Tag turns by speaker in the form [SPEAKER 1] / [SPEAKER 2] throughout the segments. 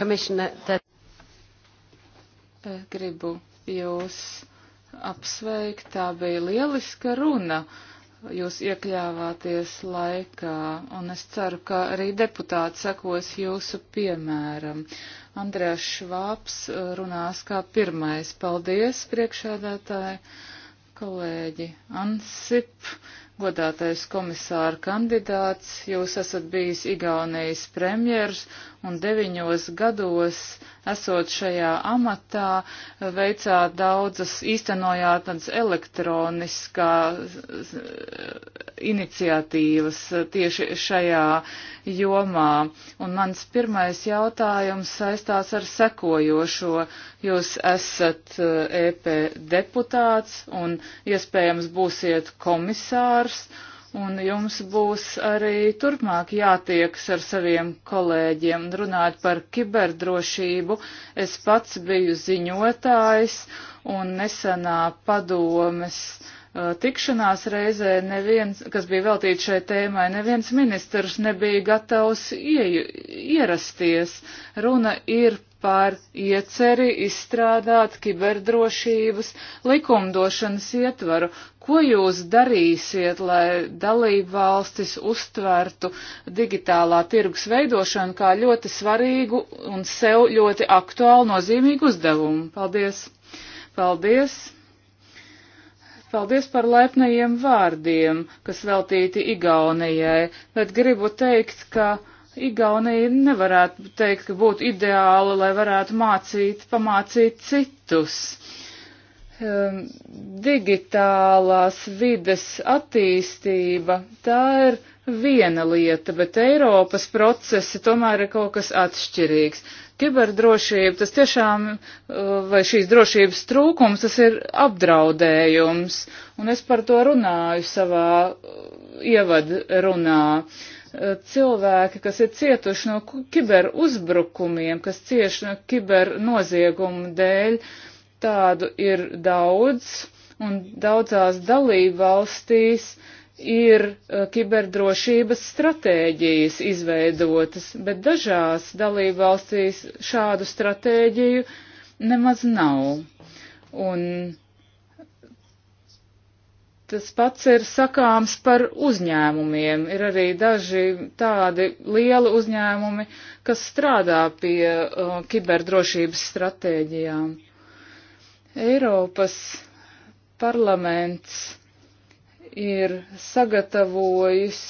[SPEAKER 1] Commissioner, that... Eh, gribu jūs apsveikt, tā bija lieliska runa. Jūs iekļāvāties laikā, un es ceru, ka arī deputāti sekos jūsu piemēram. Andrēs Švāps eh, runās kā pirmais. Paldies, priekšēdētāji, kolēģi Ansip Godātais komisāra kandidāts, jūs esat bijis Igaunijas premjers un deviņos gados esot šajā amatā, veicāt daudzas, īstenojāt tādas elektroniskā iniciatīvas tieši šajā jomā. Un mans pirmais jautājums saistās ar sekojošo. Jūs esat EP eh, e deputāts un iespējams būsiet komisārs komisārs, un jums būs arī turpmāk jātieks ar saviem kolēģiem un runāt par kiberdrošību. Es pats biju ziņotājs, un nesenā padomes uh, tikšanās reizē neviens, kas bija veltīts šai tēmai, neviens ministrs nebija gatavs ie, ierasties. Runa ir par ieceri izstrādāt kiberdrošības likumdošanas ietvaru. Ko jūs darīsiet, lai dalību valstis uztvertu digitālā tirgus veidošanu kā ļoti svarīgu un sev ļoti aktuālu nozīmīgu uzdevumu? Paldies! Paldies! Paldies par laipnajiem vārdiem, kas veltīti Igaunijai, bet gribu teikt, ka Igaunija nevarētu teikt, ka būtu ideāla, lai varētu mācīt, pamācīt citus. Um, digitālās vides attīstība, tā ir viena lieta, bet Eiropas procesi tomēr ir kaut kas atšķirīgs. Kiberdrošība, tas tiešām, eh, vai šīs drošības trūkums, tas ir apdraudējums, un es par to runāju savā eh, ievadrunā. runā Eh, cilvēki, kas ir cietuši no kiber uzbrukumiem, kas cieši no kiber noziegumu dēļ, tādu ir daudz, un daudzās dalību valstīs ir eh, kiberdrošības stratēģijas izveidotas, bet dažās dalību valstīs šādu stratēģiju nemaz nav. Un Tas pats ir sakāms par uzņēmumiem. Ir arī daži tādi lieli uzņēmumi, kas strādā pie uh, kiberdrošības stratēģijām. Eiropas parlaments ir sagatavojis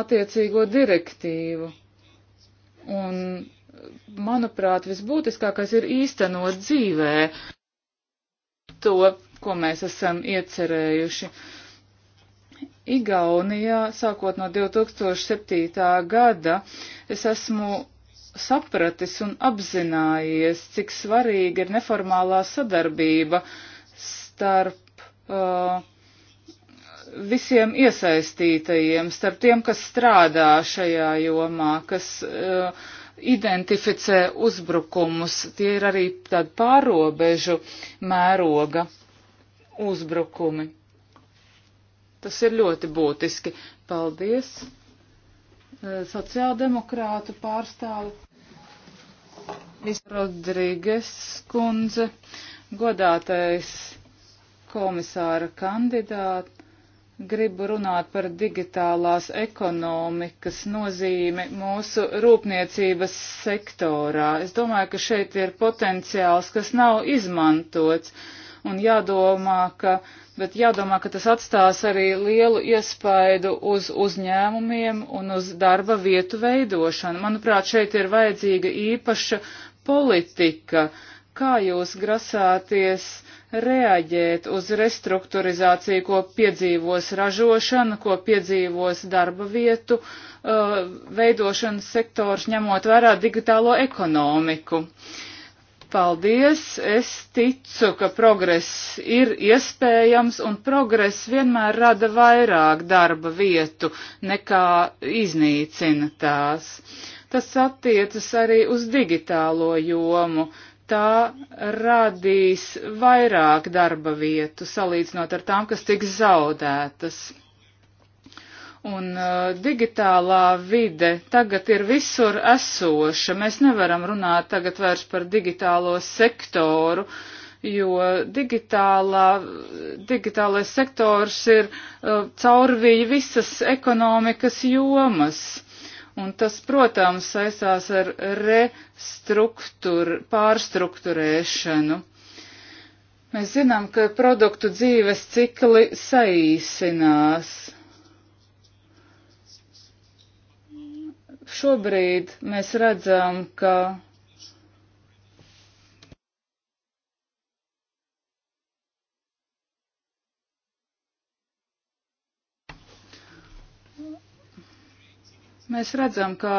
[SPEAKER 1] attiecīgo direktīvu. Un, manuprāt, visbūtiskākais ir īstenot dzīvē to, ko mēs esam iecerējuši. Igaunijā, sākot no 2007. gada, es esmu sapratis un apzinājies, cik svarīga ir neformālā sadarbība starp uh, visiem iesaistītajiem, starp tiem, kas strādā šajā jomā, kas uh, identificē uzbrukumus. Tie ir arī tādi pārobežu mēroga uzbrukumi. Tas ir ļoti būtiski. Paldies! E, sociāldemokrātu pārstāvi. Rodrīgas kundze, godātais komisāra kandidāti gribu runāt par digitālās ekonomikas nozīmi mūsu rūpniecības sektorā. Es domāju, ka šeit ir potenciāls, kas nav izmantots, un jādomā, ka, bet jādomā, ka tas atstās arī lielu iespaidu uz uzņēmumiem un uz darba vietu veidošanu. Manuprāt, šeit ir vajadzīga īpaša politika. Kā jūs grasāties? reaģēt uz restruktūrizāciju, ko piedzīvos ražošana, ko piedzīvos darba vietu uh, veidošanas sektors, ņemot vērā digitālo ekonomiku. Paldies! Es ticu, ka progress ir iespējams, un progress vienmēr rada vairāk darba vietu nekā iznīcina tās. Tas attiecas arī uz digitālo jomu tā radīs vairāk darba vietu salīdzinot ar tām, kas tiks zaudētas. Un uh, digitālā vide tagad ir visur esoša. Mēs nevaram runāt tagad vairs par digitālo sektoru, jo digitālā, digitālais sektors ir uh, caurvīja visas ekonomikas jomas Un tas, protams, saistās ar restruktūru, pārstruktūrēšanu. Mēs zinām, ka produktu dzīves cikli saīsinās. Šobrīd mēs redzam, ka Mēs redzam, ka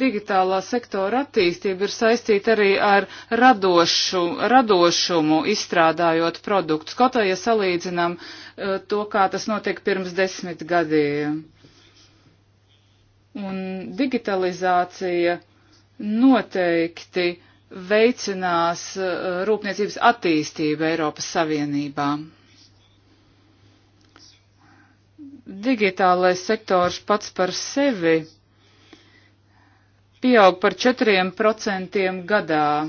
[SPEAKER 1] digitālā sektora attīstība ir saistīta arī ar radošu, radošumu, izstrādājot produktus, kaut vai ja salīdzinām eh, to, kā tas notiek pirms desmit gadiem. Un digitalizācija noteikti veicinās eh, rūpniecības attīstību Eiropas Savienībā. Digitālais sektors pats par sevi pieaug par 4% gadā.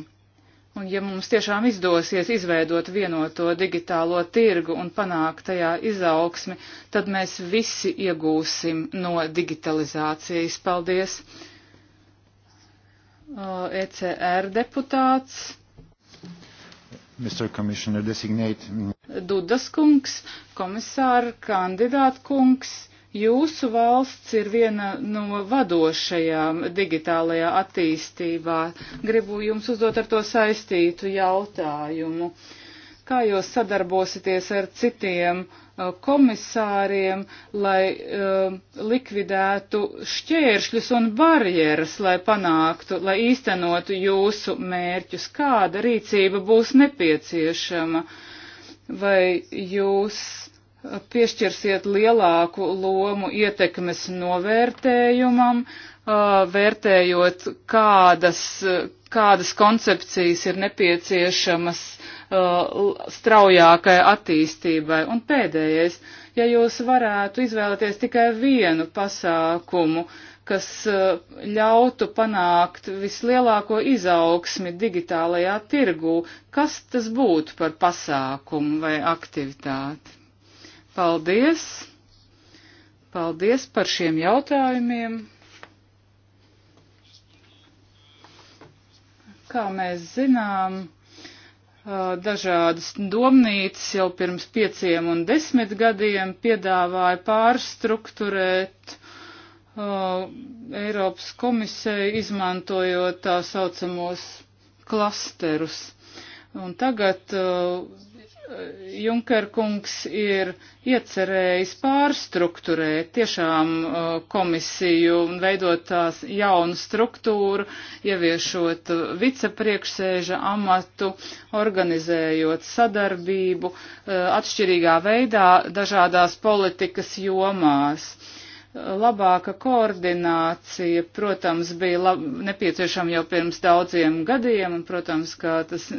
[SPEAKER 1] Un ja mums tiešām izdosies izveidot vienoto digitālo tirgu un panākt tajā izaugsmi, tad mēs visi iegūsim no digitalizācijas. Paldies! ECR deputāts.
[SPEAKER 2] Mr. Commissioner designate.
[SPEAKER 1] Dudas kungs, komisāra kandidāta kungs Jūsu valsts ir viena no vadošajām digitālajā attīstībā. Gribu jums uzdot ar to saistītu jautājumu. Kā jūs sadarbosieties ar citiem uh, komisāriem, lai uh, likvidētu šķēršļus un barjeras, lai panāktu, lai īstenotu jūsu mērķus? Kāda rīcība būs nepieciešama? Vai jūs piešķirsiet lielāku lomu ietekmes novērtējumam, vērtējot, kādas, kādas koncepcijas ir nepieciešamas straujākai attīstībai. Un pēdējais, ja jūs varētu izvēlēties tikai vienu pasākumu, kas ļautu panākt vislielāko izaugsmi digitālajā tirgū, kas tas būtu par pasākumu vai aktivitāti? Paldies! Paldies par šiem jautājumiem! Kā mēs zinām, dažādas domnīcas jau pirms pieciem un desmit gadiem piedāvāja pārstruktūrēt uh, Eiropas komisiju, izmantojot tā saucamos klasterus. Un tagad uh, Junkerkungs ir iecerējis pārstruktūrēt tiešām uh, komisiju un veidot tās jaunu struktūru, ieviešot vicepriekšsēža amatu, organizējot sadarbību uh, atšķirīgā veidā dažādās politikas jomās. Uh, labāka koordinācija, protams, bija lab, nepieciešama jau pirms daudziem gadiem, un, protams, ka tas,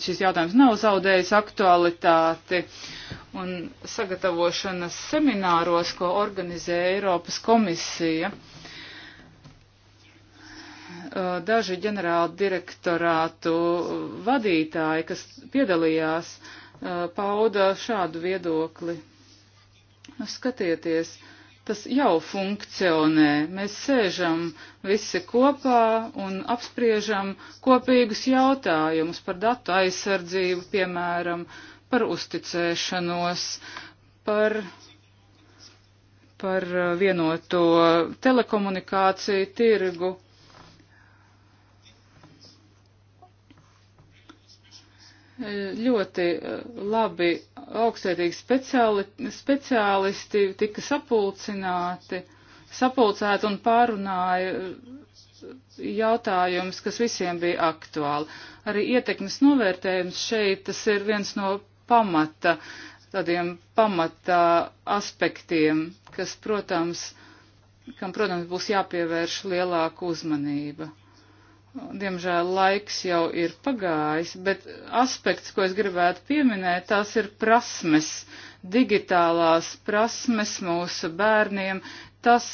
[SPEAKER 1] šis jautājums nav zaudējis aktualitāti, un sagatavošanas semināros, ko organizē Eiropas komisija, daži ģenerāla direktorātu vadītāji, kas piedalījās, pauda šādu viedokli. Nu, skatieties, uh, tas jau funkcionē. Mēs sēžam visi kopā un apspriežam kopīgus jautājumus par datu aizsardzību, piemēram, par uzticēšanos, par, par vienoto telekomunikāciju tirgu ļoti eh, labi augstsvērtīgi speciāli, speciālisti tika sapulcināti, sapulcēti un pārunāja eh, jautājums, kas visiem bija aktuāli. Arī ietekmes novērtējums šeit, tas ir viens no pamata, tādiem pamata aspektiem, kas, protams, kam, protams, būs jāpievērš lielāka uzmanība. Diemžēl laiks jau ir pagājis, bet aspekts, ko es gribētu pieminēt, tās ir prasmes, digitālās prasmes mūsu bērniem. Tas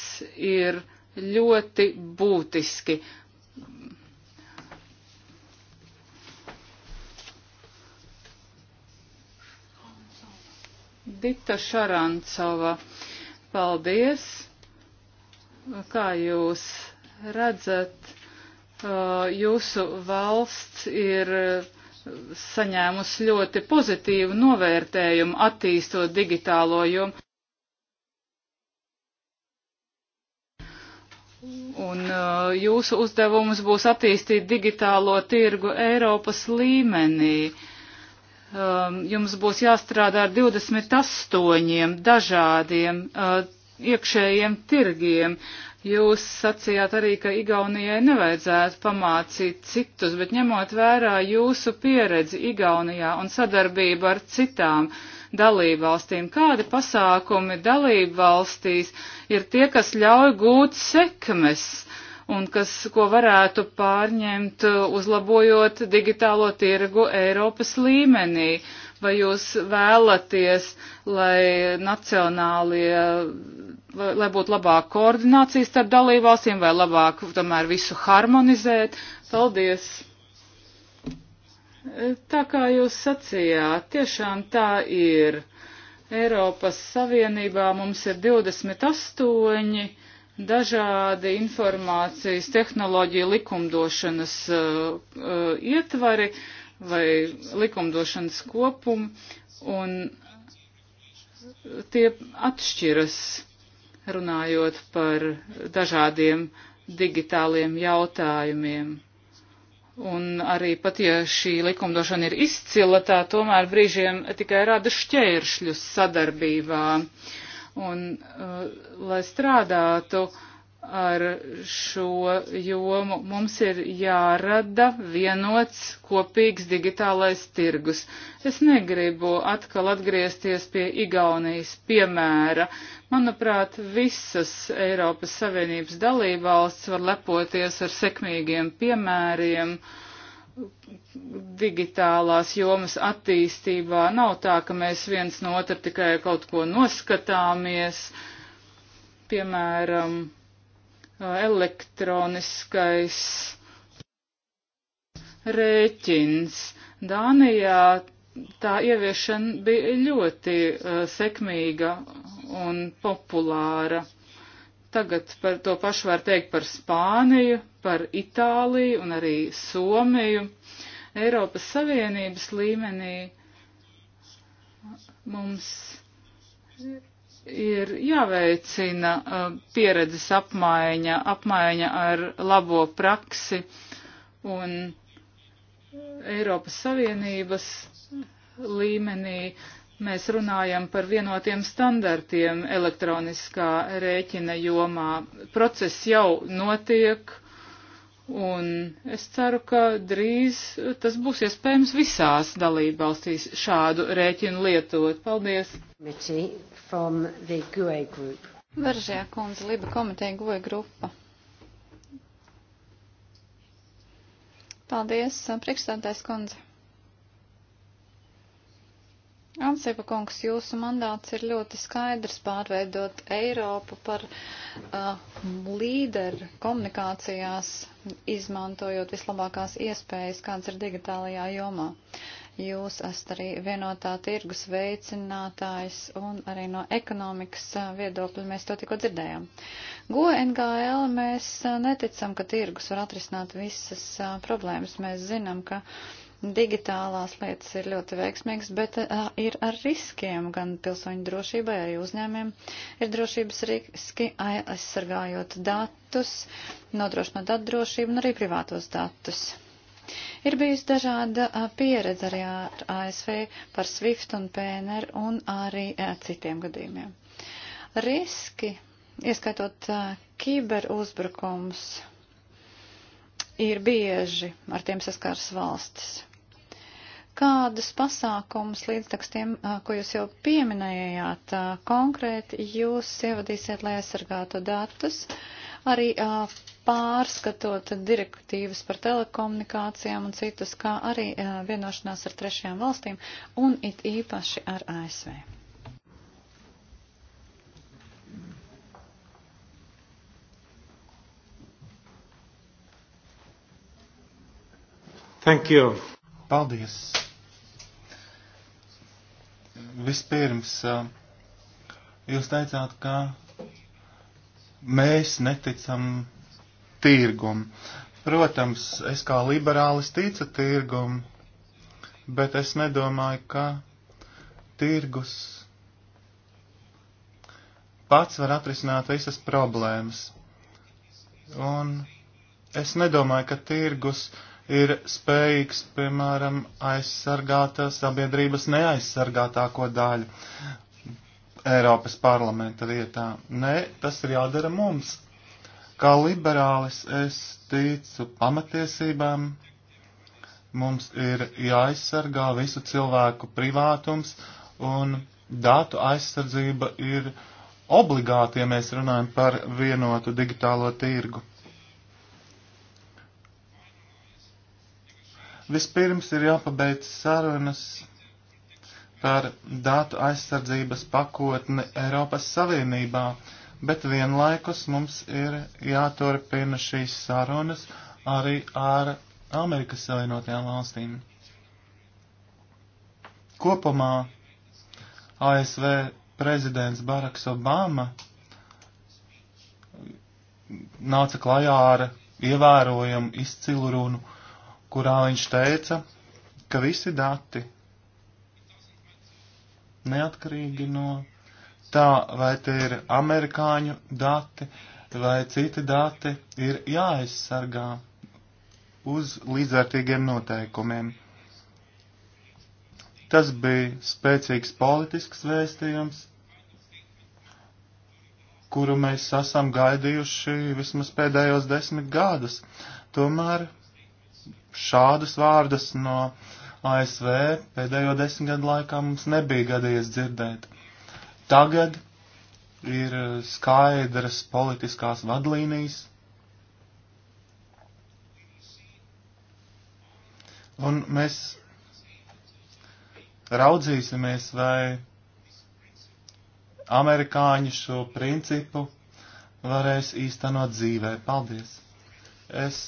[SPEAKER 1] ir ļoti būtiski. Dita Šarancova, paldies! Kā jūs redzat? Uh, jūsu valsts ir uh, saņēmusi ļoti pozitīvu novērtējumu attīstot digitālo jomu. Un uh, jūsu uzdevums būs attīstīt digitālo tirgu Eiropas līmenī. Um, jums būs jāstrādā ar 28 dažādiem iekšējiem tirgiem. Jūs sacījāt arī, ka Igaunijai nevajadzētu pamācīt citus, bet ņemot vērā jūsu pieredzi Igaunijā un sadarbību ar citām dalībvalstīm, kādi pasākumi dalībvalstīs ir tie, kas ļauj gūt sekmes un kas, ko varētu pārņemt, uzlabojot digitālo tirgu Eiropas līmenī? Uh, vai jūs vēlaties, lai nacionālie, lai būtu labāka koordinācija starp dalībvalstīm, vai labāk tomēr visu harmonizēt. Paldies! Tā kā jūs sacījāt, tiešām tā ir. Eiropas Savienībā mums ir 28 dažādi informācijas tehnoloģija likumdošanas uh, uh, ietvari, vai likumdošanas kopumu, un tie atšķiras runājot par dažādiem digitāliem jautājumiem. Un arī pat, ja šī likumdošana ir izcila, tā tomēr brīžiem tikai rada šķēršļus sadarbībā. Un, uh, lai strādātu uh, ar šo jomu. Mums ir jārada vienots kopīgs digitālais tirgus. Es negribu atkal atgriezties pie Igaunijas piemēra. Manuprāt, visas Eiropas Savienības dalībvalsts var lepoties ar sekmīgiem piemēriem digitālās jomas attīstībā. Nav tā, ka mēs viens no otra tikai kaut ko noskatāmies. Piemēram, elektroniskais rēķins. Dānijā tā ieviešana bija ļoti uh, sekmīga un populāra. Tagad par to pašu var teikt par Spāniju, par Itāliju un arī Somiju. Eiropas Savienības līmenī mums ir jāveicina uh, pieredzes apmaiņa, apmaiņa ar labo praksi un Eiropas Savienības līmenī mēs runājam par vienotiem standartiem elektroniskā rēķina jomā. Process jau notiek Un es ceru, ka drīz tas būs iespējams visās dalībvalstīs šādu rēķinu lietot. Paldies! E Veržē
[SPEAKER 3] kundze, Liba komiteja Goja e grupa. Paldies, priekšstādājs kundze. Ansepa kungs, jūsu mandāts ir ļoti skaidrs pārveidot Eiropu par uh, līderu komunikācijās, izmantojot vislabākās iespējas, kāds ir digitālajā jomā. Jūs esat arī vienotā tirgus veicinātājs un arī no ekonomikas uh, viedokļa mēs to tikko dzirdējām. Go NGL mēs uh, neticam, ka tirgus var atrisināt visas uh, problēmas. Mēs zinām, ka uh, digitālās lietas ir ļoti veiksmīgas, bet uh, ir ar riskiem gan pilsoņu drošībai, arī uzņēmiem. Ir drošības riski aizsargājot datus, nodrošinot datu drošību un arī privātos datus. Ir bijusi dažāda pieredze arī ar ASV par SWIFT un PNR un arī citiem gadījumiem. Riski, ieskaitot kiberuzbrukums, ir bieži, ar tiem saskars valstis. Kādus pasākumus līdztaks tiem, ko jūs jau pieminējāt, konkrēti jūs ievadīsiet, lai aizsargātu datus, arī pārskatot direktīvas par telekomunikācijām un citus, kā arī vienošanās ar trešajām valstīm un it īpaši ar ASV?
[SPEAKER 2] Thank you. Paldies. Vispirms, jūs teicāt, ka mēs neticam tirgum. Protams, es kā liberālis ticu tirgum, bet es nedomāju, ka tirgus pats var atrisināt visas problēmas. Un es nedomāju, ka tirgus uh, ir spējīgs, piemēram, aizsargāt sabiedrības neaizsargātāko daļu Eiropas parlamenta vietā. Nē, tas ir jādara mums. Kā liberālis es ticu pamatiesībām. Mums ir jāaizsargā visu cilvēku privātums un datu aizsardzība ir obligāti, ja mēs runājam par vienotu digitālo tirgu Vispirms ir jāpabeidz sarunas par datu aizsardzības pakotni Eiropas Savienībā, bet vienlaikus mums ir jāturpina šīs sarunas arī ar Amerikas Savienotajām valstīm. Kopumā ASV prezidents Baraks Obama nāca klajā ar ievērojumu izcilu runu kurā viņš teica, ka visi dati, neatkarīgi no tā, vai tie ir amerikāņu dati vai citi dati, ir jāaizsargā uz līdzvērtīgiem noteikumiem. Tas bija spēcīgs politisks vēstījums, kuru mēs esam gaidījuši vismaz pēdējos desmit gadus. Tomēr šādus vārdus no ASV pēdējo desmit gadu laikā mums nebija gadījies dzirdēt. Tagad ir skaidras politiskās vadlīnijas. Un mēs raudzīsimies, vai amerikāņi šo principu varēs īstenot dzīvē. Paldies! Es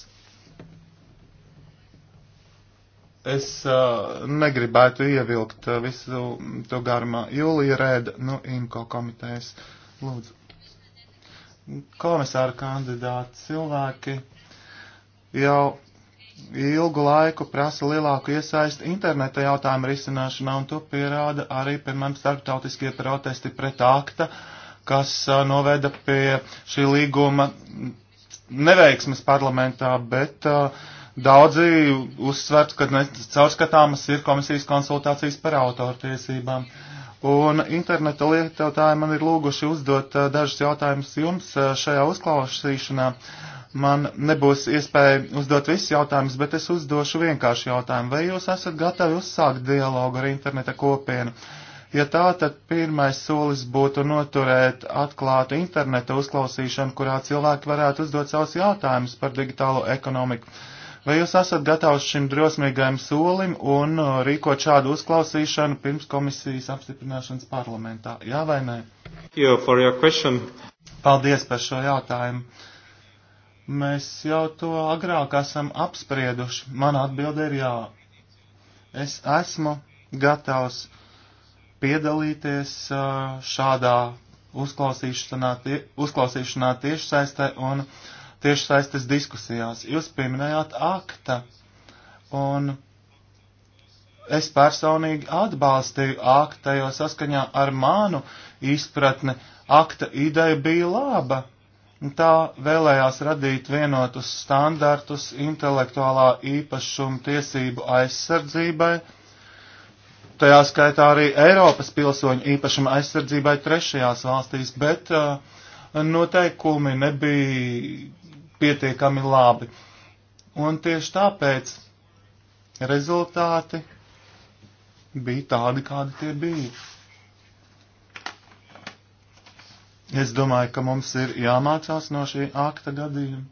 [SPEAKER 2] Es uh, negribētu ievilkt uh, visu to garumā. Jūlija Rēda, nu, IMCO komitejas, lūdzu. Komisāra kandidāti cilvēki jau ilgu laiku prasa lielāku iesaistu interneta jautājumu risināšanā, un to pierāda arī, piemēram, starptautiskie protesti pret akta, kas uh, noveda pie šī līguma neveiksmes parlamentā, bet uh, Daudzi uzsver, ka caurskatāmas ir komisijas konsultācijas par autortiesībām. Un interneta lietotāji man ir lūguši uzdot eh, dažus jautājumus jums eh, šajā uzklausīšanā. Man nebūs iespēja uzdot visus jautājumus, bet es uzdošu vienkāršu jautājumu. Vai jūs esat gatavi uzsākt dialogu ar interneta kopienu? Ja tā, tad pirmais solis būtu noturēt atklātu interneta uzklausīšanu, kurā cilvēki varētu uzdot savus jautājumus par digitālo ekonomiku Vai jūs esat gatavs šim drosmīgajam solim un uh, rīkot šādu uzklausīšanu pirms komisijas apstiprināšanas parlamentā? Jā vai nē? You Paldies par šo jautājumu. Mēs jau to agrāk esam apsprieduši. Mana atbilde ir jā. Es esmu gatavs piedalīties uh, šādā uzklausīšanā, tie, uzklausīšanā tiešsaistē un uh, tiešsaistes diskusijās. Jūs pieminējāt akta, un es personīgi atbalstīju akta, jo saskaņā ar manu izpratni akta ideja bija laba. Tā vēlējās radīt vienotus standartus intelektuālā īpašuma tiesību aizsardzībai, tajā skaitā arī Eiropas pilsoņu īpašuma aizsardzībai trešajās valstīs, bet uh, noteikumi nebija pietiekami labi. Un tieši tāpēc rezultāti bija tādi, kādi tie bija. Es domāju, ka mums ir jāmācās no šī akta gadījuma.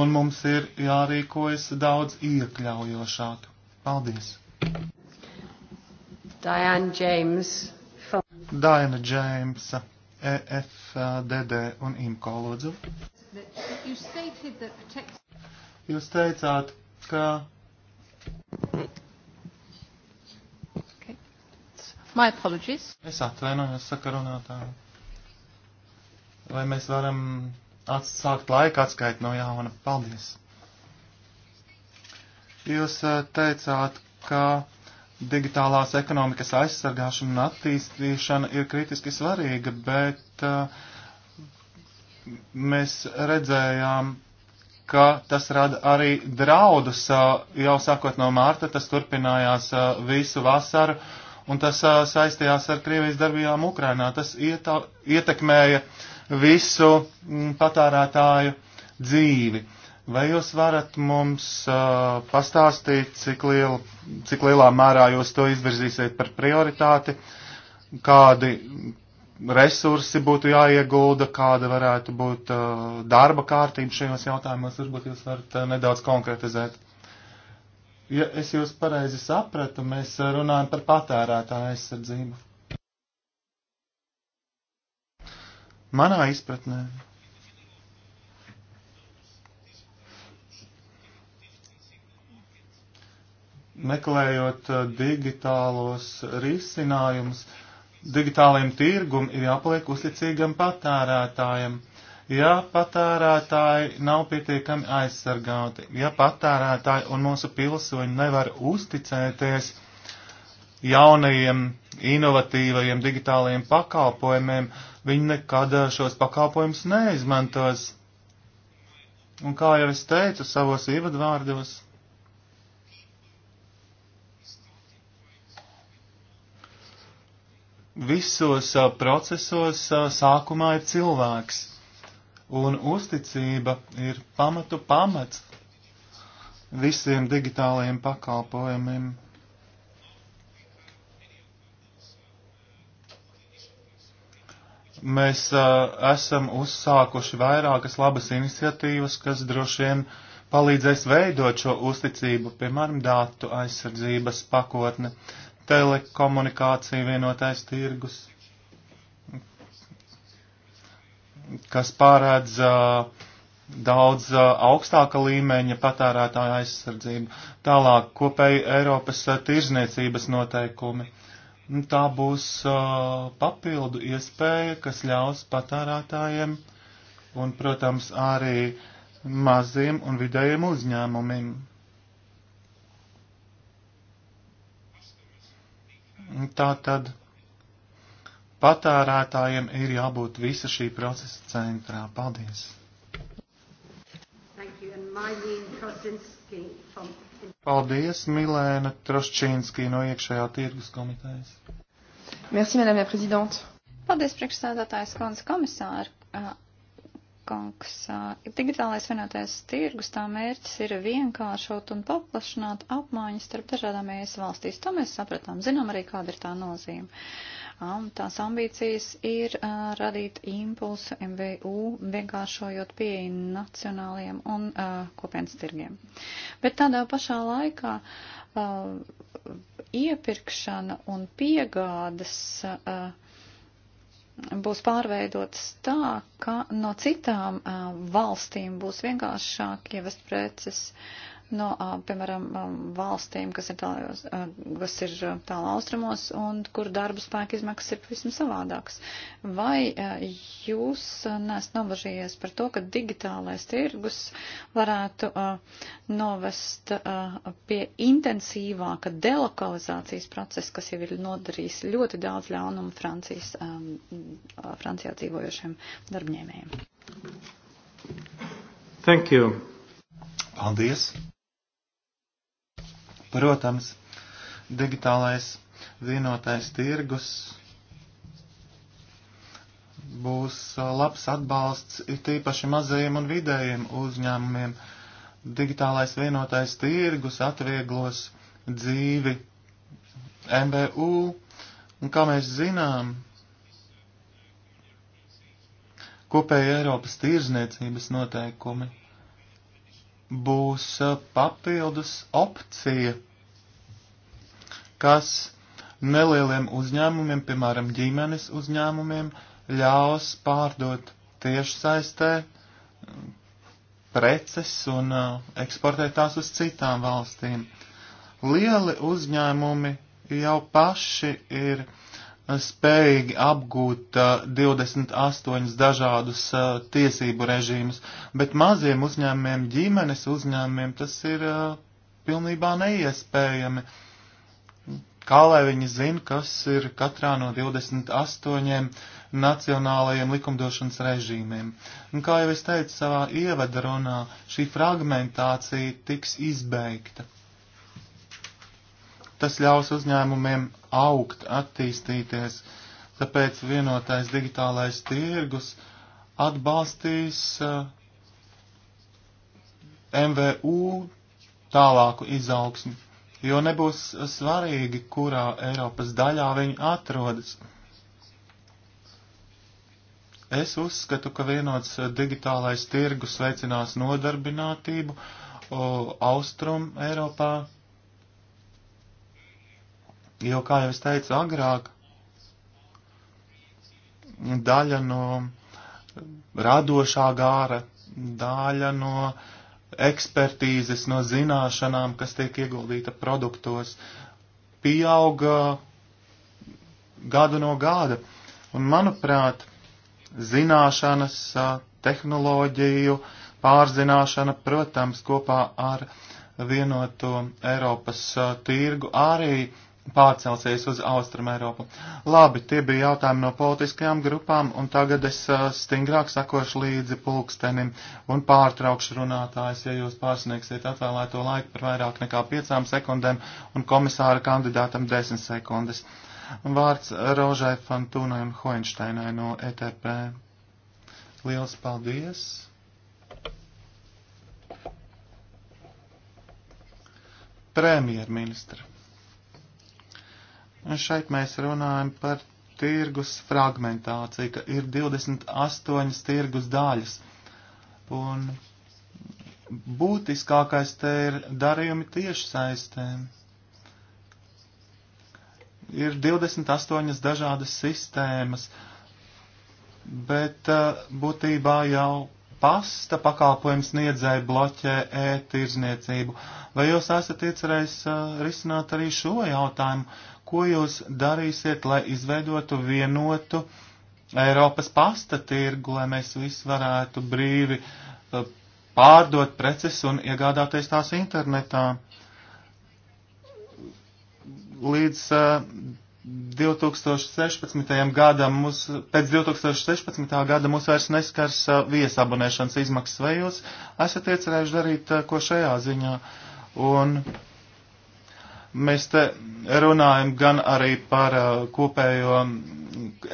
[SPEAKER 2] Un mums ir jārīkojas daudz iekļaujošāk. Paldies!
[SPEAKER 3] Diane James.
[SPEAKER 2] Daina Džeimsa, EFDD un IMCO lūdzu. Jūs teicāt, ka.
[SPEAKER 3] Okay. My apologies. Es
[SPEAKER 2] atvainojos sakarunātāju. Vai mēs varam atsākt laika atskaitu no jauna? Paldies. Jūs eh, teicāt, ka digitālās ekonomikas aizsargāšana un attīstīšana ir kritiski svarīga, bet uh, mēs redzējām, ka tas rada arī draudus. Uh, jau sākot no mārta tas turpinājās uh, visu vasaru, un tas uh, saistījās ar Krievijas darbībām Ukrainā. Tas ieta, ietekmēja visu mm, patērētāju dzīvi. Vai jūs varat mums uh, pastāstīt, cik, liel, cik lielā mērā jūs to izvirzīsiet par prioritāti, kādi resursi būtu jāiegulda, kāda varētu būt uh, darba kārtība šajos jautājumos, varbūt jūs varat uh, nedaudz konkretizēt. Ja es jūs pareizi sapratu, mēs uh, runājam par patērētāju aizsardzību. Manā izpratnē. meklējot eh, digitālos risinājumus, digitāliem tirgum ir jāpaliek uzticīgam patērētājiem. Ja patērētāji nav pietiekami aizsargāti, ja patērētāji un mūsu pilsoņi nevar uzticēties jaunajiem, inovatīvajiem digitālajiem pakalpojumiem, viņi nekad eh, šos pakalpojumus neizmantos. Un kā jau es teicu savos ievadvārdos, visos a, procesos a, sākumā ir cilvēks, un uzticība ir pamatu pamats visiem digitālajiem pakalpojumiem. Mēs uh, esam uzsākuši vairākas labas iniciatīvas, kas droši vien palīdzēs veidot šo uzticību, piemēram, datu aizsardzības pakotne. Uh, telekomunikācija vienotais tirgus, kas pārēdz uh, daudz uh, augstāka līmeņa patērētāja aizsardzību, tālāk kopēji Eiropas uh, tirzniecības noteikumi. Nu, tā būs papildu iespēja, kas ļaus patērētājiem un, protams, arī maziem un vidējiem uzņēmumiem Tā tad patērētājiem ir jābūt visa šī procesa centrā. Paldies! Paldies, Milēna Troščīnskī no iekšējā tirgus komitejas. Merci, madame la présidente.
[SPEAKER 3] Paldies, priekšsēdētājs Kons komisāri kungs. Digitālais vienotais tirgus tā mērķis ir vienkāršot un paplašināt apmaiņas starp dažādām ES valstīs. To mēs sapratām, zinām arī, kāda ir tā nozīme. Un tās ambīcijas ir uh, radīt impulsu MVU, vienkāršojot pieeju nacionāliem un uh, kopienas tirgiem. Bet tādā pašā laikā uh, iepirkšana un piegādas. Uh, būs pārveidotas tā, ka no citām valstīm būs vienkāršāk ievest preces no, piemēram, valstīm, kas ir, tālajos, kas ir tālā austrumos un kur darba spēka izmaksas ir pavisam savādākas. Vai jūs nesat nobažījies par to, ka digitālais tirgus varētu novest pie intensīvāka delokalizācijas procesa, kas jau ir nodarījis ļoti daudz ļaunumu Francijas, Francijā dzīvojošiem darbņēmējiem?
[SPEAKER 2] Thank you. Paldies! Protams, digitālais vienotais tirgus būs labs atbalsts it īpaši mazajiem un vidējiem uzņēmumiem. Digitālais vienotais tirgus atvieglos dzīvi MBU, un kā mēs zinām, kopēja Eiropas tirzniecības noteikumi būs papildus opcija, kas nelieliem uzņēmumiem, piemēram, ģimenes uzņēmumiem, ļaus pārdot tiešsaistē preces un eksportēt tās uz citām valstīm. Lieli uzņēmumi jau paši ir spējīgi apgūt uh, 28 dažādus uh, tiesību režīmus, bet maziem uzņēmumiem, ģimenes uzņēmumiem tas ir uh, pilnībā neiespējami. Kā lai viņi zina, kas ir katrā no 28 nacionālajiem likumdošanas režīmiem? Un kā jau es teicu savā ievadarunā, šī fragmentācija tiks izbeigta. Tas ļaus uzņēmumiem augt, attīstīties, tāpēc vienotais digitālais tirgus atbalstīs uh, eh, MVU tālāku izaugsmi, jo nebūs svarīgi, kurā Eiropas daļā viņi atrodas. Es uzskatu, ka vienots digitālais tirgus veicinās nodarbinātību o, Austrum Eiropā Jo, kā jau es teicu agrāk, daļa no radošā gāra, daļa no ekspertīzes, no zināšanām, kas tiek ieguldīta produktos, pieauga gadu no gada. Un, manuprāt, zināšanas, tehnoloģiju pārzināšana, protams, kopā ar vienoto Eiropas tirgu arī pārcelsies uz Austrum Eiropu. Labi, tie bija jautājumi no politiskajām grupām, un tagad es uh, stingrāk sakošu līdzi pulkstenim un pārtraukšu runātājs, ja jūs pārsniegsiet atvēlēto laiku par vairāk nekā piecām sekundēm un komisāra kandidātam desmit sekundes. Vārds Rožai Fantūnai un Hoinšteinai no ETP. Liels paldies! Premjerministra. Šeit mēs runājam par tirgus fragmentāciju, ka ir 28 tirgus daļas. Un būtiskākais te ir darījumi tieši saistēm. Ir 28 dažādas sistēmas, bet uh, būtībā jau pasta pakalpojums niedzēja bloķē e-tirzniecību. Vai jūs esat iecerējis uh, risināt arī šo jautājumu? Ko jūs darīsiet, lai izveidotu vienotu Eiropas pasta tirgu, lai mēs visi varētu brīvi eh, pārdot preces un iegādāties tās internetā? Līdz uh, eh, 2016. gadam mums, pēc 2016. gada mums vairs neskars eh, viesabonēšanas izmaksas, vai jūs esat iecerējuši darīt ko šajā ziņā? Un Mēs te runājam gan arī par uh, kopējo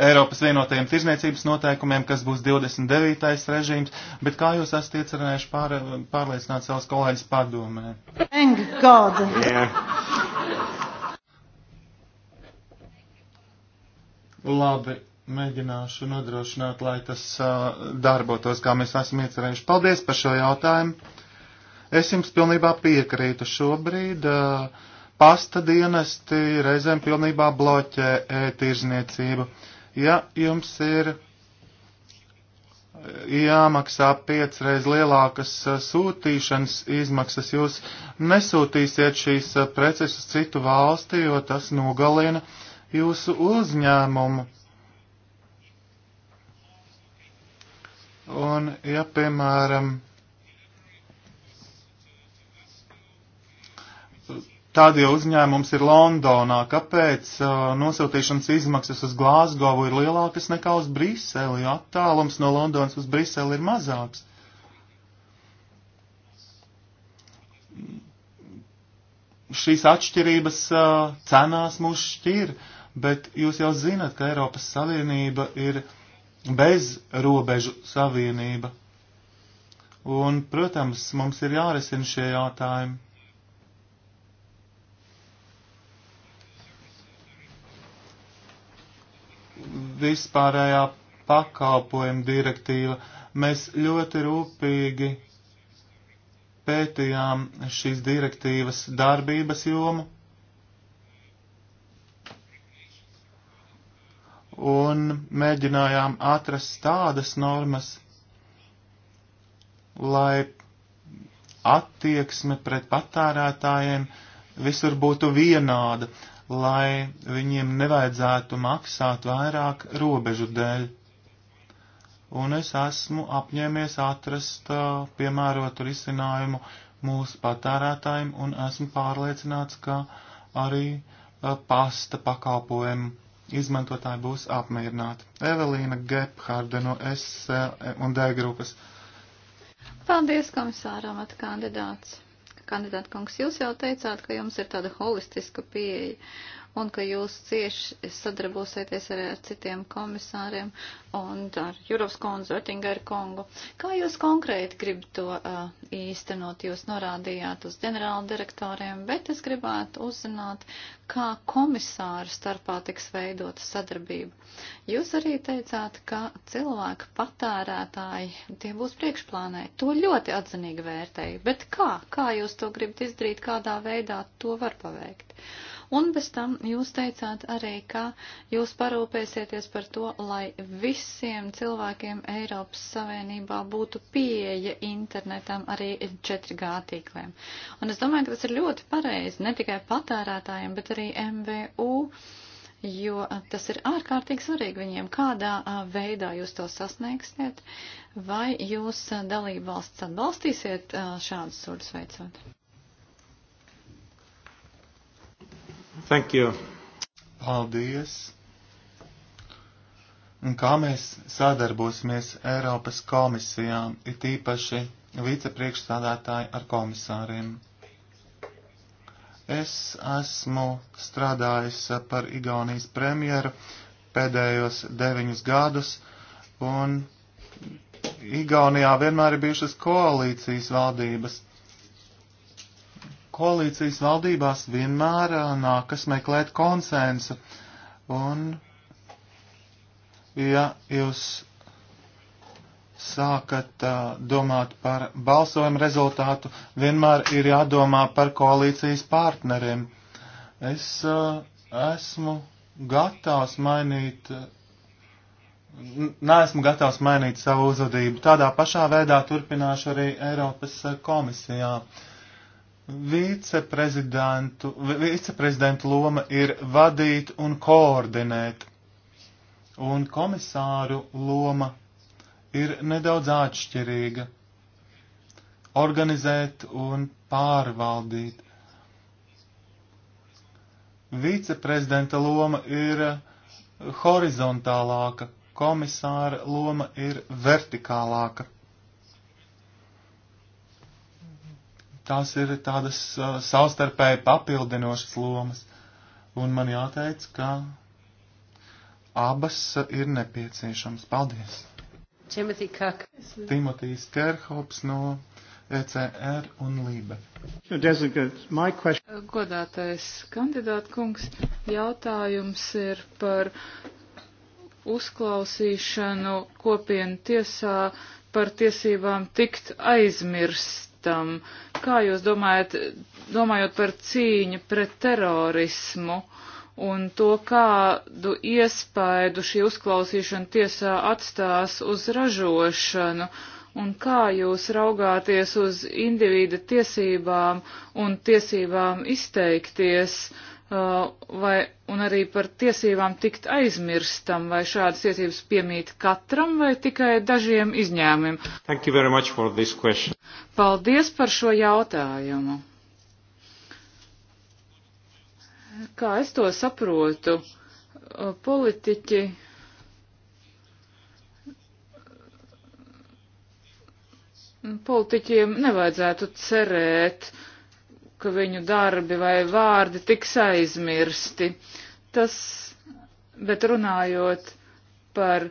[SPEAKER 2] Eiropas vienotajiem tirzniecības noteikumiem, kas būs 29. režīms, bet kā jūs esat iecerinājuši pār, pārliecināt savus kolēģus padomē? Thank God! Yeah. Labi, mēģināšu nodrošināt, lai tas uh, darbotos, kā mēs esam iecerējuši. Paldies par šo jautājumu. Es jums pilnībā piekrītu šobrīd. Uh, Pasta dienesti reizēm pilnībā bloķē e-tirzniecību. Ja jums ir jāmaksā piecreiz lielākas sūtīšanas izmaksas, jūs nesūtīsiet šīs preces uz citu valsti, jo tas nogalina jūsu uzņēmumu. Un, ja, piemēram, Tad, ja uzņēmums ir Londonā, kāpēc uh, nosūtīšanas izmaksas uz Glāzgovu ir lielākas nekā uz Briseli, jo attālums no Londonas uz Briseli ir mazāks? Šīs atšķirības uh, cenās mūs šķir, bet jūs jau zinat, ka Eiropas Savienība ir bez robežu savienība. Un, protams, mums ir jārisina šie jautājumi. vispārējā pakalpojuma direktīva. Mēs ļoti rūpīgi pētījām šīs direktīvas darbības jomu. Un mēģinājām atrast tādas normas, lai attieksme pret patērētājiem visur būtu vienāda, lai viņiem nevajadzētu maksāt vairāk robežu dēļ. Un es esmu apņēmies atrast piemērotu risinājumu mūsu patērētājiem, un esmu pārliecināts, ka arī pasta pakalpojumu izmantotāji būs apmierināti. Evelīna Gepharde no S un D grupas.
[SPEAKER 3] Paldies komisāram at kandidāts. Kandidāta kungs, jūs jau teicāt, ka jums ir tāda holistiska pieeja un ka jūs cieši sadarbosieties arī ar citiem komisāriem un ar Jurovs kundzu, Otingeru kungu. Kā jūs konkrēti gribat to uh, īstenot? Jūs norādījāt uz ģenerāla direktoriem, bet es gribētu uzzināt, kā komisāru starpā tiks veidota sadarbība. Jūs arī teicāt, ka cilvēki patērētāji, tie būs priekšplānē. To ļoti atzinīgi vērtēju, bet kā? Kā jūs to gribat izdarīt, kādā veidā to var paveikt? Un bez tam jūs teicāt arī, ka jūs parūpēsieties par to, lai visiem cilvēkiem Eiropas Savienībā būtu pieeja internetam arī 4G tīkliem. Un es domāju, ka tas ir ļoti pareizi ne tikai patērētājiem, bet arī MVU jo tas ir ārkārtīgi svarīgi viņiem, kādā veidā jūs to sasniegsiet, vai jūs dalību valsts atbalstīsiet šādus sūdus veicot.
[SPEAKER 2] Thank you. Paldies. Un kā mēs sadarbosimies Eiropas komisijā, it īpaši vicepriekšstādātāji ar komisāriem? Es esmu strādājis par Igaunijas premjeru pēdējos deviņus gadus, un Igaunijā vienmēr ir bijušas koalīcijas valdības koalīcijas valdībās vienmēr nākas meklēt konsensu. Un, ja jūs sākat uh, domāt par balsojumu rezultātu, vienmēr ir jādomā par koalīcijas partneriem. Es uh, esmu gatavs mainīt, neesmu gatavs mainīt savu uzvedību. Tādā pašā veidā turpināšu arī Eiropas komisijā. Uh, Viceprezidentu, viceprezidentu loma ir vadīt un koordinēt, un komisāru loma ir nedaudz atšķirīga - organizēt un pārvaldīt. Viceprezidenta loma ir horizontālāka, komisāra loma ir vertikālāka. tās ir tādas uh, savstarpēji papildinošas lomas. Un man jāteic, ka abas ir nepieciešamas. Paldies! Timotīs Kerhops no ECR un Lībe.
[SPEAKER 1] Godātais kandidāta kungs, jautājums ir par uzklausīšanu kopienu tiesā par tiesībām tikt aizmirst budžetam. Kā jūs domājat, domājot par cīņu pret terorismu un to, kādu iespaidu šī uzklausīšana tiesā atstās uz ražošanu? Un kā jūs raugāties uz individa tiesībām un tiesībām izteikties? Uh, Uh, vai, un arī par tiesībām tikt aizmirstam, vai šādas tiesības piemīt katram vai tikai dažiem izņēmumiem? Paldies par šo jautājumu. Kā es to saprotu, uh, politiķi politiķiem nevajadzētu cerēt, uh, ka viņu darbi vai vārdi tiks aizmirsti. Tas, bet runājot par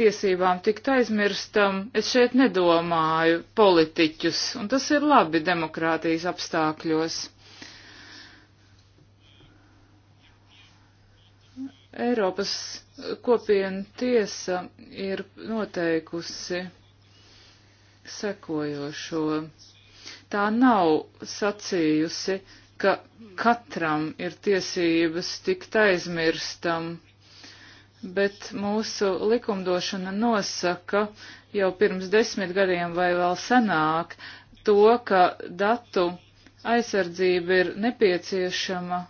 [SPEAKER 1] tiesībām tikt aizmirstam, es šeit nedomāju politiķus, un tas ir labi demokrātijas apstākļos. Eiropas kopiena tiesa ir noteikusi sekojošo tā nav sacījusi, ka katram ir tiesības tikt aizmirstam, bet mūsu likumdošana nosaka jau pirms desmit gadiem vai vēl senāk to, ka datu aizsardzība ir nepieciešama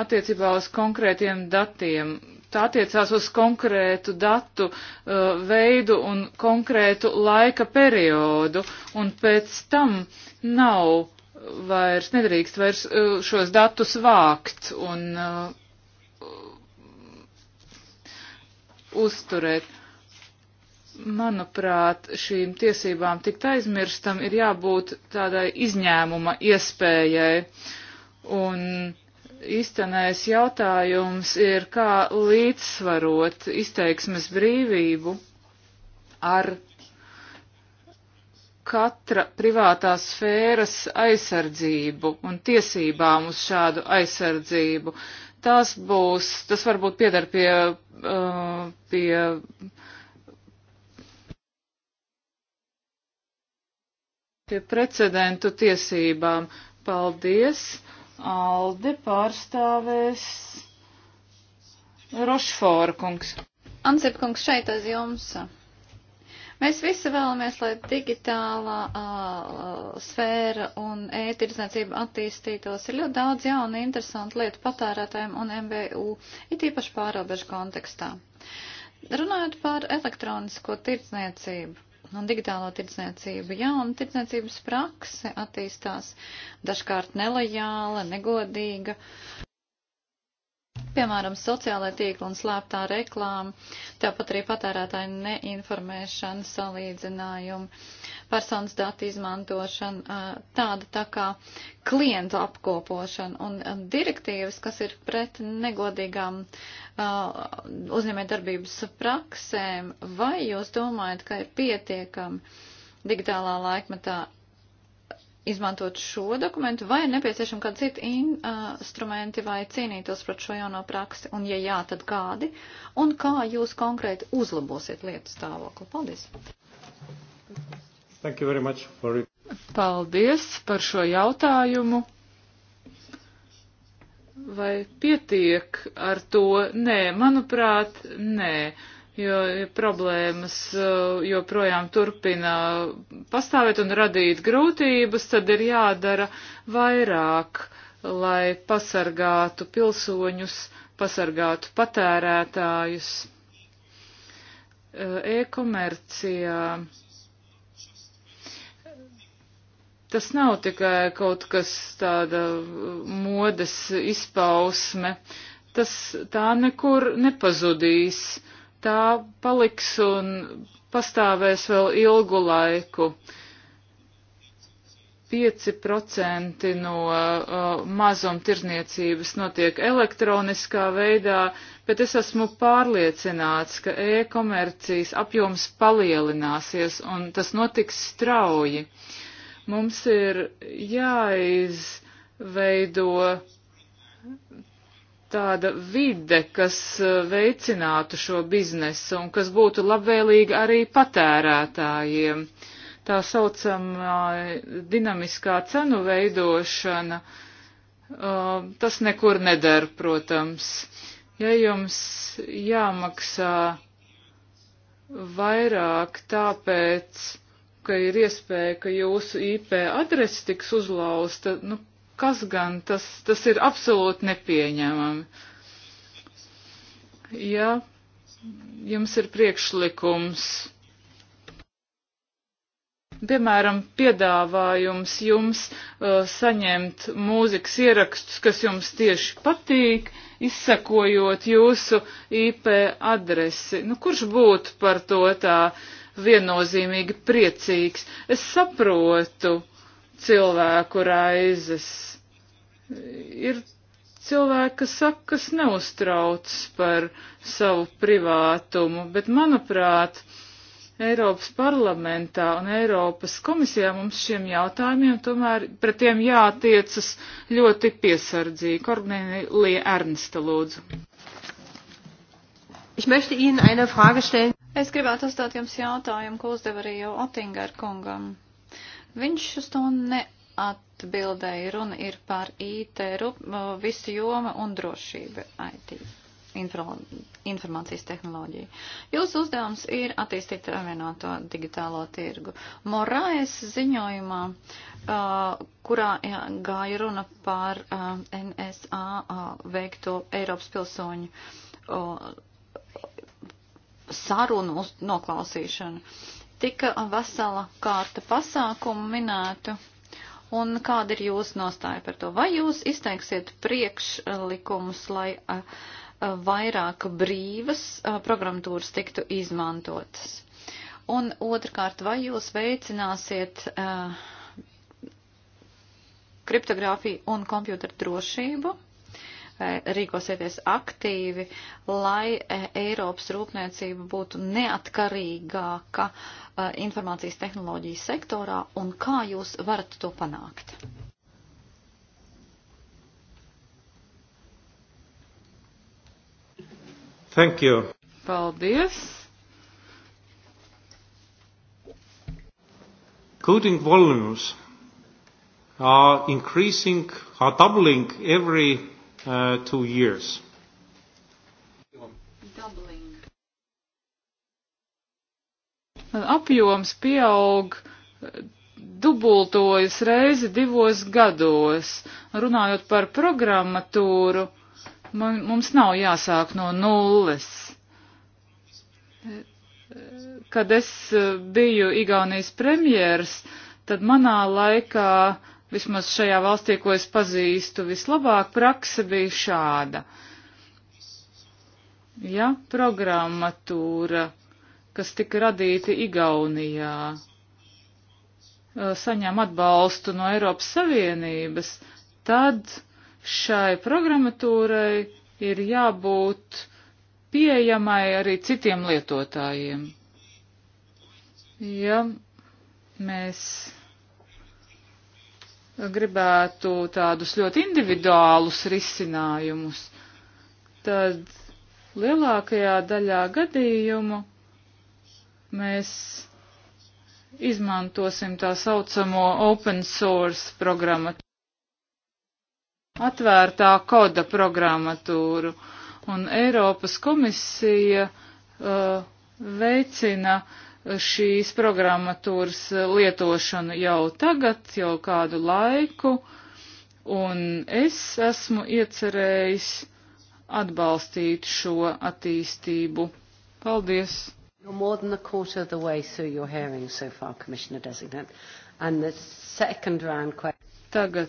[SPEAKER 1] attiecībā uz konkrētiem datiem, tā attiecās uz konkrētu datu uh, veidu un konkrētu laika periodu, un pēc tam nav vairs, nedrīkst vairs uh, šos datus vākt un uh, uzturēt. Manuprāt, šīm tiesībām tikt aizmirstam ir jābūt tādai izņēmuma iespējai. Un uh, izcenējs jautājums ir, kā līdzsvarot izteiksmes brīvību ar katra privātā sfēras aizsardzību un tiesībām uz šādu aizsardzību. Tas būs, tas varbūt piedar pie, uh, pie pie precedentu tiesībām. Paldies! Alde pārstāvēs Rošfora kungs.
[SPEAKER 3] Ansip kungs šeit aiz jums. Mēs visi vēlamies, lai digitālā uh, sfēra un ētirdzniecība attīstītos. Ir ļoti daudz jaunu interesantu lietu patērētājiem un MVU, it īpaši pārobežu kontekstā. Runājot par elektronisko tirdzniecību, un digitālo tirdzniecību. Jā, un tirdzniecības prakse attīstās dažkārt nelojāla, negodīga piemēram, sociālai tīkli un slēptā reklāma, tāpat arī patērētāja neinformēšana, salīdzinājumi, personas datu izmantošana, tāda tā kā klientu apkopošana un direktīvas, kas ir pret negodīgām uzņēmējdarbības praksēm, vai jūs domājat, ka ir pietiekami digitālā laikmetā izmantot šo dokumentu, vai ir nepieciešami kādi citi instrumenti, vai cīnītos pret šo jauno praksi, un ja jā, tad kādi, un kā jūs konkrēti uzlabosiet
[SPEAKER 1] lietu stāvokli. Paldies!
[SPEAKER 2] Thank you very much for it.
[SPEAKER 1] Paldies par šo jautājumu. Vai pietiek ar to? Nē, manuprāt, nē jo problēmas eh, joprojām turpina pastāvēt un radīt grūtības, tad ir jādara vairāk, lai pasargātu pilsoņus, pasargātu patērētājus. Eh, E-komercijā tas nav tikai kaut kas tāda eh, modes izpausme, tas tā nekur nepazudīs. Uh, tā paliks un pastāvēs vēl ilgu laiku. 5% no uh, mazumtirdzniecības notiek elektroniskā veidā, bet es esmu pārliecināts, ka e-komercijas apjoms palielināsies un tas notiks strauji. Mums ir jāizveido tāda vide, kas uh, veicinātu šo biznesu un kas būtu labvēlīga arī patērētājiem. Tā saucamā uh, dinamiskā cenu veidošana, uh, tas nekur nedara, protams. Ja jums jāmaksā vairāk tāpēc, ka ir iespēja, ka jūsu IP adrese tiks uzlausta, nu, Kas gan tas, tas ir absolūti nepieņemami. Ja jums ir priekšlikums, piemēram, piedāvājums jums uh, saņemt mūzikas ierakstus, kas jums tieši patīk, izsakojot jūsu IP adresi. Nu, kurš būtu par to tā viennozīmīgi priecīgs? Es saprotu, uh, cilvēku raizes. Ir cilvēki, kas saka, kas neuztrauc par savu privātumu, bet manuprāt, Eiropas parlamentā un Eiropas komisijā mums šiem jautājumiem tomēr pret tiem jātiecas ļoti piesardzīgi. Kornelija Ernsta lūdzu.
[SPEAKER 3] Es gribētu uzdot jums jautājumu, ko uzdev arī jau Otingar kungam. Viņš uz to neatbildēja. Runa ir par IT, visu joma un drošību IT informācijas tehnoloģiju. Jūsu uzdevums ir attīstīt vienoto digitālo tirgu. Morājas ziņojumā, uh, kurā jā, gāja runa par uh, NSA uh, veikto Eiropas pilsoņu sarunu noklausīšanu Tika vesela kārta pasākumu minētu. Un kāda ir jūsu nostāja par to? Vai jūs izteiksiet priekšlikumus, lai vairāk brīvas programmatūras tiktu izmantotas? Un otrkārt, vai jūs veicināsiet kriptogrāfiju un kompjūtera drošību? E, rīkosieties aktīvi, lai e, Eiropas rūpniecība būtu neatkarīgāka e, informācijas tehnoloģijas sektorā un kā jūs
[SPEAKER 1] varat to panākt? Thank you. Paldies.
[SPEAKER 2] Coding volumes are increasing, are doubling every uh, two years. Doubling.
[SPEAKER 1] Apjoms pieaug uh, dubultojas reizi divos gados. Runājot par programmatūru, man, mums nav jāsāk no nulles. Kad es uh, biju Igaunijas premjers, tad manā laikā vismaz šajā valstī, ko es pazīstu, vislabāk prakse bija šāda. Ja programmatūra, kas tika radīta Igaunijā, eh, saņem atbalstu no Eiropas Savienības, tad šai programmatūrai ir jābūt pieejamai arī citiem lietotājiem. Ja mēs gribētu tādus ļoti individuālus risinājumus, tad lielākajā daļā gadījumu mēs izmantosim tā saucamo open source programmu, atvērtā koda programmatūru, un Eiropas komisija uh, veicina uh, šīs programmatūras lietošanu jau tagad, jau kādu laiku, un es esmu iecerējis atbalstīt šo attīstību. Paldies! You're more than a quarter of the way through your hearing so far, Commissioner Designate. And the second round question. Tagad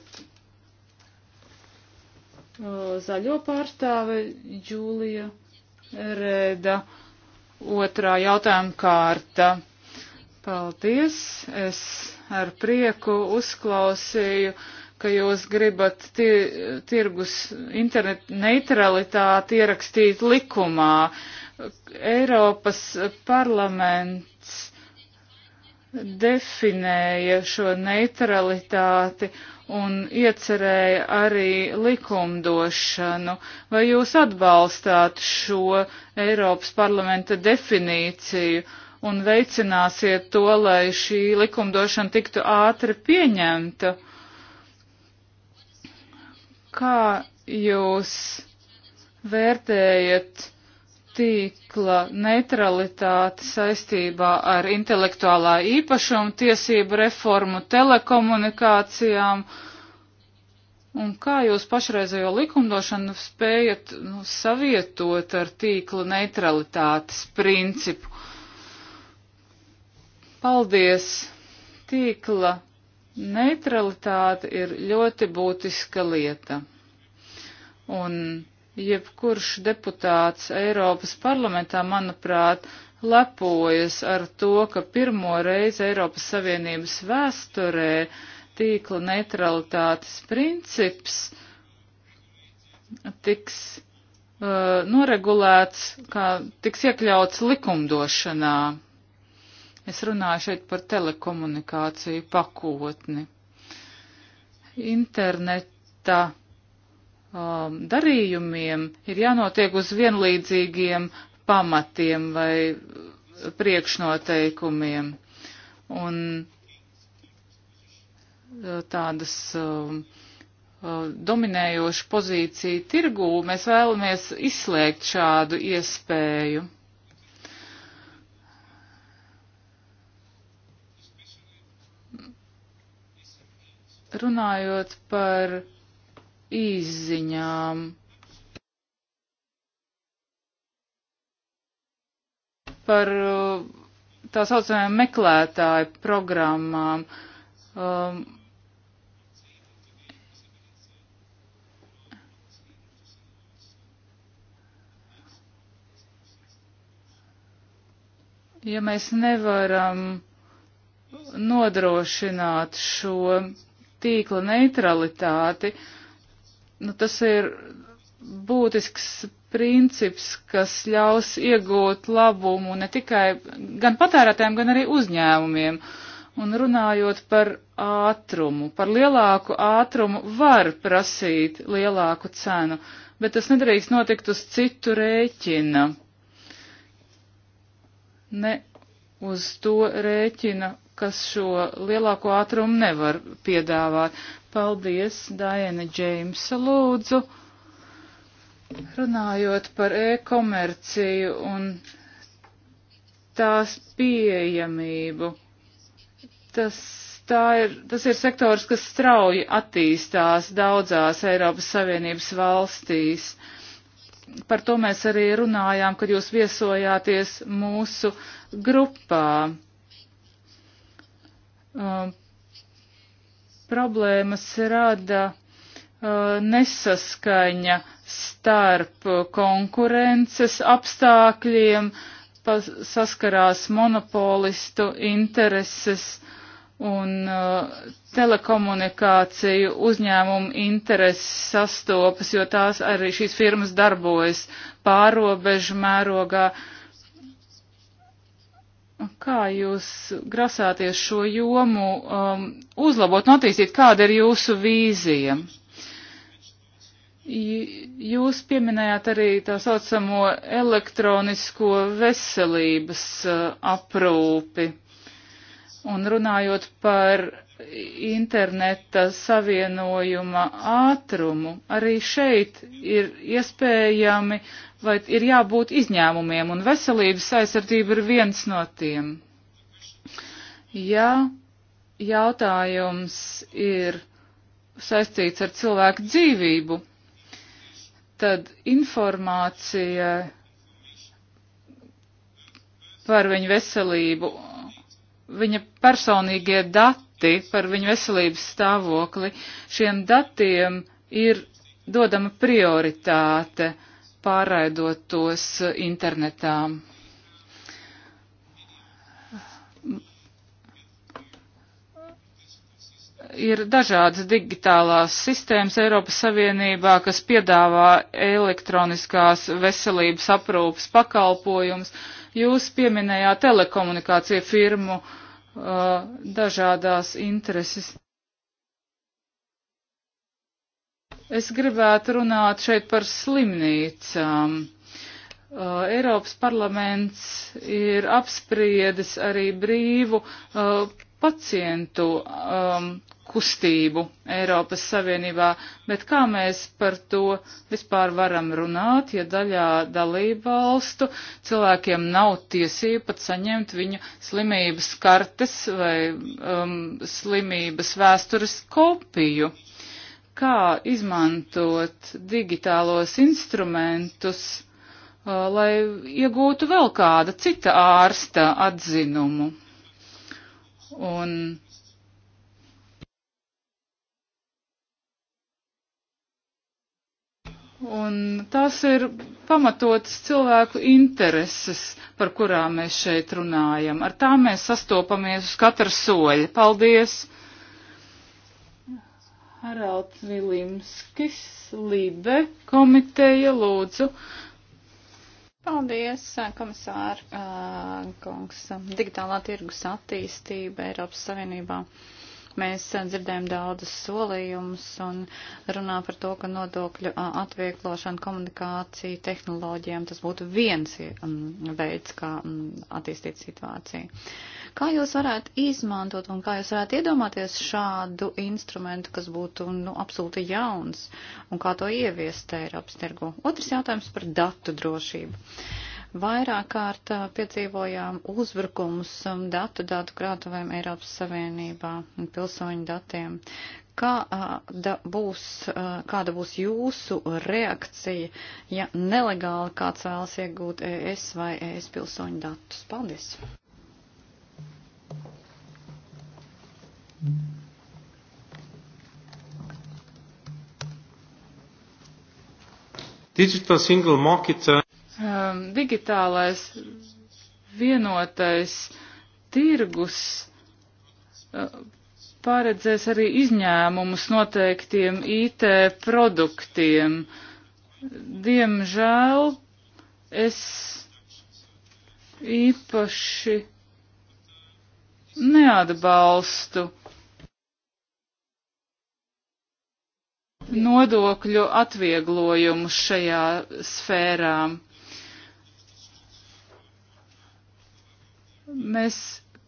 [SPEAKER 1] uh, zaļo pārstāve Džūlija Rēda otrā jautājuma kārta. Paldies! Es ar prieku uzklausīju, ka jūs gribat tirgus internetu neutralitāti ierakstīt likumā. Eiropas parlaments definēja šo neutralitāti un iecerēja arī likumdošanu. Vai jūs atbalstāt šo Eiropas parlamenta definīciju un veicināsiet to, lai šī likumdošana tiktu ātri pieņemta? Kā jūs vērtējat? tīkla neutralitāte saistībā ar intelektuālā īpašuma tiesību reformu telekomunikācijām. Un kā jūs pašreizējo likumdošanu spējat nu, savietot ar tīkla neutralitātes principu? Paldies! Tīkla neutralitāte ir ļoti būtiska lieta. Un jebkurš deputāts Eiropas parlamentā, manuprāt, lepojas ar to, ka pirmo reizi Eiropas Savienības vēsturē tīkla neutralitātes princips tiks uh, noregulēts, kā tiks iekļauts likumdošanā. Es runāju šeit par telekomunikāciju pakotni. Interneta um, darījumiem ir jānotiek uz vienlīdzīgiem pamatiem vai priekšnoteikumiem. Un uh, tādas um, uh, dominējošu pozīciju tirgū mēs vēlamies izslēgt šādu iespēju. Runājot par izziņām. Par uh, tā saucamajām meklētāju programmām. Um, ja mēs nevaram nodrošināt šo tīkla neutralitāti, uh, nu, tas ir būtisks princips, kas ļaus iegūt labumu ne tikai gan patērētājiem, gan arī uzņēmumiem. Un runājot par ātrumu, par lielāku ātrumu var prasīt lielāku cenu, bet tas nedrīkst notikt uz citu rēķina. Ne uz to rēķina, kas šo lielāko ātrumu nevar piedāvāt. Paldies, Diana Džeimsa, lūdzu. Runājot par e-komerciju un tās pieejamību, tas, ir, tas ir sektors, kas strauji attīstās daudzās Eiropas Savienības valstīs. Par to mēs arī runājām, kad jūs viesojāties mūsu grupā uh, problēmas rada uh, nesaskaņa starp konkurences apstākļiem, saskarās monopolistu intereses un uh, telekomunikāciju uzņēmumu intereses sastopas, jo tās arī šīs firmas darbojas pārobežu mērogā. Uh, Kā jūs grasāties šo jomu um, uzlabot un attīstīt? Kāda ir jūsu vīzija? Jūs pieminējāt arī tā saucamo elektronisko veselības uh, aprūpi. Un runājot par interneta savienojuma ātrumu. Arī šeit ir iespējami vai ir jābūt izņēmumiem, un veselības aizsardzība ir viens no tiem. Ja jautājums ir saistīts ar cilvēku dzīvību, tad informācija par viņu veselību, viņa personīgie dati, dati par viņu veselības stāvokli. Šiem datiem ir dodama prioritāte pārraidot tos internetā. ir dažādas digitālās sistēmas Eiropas Savienībā, kas piedāvā elektroniskās veselības aprūpas pakalpojumus. Jūs pieminējāt telekomunikāciju firmu uh, dažādās intereses. Es gribētu runāt šeit par slimnīcām. Uh, Eiropas parlaments ir apspriedis arī brīvu uh, pacientu um, kustību Eiropas Savienībā, bet kā mēs par to vispār varam runāt, ja daļā dalību valstu cilvēkiem nav tiesība pat saņemt viņu slimības kartes vai um, slimības vēstures kopiju? Kā izmantot digitālos instrumentus, uh, lai iegūtu vēl kāda cita ārsta atzinumu? Un Un tās ir pamatotas cilvēku intereses, par kurām mēs šeit runājam. Ar tām mēs sastopamies uz katra soļa. Paldies! Haralds Vilimskis, Libe komiteja, lūdzu. Paldies, komisāra Kongs.
[SPEAKER 3] Digitālā tirgus attīstība Eiropas Savienībā. Uh, mēs dzirdējam daudzus solījumus un runā par to, ka nodokļu atvieglošana, komunikācija, tehnoloģijām tas būtu viens veids, kā attīstīt situāciju. Kā jūs varētu izmantot un kā jūs varētu iedomāties šādu instrumentu, kas būtu nu, absolūti jauns un kā to ieviest Eiropas tirgu? Otrs jautājums par datu drošību. Uh, Vairāk kārt piedzīvojām uzbrukumus datu datu krātuvēm Eiropas Savienībā un pilsoņu datiem. Kāda būs, kāda būs jūsu reakcija, ja nelegāli kāds vēlas iegūt ES vai ES pilsoņu datus? Paldies! Mm.
[SPEAKER 2] Digital Single Market
[SPEAKER 1] um, digitālais vienotais tirgus uh, paredzēs arī izņēmumus noteiktiem IT produktiem. Diemžēl es īpaši neatbalstu nodokļu atvieglojumu šajā sfērām. mēs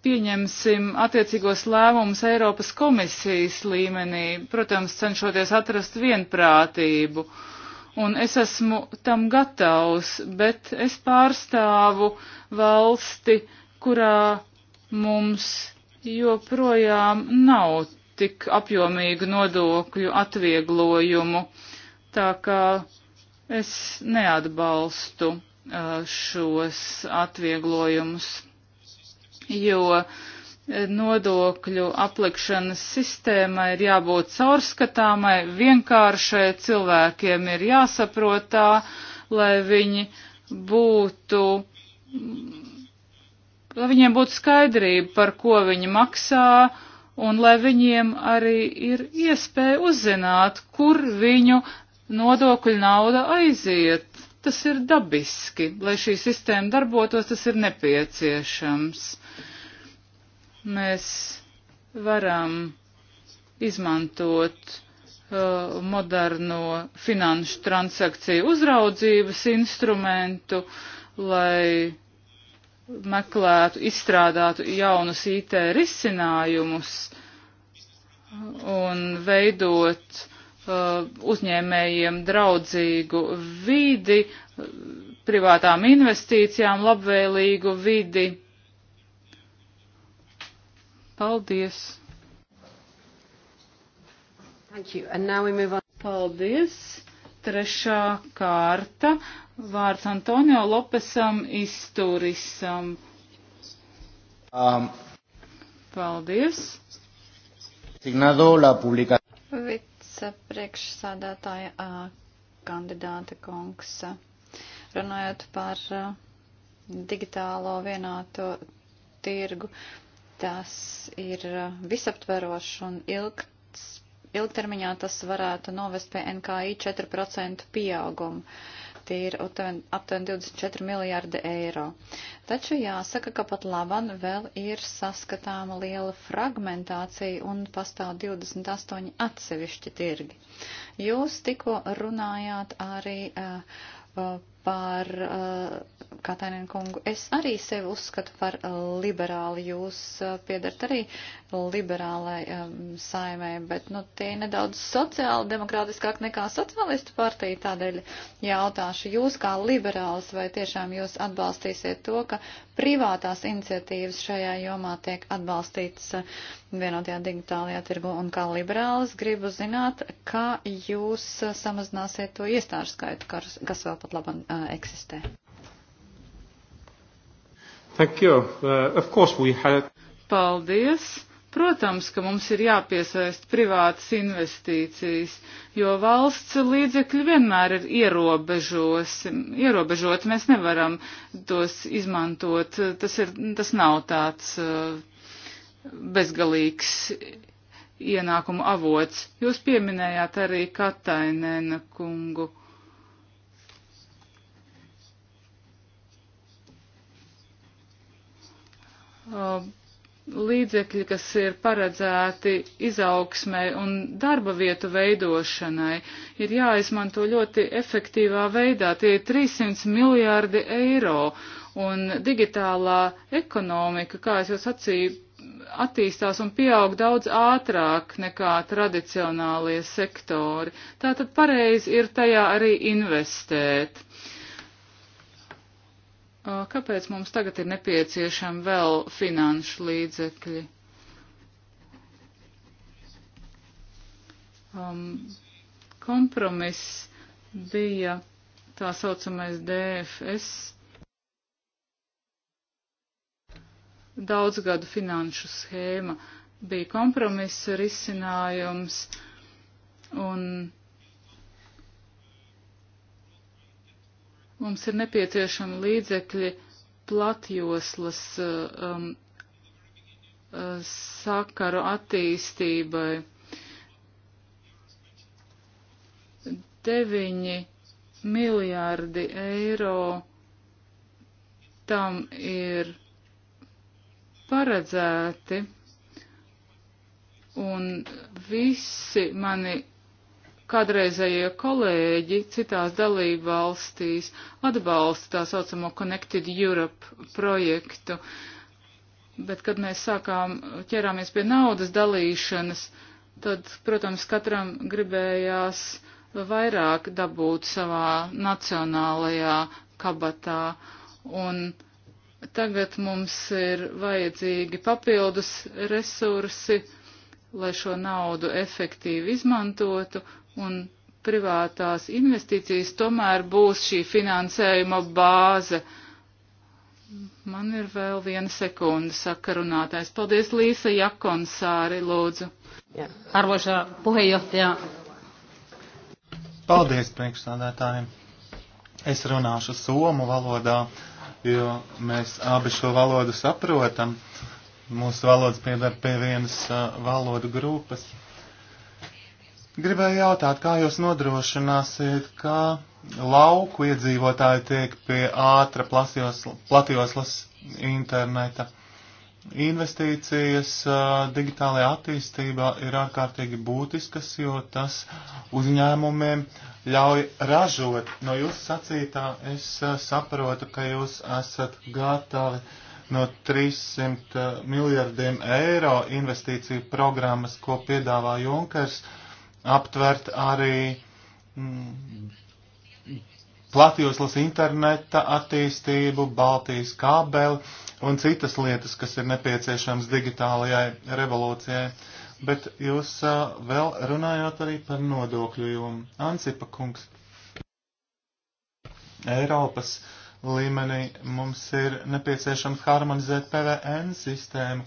[SPEAKER 1] pieņemsim attiecīgos lēmumus Eiropas komisijas līmenī, protams, cenšoties atrast vienprātību. Un es esmu tam gatavs, bet es pārstāvu valsti, kurā mums joprojām nav tik apjomīgu nodokļu atvieglojumu, tā kā es neatbalstu uh, šos atvieglojumus jo e, nodokļu aplikšanas sistēmai ir jābūt caurskatāmai, vienkāršai, cilvēkiem ir jāsaprot tā, lai viņi būtu, lai viņiem būtu skaidrība, par ko viņi maksā, un lai viņiem arī ir iespēja uzzināt, kur viņu nodokļu nauda aiziet. Tas ir dabiski, lai šī sistēma darbotos, tas ir nepieciešams mēs varam izmantot uh, moderno finanšu transakciju uzraudzības instrumentu, lai meklētu, izstrādātu jaunus IT risinājumus un veidot uh, uzņēmējiem draudzīgu vidi, privātām investīcijām labvēlīgu vidi Paldies! Paldies! Trešā kārta. Vārds Antonio Lopesam izturisam. Um. Paldies!
[SPEAKER 3] Vicepriekšsādātāja kandidāta kungs, runājot par digitālo vienāto tirgu, tas ir eh, visaptverošs un ilgts, ilgtermiņā tas varētu novest pie NKI 4% pieauguma. Tie ir aptuveni 24 miljārdi eiro. Taču jāsaka, ka pat laban vēl ir saskatāma liela fragmentācija un pastāv 28 atsevišķi tirgi. Jūs tikko runājāt arī uh, uh, par uh, Katainen kungu. Es arī sevi uzskatu par uh, liberāli. Jūs uh, piedarat arī liberālai um, saimē, bet nu, tie nedaudz sociāli demokrātiskāk nekā sociālistu partija. Tādēļ jautāšu jūs kā liberāls, vai tiešām jūs atbalstīsiet to, ka privātās iniciatīvas šajā jomā tiek atbalstītas uh, vienotajā digitālajā tirgu. Un kā liberālis gribu zināt, kā jūs uh, samazināsiet to iestāžu skaitu, kas
[SPEAKER 1] vēl pat labam Uh, eksistē.
[SPEAKER 2] Thank you. Uh, of course we had...
[SPEAKER 1] Paldies. Protams, ka mums ir jāpiesaist privātas investīcijas, jo valsts līdzekļi vienmēr ir ierobežoti. Mēs nevaram tos izmantot. Tas, ir, tas nav tāds uh, bezgalīgs ienākumu avots. Jūs pieminējāt arī Katainēna kungu. Uh, līdzekļi, kas ir paredzēti izaugsmai un darba vietu veidošanai, ir jāizmanto ļoti efektīvā veidā. Tie ir 300 miljārdi eiro un digitālā ekonomika, kā es jau sacīju, attīstās un pieaug daudz ātrāk nekā tradicionālie sektori. Tātad pareizi ir tajā arī investēt. Uh, Kāpēc mums tagad ir nepieciešami vēl finanšu līdzekļi? Um, kompromiss bija tā saucamais DFS, daudzgadu finanšu schēma, bija kompromisa risinājums un Mums ir nepieciešami līdzekļi platjoslas um, uh, sakaru attīstībai. Deviņi miljārdi eiro tam ir paredzēti, un visi mani kādreizējie kolēģi citās dalību valstīs atbalsta tā saucamo Connected Europe projektu, bet kad mēs sākām ķērāmies pie naudas dalīšanas, tad, protams, katram gribējās vairāk dabūt savā nacionālajā kabatā. Un tagad mums ir vajadzīgi papildus resursi, lai šo naudu efektīvi izmantotu, un privātās investīcijas tomēr būs šī finansējuma bāze. Man ir vēl viena sekunde sakarunātais. Paldies, Līsa Jakonsāri, lūdzu. Jā. Arvošā puhejohtajā.
[SPEAKER 2] Paldies, priekšstādētājiem. Es runāšu somu valodā, jo mēs abi šo valodu saprotam. Mūsu valodas piedar pie vienas uh, valodu grupas. Uh, Gribēju jautāt, kā jūs nodrošināsiet, ka lauku iedzīvotāji tiek pie ātra platjoslas interneta? Investīcijas digitālajā attīstībā ir ārkārtīgi būtiskas, jo tas uzņēmumiem ļauj ražot. No jūsu sacītā es saprotu, ka jūs esat gatavi no 300 miljardiem eiro investīciju programmas, ko piedāvā Junkers, uh, aptvert arī mm, platjoslas interneta attīstību, Baltijas kabeli un citas lietas, kas ir nepieciešams digitālajai revolūcijai. Bet jūs uh, vēl runājāt arī par nodokļu jomu. Ancipa kungs. Eiropas līmenī mums ir nepieciešams harmonizēt PVN sistēmu,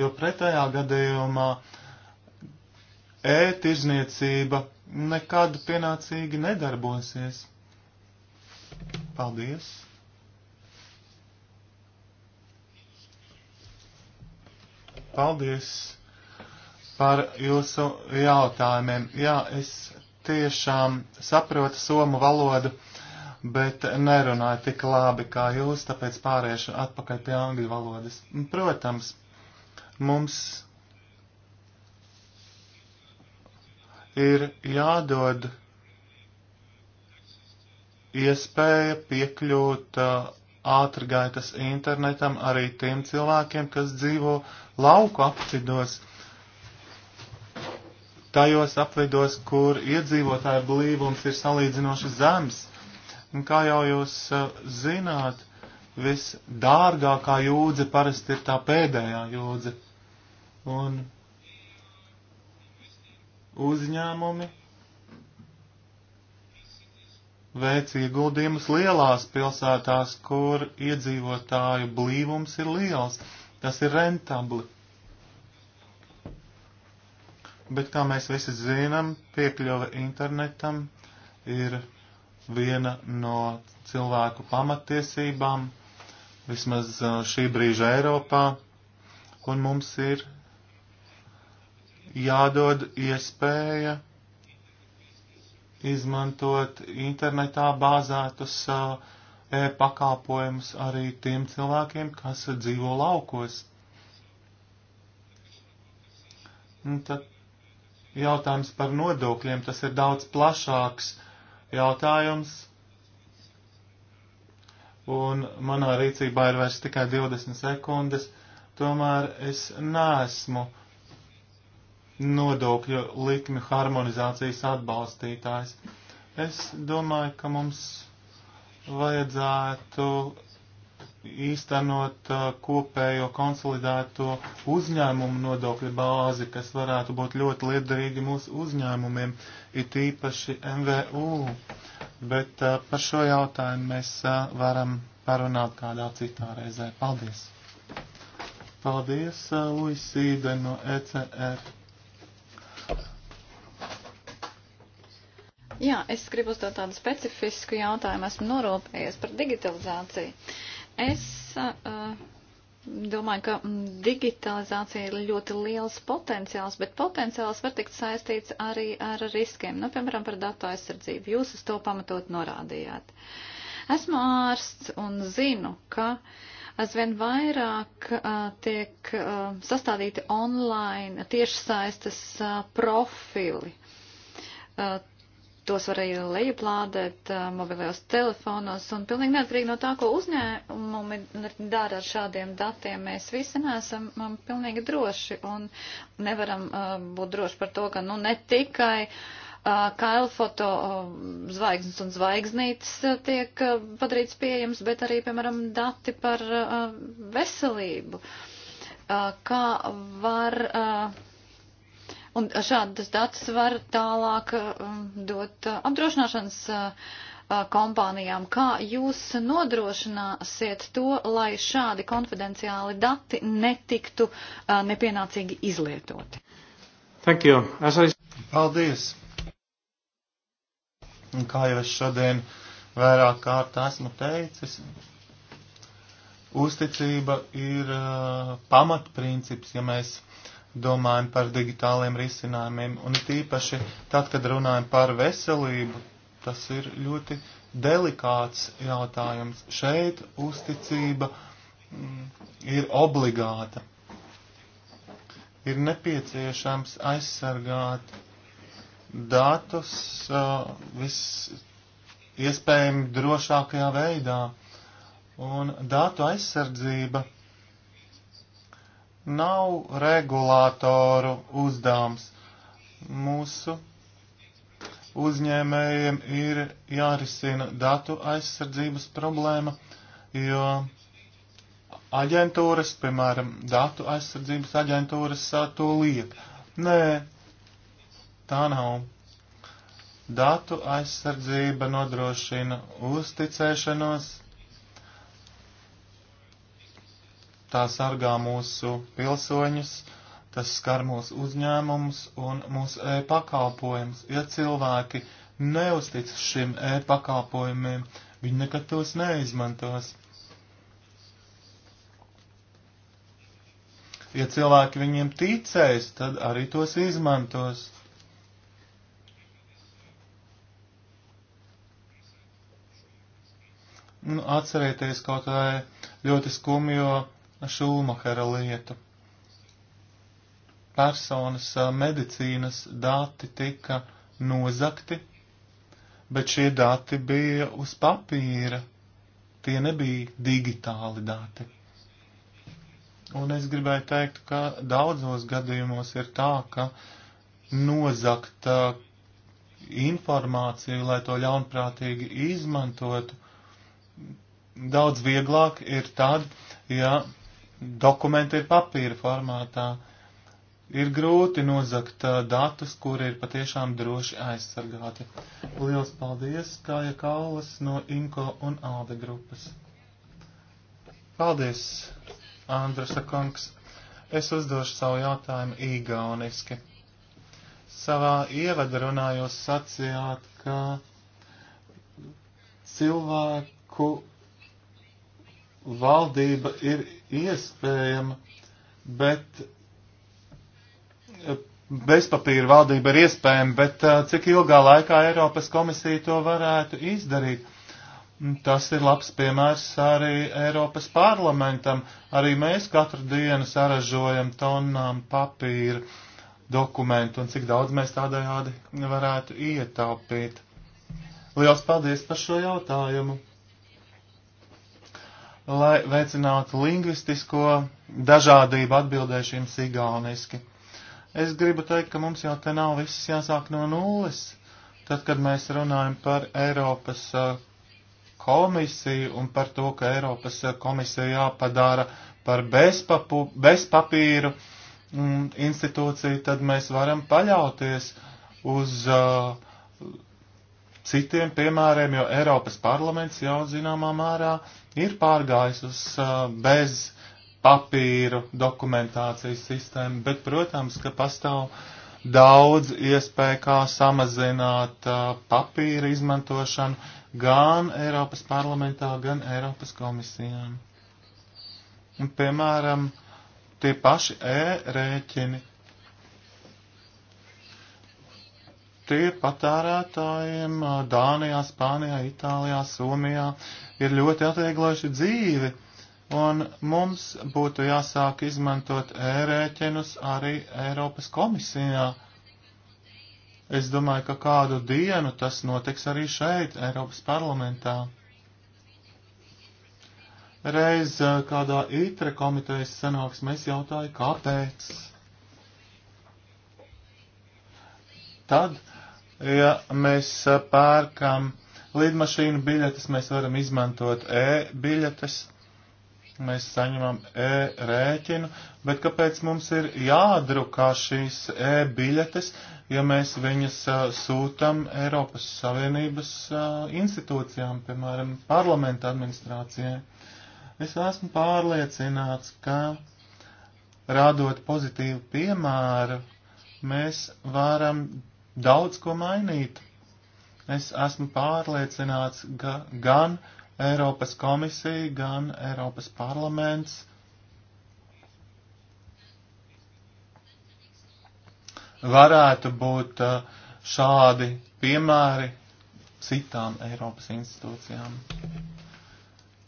[SPEAKER 2] jo pretējā gadījumā uh, ētirzniecība nekad pienācīgi nedarbosies. Paldies! Paldies par jūsu jautājumiem. Jā, es tiešām saprotu somu valodu, bet nerunāju tik labi kā jūs, tāpēc pāriešu atpakaļ pie angļu valodas. Protams, mums ir jādod iespēja piekļūt uh, ātrgaitas internetam arī tiem cilvēkiem, kas dzīvo lauku apcidos, tajos apvidos, kur iedzīvotāju blīvums ir salīdzinoši zems. Un kā jau jūs uh, zināt, visdārgākā jūdze parasti ir tā pēdējā jūdze. Un uzņēmumi veic ieguldījumus lielās pilsētās, kur iedzīvotāju blīvums ir liels. Tas ir rentabli. Bet, kā mēs visi zinām, piekļuve internetam ir viena no cilvēku pamatiesībām, vismaz šī brīža Eiropā, un mums ir jādod iespēja izmantot internetā bāzētus e-pakalpojumus arī tiem cilvēkiem, kas dzīvo laukos. Un tad jautājums par nodokļiem, tas ir daudz plašāks jautājums. Un manā rīcībā ir vairs tikai 20 sekundes, tomēr es nesmu uh, nodokļu likmi harmonizācijas atbalstītājs. Es domāju, ka mums vajadzētu īstenot uh, kopējo konsolidēto uzņēmumu nodokļu bāzi, kas varētu būt ļoti liederīgi mūsu uzņēmumiem, it īpaši MVU. Bet uh, par šo jautājumu mēs uh, varam parunāt kādā citā reizē. Paldies! Paldies, Luisīde no ECR.
[SPEAKER 3] Jā, es gribu uzdot tādu specifisku jautājumu. Esmu norūpējies par digitalizāciju. Es uh, domāju, ka mm, digitalizācija ir ļoti liels potenciāls, bet potenciāls var tikt saistīts arī ar riskiem. Nu, piemēram, par datu aizsardzību. Jūs uz to pamatot norādījāt. Esmu ārsts un zinu, ka aizvien vairāk uh, tiek uh, sastādīti online tiešsaistes uh, profili. Uh, tos varēja lejuplādēt mobilajos telefonos un pilnīgi neatkarīgi no tā, ko uzņēmumi dara ar šādiem datiem, mēs visi neesam pilnīgi droši un nevaram būt droši par to, ka nu ne tikai kailfoto zvaigznes un zvaigznītes tiek padarīts pieejams, bet arī, piemēram, dati par veselību. Kā var Un šādas datus var tālāk um, dot uh, apdrošināšanas uh, uh, kompānijām. Kā jūs nodrošināsiet to, lai šādi konfidenciāli dati netiktu nepienācīgi izlietoti?
[SPEAKER 2] Thank you. As I... Paldies. Un kā jau es šodien vairāk kārt esmu teicis, uzticība ir uh, pamatprincips, ja mēs domājam par digitāliem risinājumiem, un tīpaši tad, kad runājam par veselību, tas ir ļoti delikāts jautājums. Šeit uzticība mm, ir obligāta. Ir nepieciešams aizsargāt datus visiespējami drošākajā veidā. Un datu aizsardzība nav regulātoru uzdevums. Mūsu uzņēmējiem ir jārisina datu aizsardzības problēma, jo aģentūras, piemēram, datu aizsardzības aģentūras to liek. Nē, tā nav. Datu aizsardzība nodrošina uzticēšanos tā sargā mūsu pilsoņus, tas skar mūsu uzņēmumus un mūsu e-pakalpojumus. Ja cilvēki neusticas šim e-pakalpojumiem, viņi nekad tos neizmantos. Ja cilvēki viņiem ticēs, tad arī tos izmantos. Nu, atcerieties kaut vai ļoti skumjo Šūmahera lietu. Personas medicīnas dati tika nozakti, bet šie dati bija uz papīra. Tie nebija digitāli dati. Un es gribēju teikt, ka daudzos gadījumos ir tā, ka nozakt informāciju, lai to ļaunprātīgi izmantotu, daudz vieglāk ir tad, ja dokumenti ir papīra formātā. Ir grūti nozakt datus, kuri ir patiešām droši aizsargāti. Lielas paldies, Kāja Kaulas no Inko un Alde grupas. Paldies, Andrasa kungs. Es uzdošu savu jautājumu īgauniski. Savā ievadarunā jūs sacījāt, ka cilvēku valdība ir iespējama, bet eh, bezpapīra valdība ir iespējama, bet eh, cik ilgā laikā Eiropas komisija to varētu izdarīt? Mm, tas ir labs piemērs arī Eiropas parlamentam. Arī mēs katru dienu saražojam tonnām papīra dokumentu un cik daudz mēs tādējādi varētu ietaupīt. Liels paldies par šo jautājumu! lai veicinātu lingvistisko dažādību atbildēšiem sigāniski. Es gribu teikt, ka mums jau te nav viss jāsāk no nulles. Tad, kad mēs runājam par Eiropas eh, komisiju un par to, ka Eiropas eh, komisija jāpadara par bezpapu, bezpapīru mm, institūciju, tad mēs varam paļauties uz uh, citiem piemēriem, jo Eiropas parlaments jau zināmā mērā ir pārgājis uz uh, bez papīru dokumentācijas sistēmu, bet, protams, ka pastāv daudz iespēju, kā samazināt uh, papīra izmantošanu gan Eiropas parlamentā, gan Eiropas komisijām. Un, piemēram, tie paši e-rēķini tie patērētājiem Dānijā, Spānijā, Itālijā, Somijā ir ļoti atvieglojuši dzīvi, un mums būtu jāsāk izmantot ērēķinus arī Eiropas komisijā. Es domāju, ka kādu dienu tas notiks arī šeit, Eiropas parlamentā. Reiz kādā itre komitejas sanāksmēs jautāju, kāpēc. Tad Ja mēs pērkam lidmašīnu biļetes, mēs varam izmantot e-biļetes, mēs saņemam e-rēķinu, bet kāpēc mums ir jādrukā šīs e-biļetes, ja mēs viņas uh, sūtam Eiropas Savienības uh, institūcijām, piemēram, parlamenta administrācijai? Es esmu pārliecināts, ka radot pozitīvu piemēru, mēs varam daudz ko mainīt. Es esmu pārliecināts, ka gan Eiropas komisija, gan Eiropas parlaments varētu būt uh, šādi piemēri citām Eiropas institūcijām.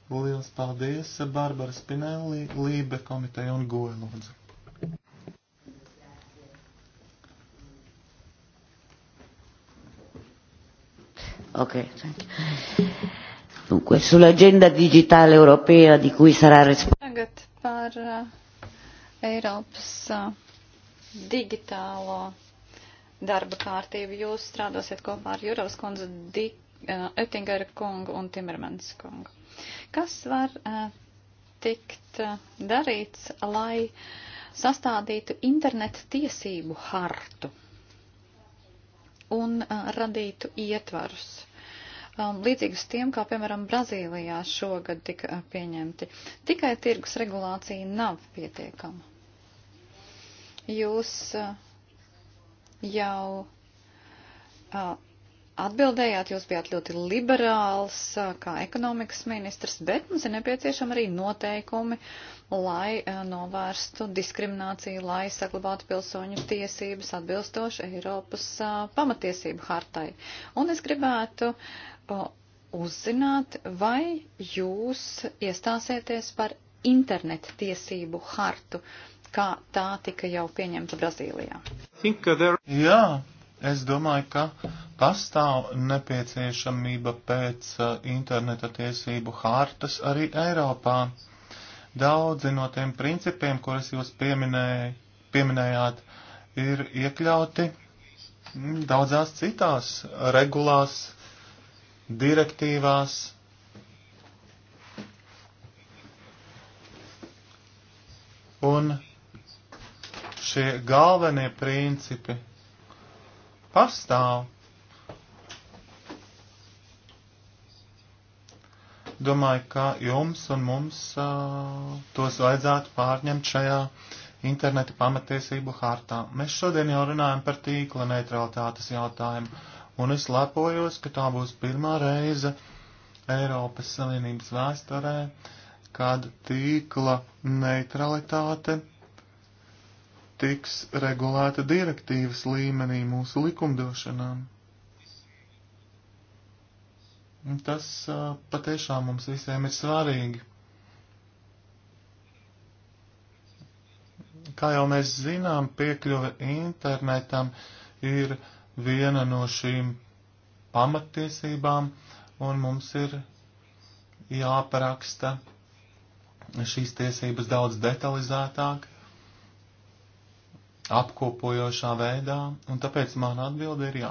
[SPEAKER 2] Lielas paldies, Barbara Spinelli, Lībe komiteja un Goja lūdzu. Ok, thank you. Dunque, sull'agenda digitale europea di cui sarà responsabile.
[SPEAKER 3] Tagad par uh, Eiropas uh, digitālo darba kārtību jūs strādāsiet kopā ar Jurovas kundzu, Di, uh, eh, Ettingera kungu un Timermans kungu. Kas var uh, tikt uh, darīts, lai sastādītu internetu tiesību hartu? un uh, radītu ietvarus. Um, līdzīgus tiem, kā piemēram Brazīlijā šogad tika uh, pieņemti. Tikai tirgus regulācija nav pietiekama. Jūs uh, jau uh, atbildējāt, jūs bijāt ļoti liberāls kā ekonomikas ministrs, bet mums ir nepieciešama arī noteikumi, lai novērstu diskrimināciju, lai saglabātu pilsoņu tiesības atbilstoši Eiropas pamatiesību hartai. Un es gribētu uzzināt, vai jūs iestāsieties par internetu tiesību hartu, kā tā tika jau pieņemta Brazīlijā.
[SPEAKER 2] There... Jā, Es domāju, ka pastāv nepieciešamība pēc uh, interneta tiesību hārtas arī Eiropā. Daudzi no tiem principiem, kurus jūs pieminēj, pieminējāt, ir iekļauti daudzās citās regulās, direktīvās. Un šie galvenie principi pastāv. Domāju, ka jums un mums uh, tos vajadzētu pārņemt šajā interneta pamatiesību hartā. Mēs šodien jau runājam par tīkla neutralitātes jautājumu, un es lepojos, ka tā būs pirmā reize Eiropas Savienības vēsturē, kad tīkla neutralitāte tiks regulēta direktīvas līmenī mūsu likumdošanām. Tas patiešām mums visiem ir svarīgi. Kā jau mēs zinām, piekļuve internetam ir viena no šīm pamattiesībām, un mums ir jāparaksta šīs tiesības daudz detalizētāk, apkopojošā veidā, un tāpēc mana atbilde ir jā.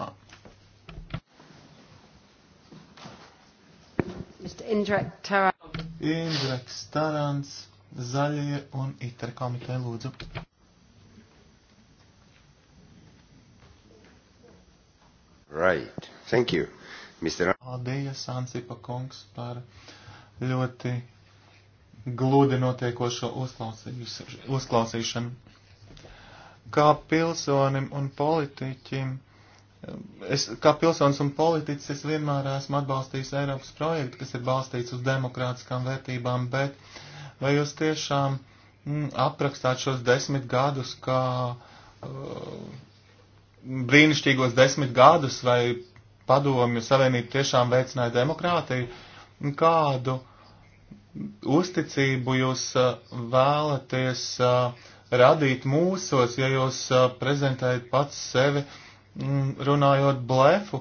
[SPEAKER 2] Indreks Tarants, Zaļie un Itra komiteja lūdzu.
[SPEAKER 3] Right. Thank you, Mr.
[SPEAKER 2] Paldies, Ansipa kungs, par ļoti glūdi notiekošo uzklausīšanu. Kā pilsonim un politiķim, es, kā pilsonis un politiķis, es vienmēr esmu atbalstījis Eiropas projektu, kas ir balstīts uz demokrātiskām vērtībām, bet vai jūs tiešām mm, aprakstāt šos desmit gadus kā uh, brīnišķīgos desmit gadus, vai padomju savienība tiešām veicināja demokrātiju, kādu uzticību jūs uh, vēlaties uh, radīt mūsos, ja jūs prezentējat pats sevi, mm, runājot blefu.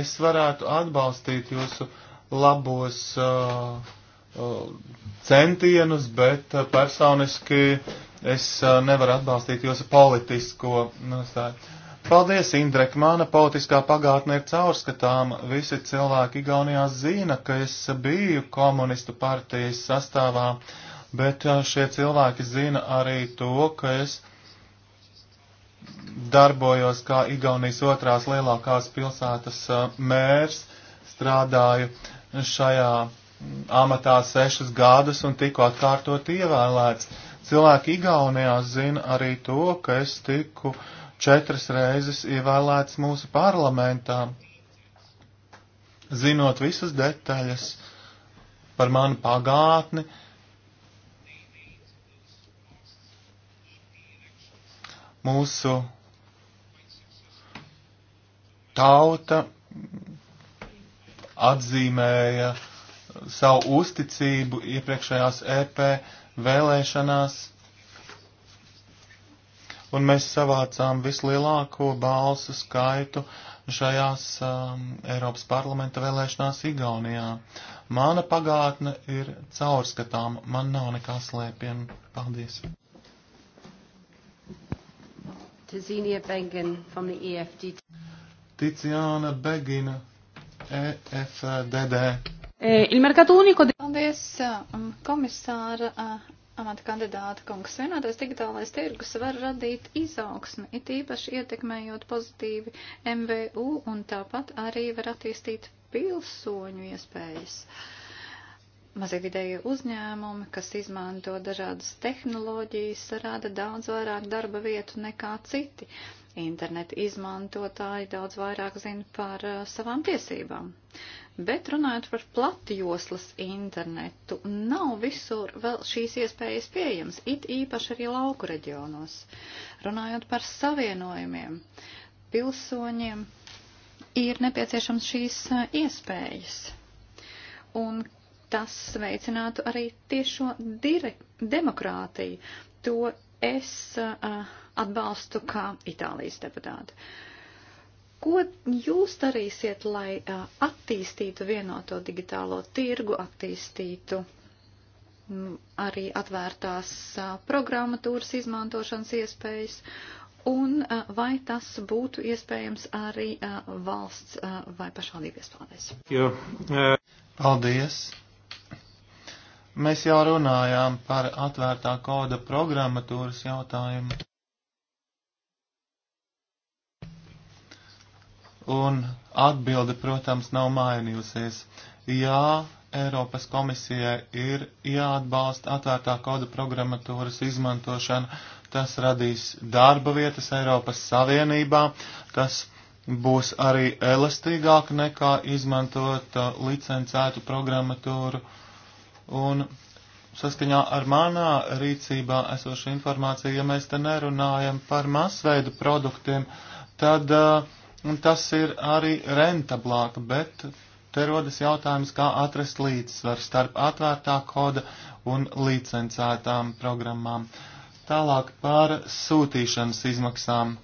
[SPEAKER 2] Es varētu atbalstīt jūsu labos centienus, bet personiski es nevaru atbalstīt jūsu politisko nostāju. Paldies, Indrek, mana politiskā pagātne ir caurskatām. Visi cilvēki Igaunijā zina, ka es biju komunistu partijas sastāvā, bet eh, šie cilvēki zina arī to, ka es darbojos kā Igaunijas otrās lielākās pilsētas eh, mērs, strādāju šajā amatā sešas gadus un tikko atkārtot ievēlēts. Cilvēki Igaunijā zina arī to, ka es tiku četras reizes ievēlēts mūsu parlamentā. Zinot visas detaļas par manu pagātni, mūsu tauta atzīmēja savu uzticību iepriekšējās EP vēlēšanās un mēs savācām vislielāko balsu skaitu šajās um, Eiropas parlamenta vēlēšanās Igaunijā. Mana pagātne ir caurskatām, man nav nekā slēpjama. Paldies!
[SPEAKER 3] Tiziana Begin from the EFDD.
[SPEAKER 2] Tiziana Begina, EFDD. Eh,
[SPEAKER 3] il mercato unico. Paldies, eh, mm, komisāra eh, amata kandidāta kungs. Vienotais digitālais tirgus var radīt izaugsmi, it īpaši ietekmējot pozitīvi MVU un tāpat arī var attīstīt pilsoņu iespējas. Mazie vidējie uzņēmumi, kas izmanto dažādas tehnoloģijas, rada daudz vairāk darba vietu nekā citi. Interneta izmantotāji daudz vairāk zina par uh, savām tiesībām. Uh, Bet runājot par platjoslas internetu, nav visur vēl šīs iespējas pieejamas, it īpaši arī lauku reģionos. Runājot par savienojumiem, pilsoņiem ir nepieciešams šīs eh, iespējas. Un tas veicinātu arī tiešo demokrātiju. To es uh, atbalstu kā Itālijas deputāti. Uh, Ko jūs darīsiet, lai attīstītu vienoto digitālo tirgu, attīstītu arī atvērtās programmatūras izmantošanas iespējas, un vai tas būtu iespējams arī valsts vai pašvaldību
[SPEAKER 2] iespēlēs? Jo, paldies! Mēs jau runājām par atvērtā koda programmatūras jautājumu. Un atbilde, protams, nav mainījusies. Jā, Eiropas komisijai ir jāatbalsta atvērtā koda programmatūras izmantošana. Tas radīs darba vietas Eiropas Savienībā. Tas būs arī elastīgāk nekā izmantot uh, licencētu programmatūru. Un saskaņā ar manā rīcībā esošu informāciju, ja mēs te nerunājam par masveidu produktiem, tad uh, un tas ir arī rentablāk, bet te rodas jautājums, kā atrast līdzsvaru starp atvērtā koda un licencētām programmām. Tālāk par sūtīšanas izmaksām.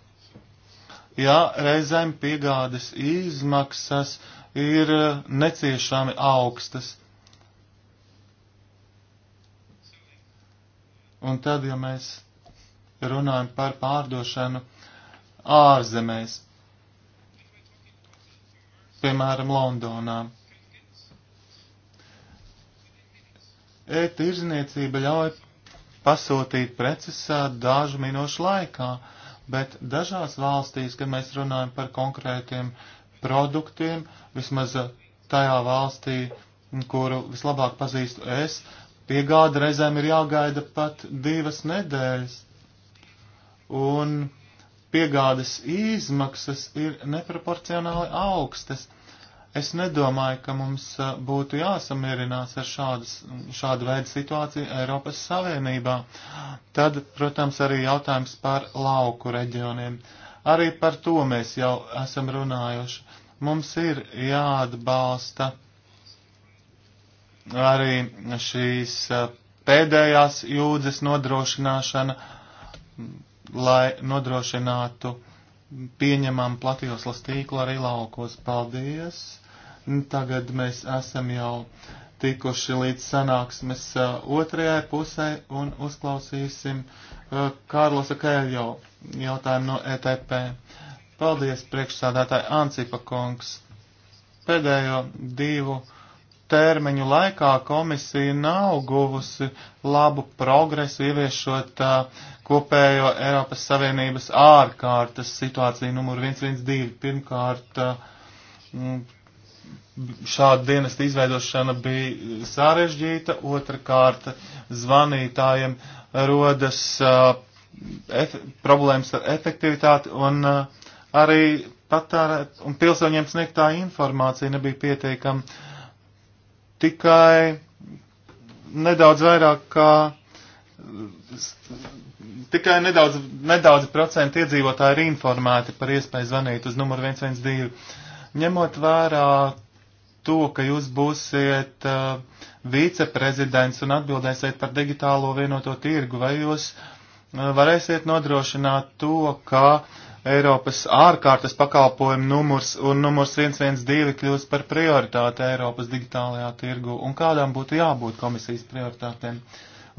[SPEAKER 2] Jā, reizēm piegādes izmaksas ir neciešami augstas. Un tad, ja mēs runājam par pārdošanu ārzemēs, piemēram, Londonā. E-tirzniecība ļauj pasūtīt preces dažu minūšu laikā, bet dažās valstīs, kad mēs runājam par konkrētiem produktiem, vismaz tajā valstī, kuru vislabāk pazīstu es, piegāda reizēm ir jāgaida pat divas nedēļas. Un piegādes izmaksas ir neproporcionāli augstas. Es nedomāju, ka mums uh, būtu jāsamierinās ar šādas, šādu veidu situāciju Eiropas Savienībā. Tad, protams, arī jautājums par lauku reģioniem. Arī par to mēs jau esam runājuši. Mums ir jāatbalsta arī šīs uh, pēdējās jūdzes nodrošināšana lai nodrošinātu pieņemam platjoslas tīklu arī laukos. Paldies! Nu, tagad mēs esam jau tikuši līdz sanāksmes uh, otrajai pusē un uzklausīsim uh, Kārlosa Kēļo jautājumu no ETP. Paldies, priekšsādātāji Ancipa kungs! Pēdējo divu termiņu laikā komisija nav guvusi labu progresu ieviešot uh, kopējo Eiropas Savienības ārkārtas situāciju numur 112. Pirmkārt, uh, šāda dienesta izveidošana bija sarežģīta, otrkārt, zvanītājiem rodas uh, problēmas ar efektivitāti un uh, arī patērēt, un pilsoņiem sniegtā informācija nebija pietiekama tikai nedaudz vairāk kā tikai nedaudz, nedaudz procenti iedzīvotāji ir informēti par iespēju zvanīt uz numuru 112. Ņemot vērā to, ka jūs būsiet uh, viceprezidents un atbildēsiet par digitālo vienoto tirgu, vai jūs uh, varēsiet nodrošināt to, ka uh, Eiropas ārkārtas pakalpojumu numurs un numurs 112 kļūst par prioritāti Eiropas digitālajā tirgu un kādām būtu jābūt komisijas prioritātēm?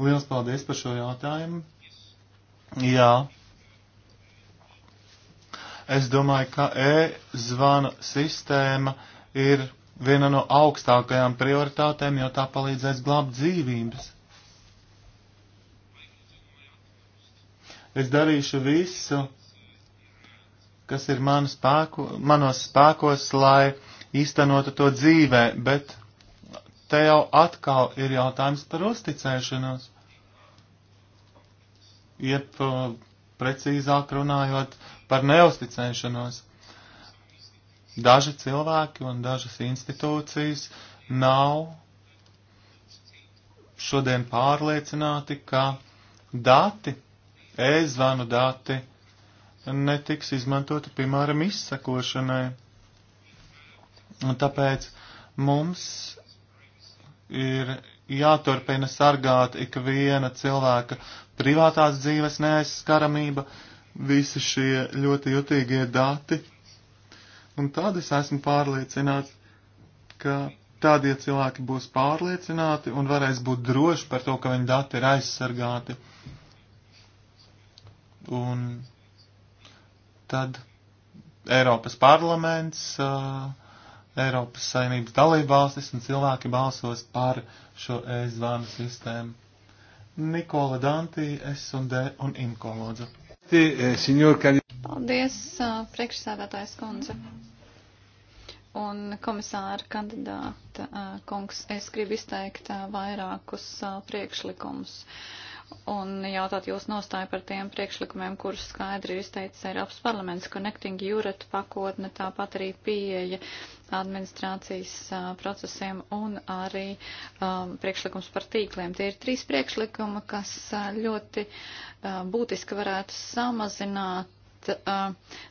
[SPEAKER 2] Liels paldies par šo jautājumu. Jā. Es domāju, ka e-zvana sistēma ir viena no augstākajām prioritātēm, jo tā palīdzēs glābt dzīvības. Es darīšu visu, kas ir manu spēku, manos spēkos, lai īstenotu to dzīvē, bet te jau atkal ir jautājums par uzticēšanos. Iep uh, precīzāk runājot par neusticēšanos. Daži cilvēki un dažas institūcijas nav šodien pārliecināti, ka dati, e-zvanu dati, netiks izmantota, piemēram, izsakošanai. Un tāpēc mums ir jāturpina sargāt ikviena cilvēka privātās dzīves neaizskaramība, visi šie ļoti jutīgie dati. Un tad es esmu pārliecināts, ka tādie cilvēki būs pārliecināti un varēs būt droši par to, ka viņu dati ir aizsargāti. Un tad Eiropas parlaments, Eiropas saimnības dalībvalstis un cilvēki balsos par šo e-zvanu sistēmu. Nikola Dantī, S&D un Imko Lodzu.
[SPEAKER 3] Paldies, priekšsēdētājs kundze. Un komisāra kandidāta kungs, es gribu izteikt vairākus priekšlikumus. Uh, un jautāt jūs nostāju par tiem priekšlikumiem, kurus skaidri ir izteicis Eiropas parlaments. Connecting Europe pakotne, tāpat arī pieeja administrācijas uh, procesiem un arī um, priekšlikums par tīkliem. Tie ir trīs priekšlikuma, kas uh, ļoti uh, būtiski varētu samazināt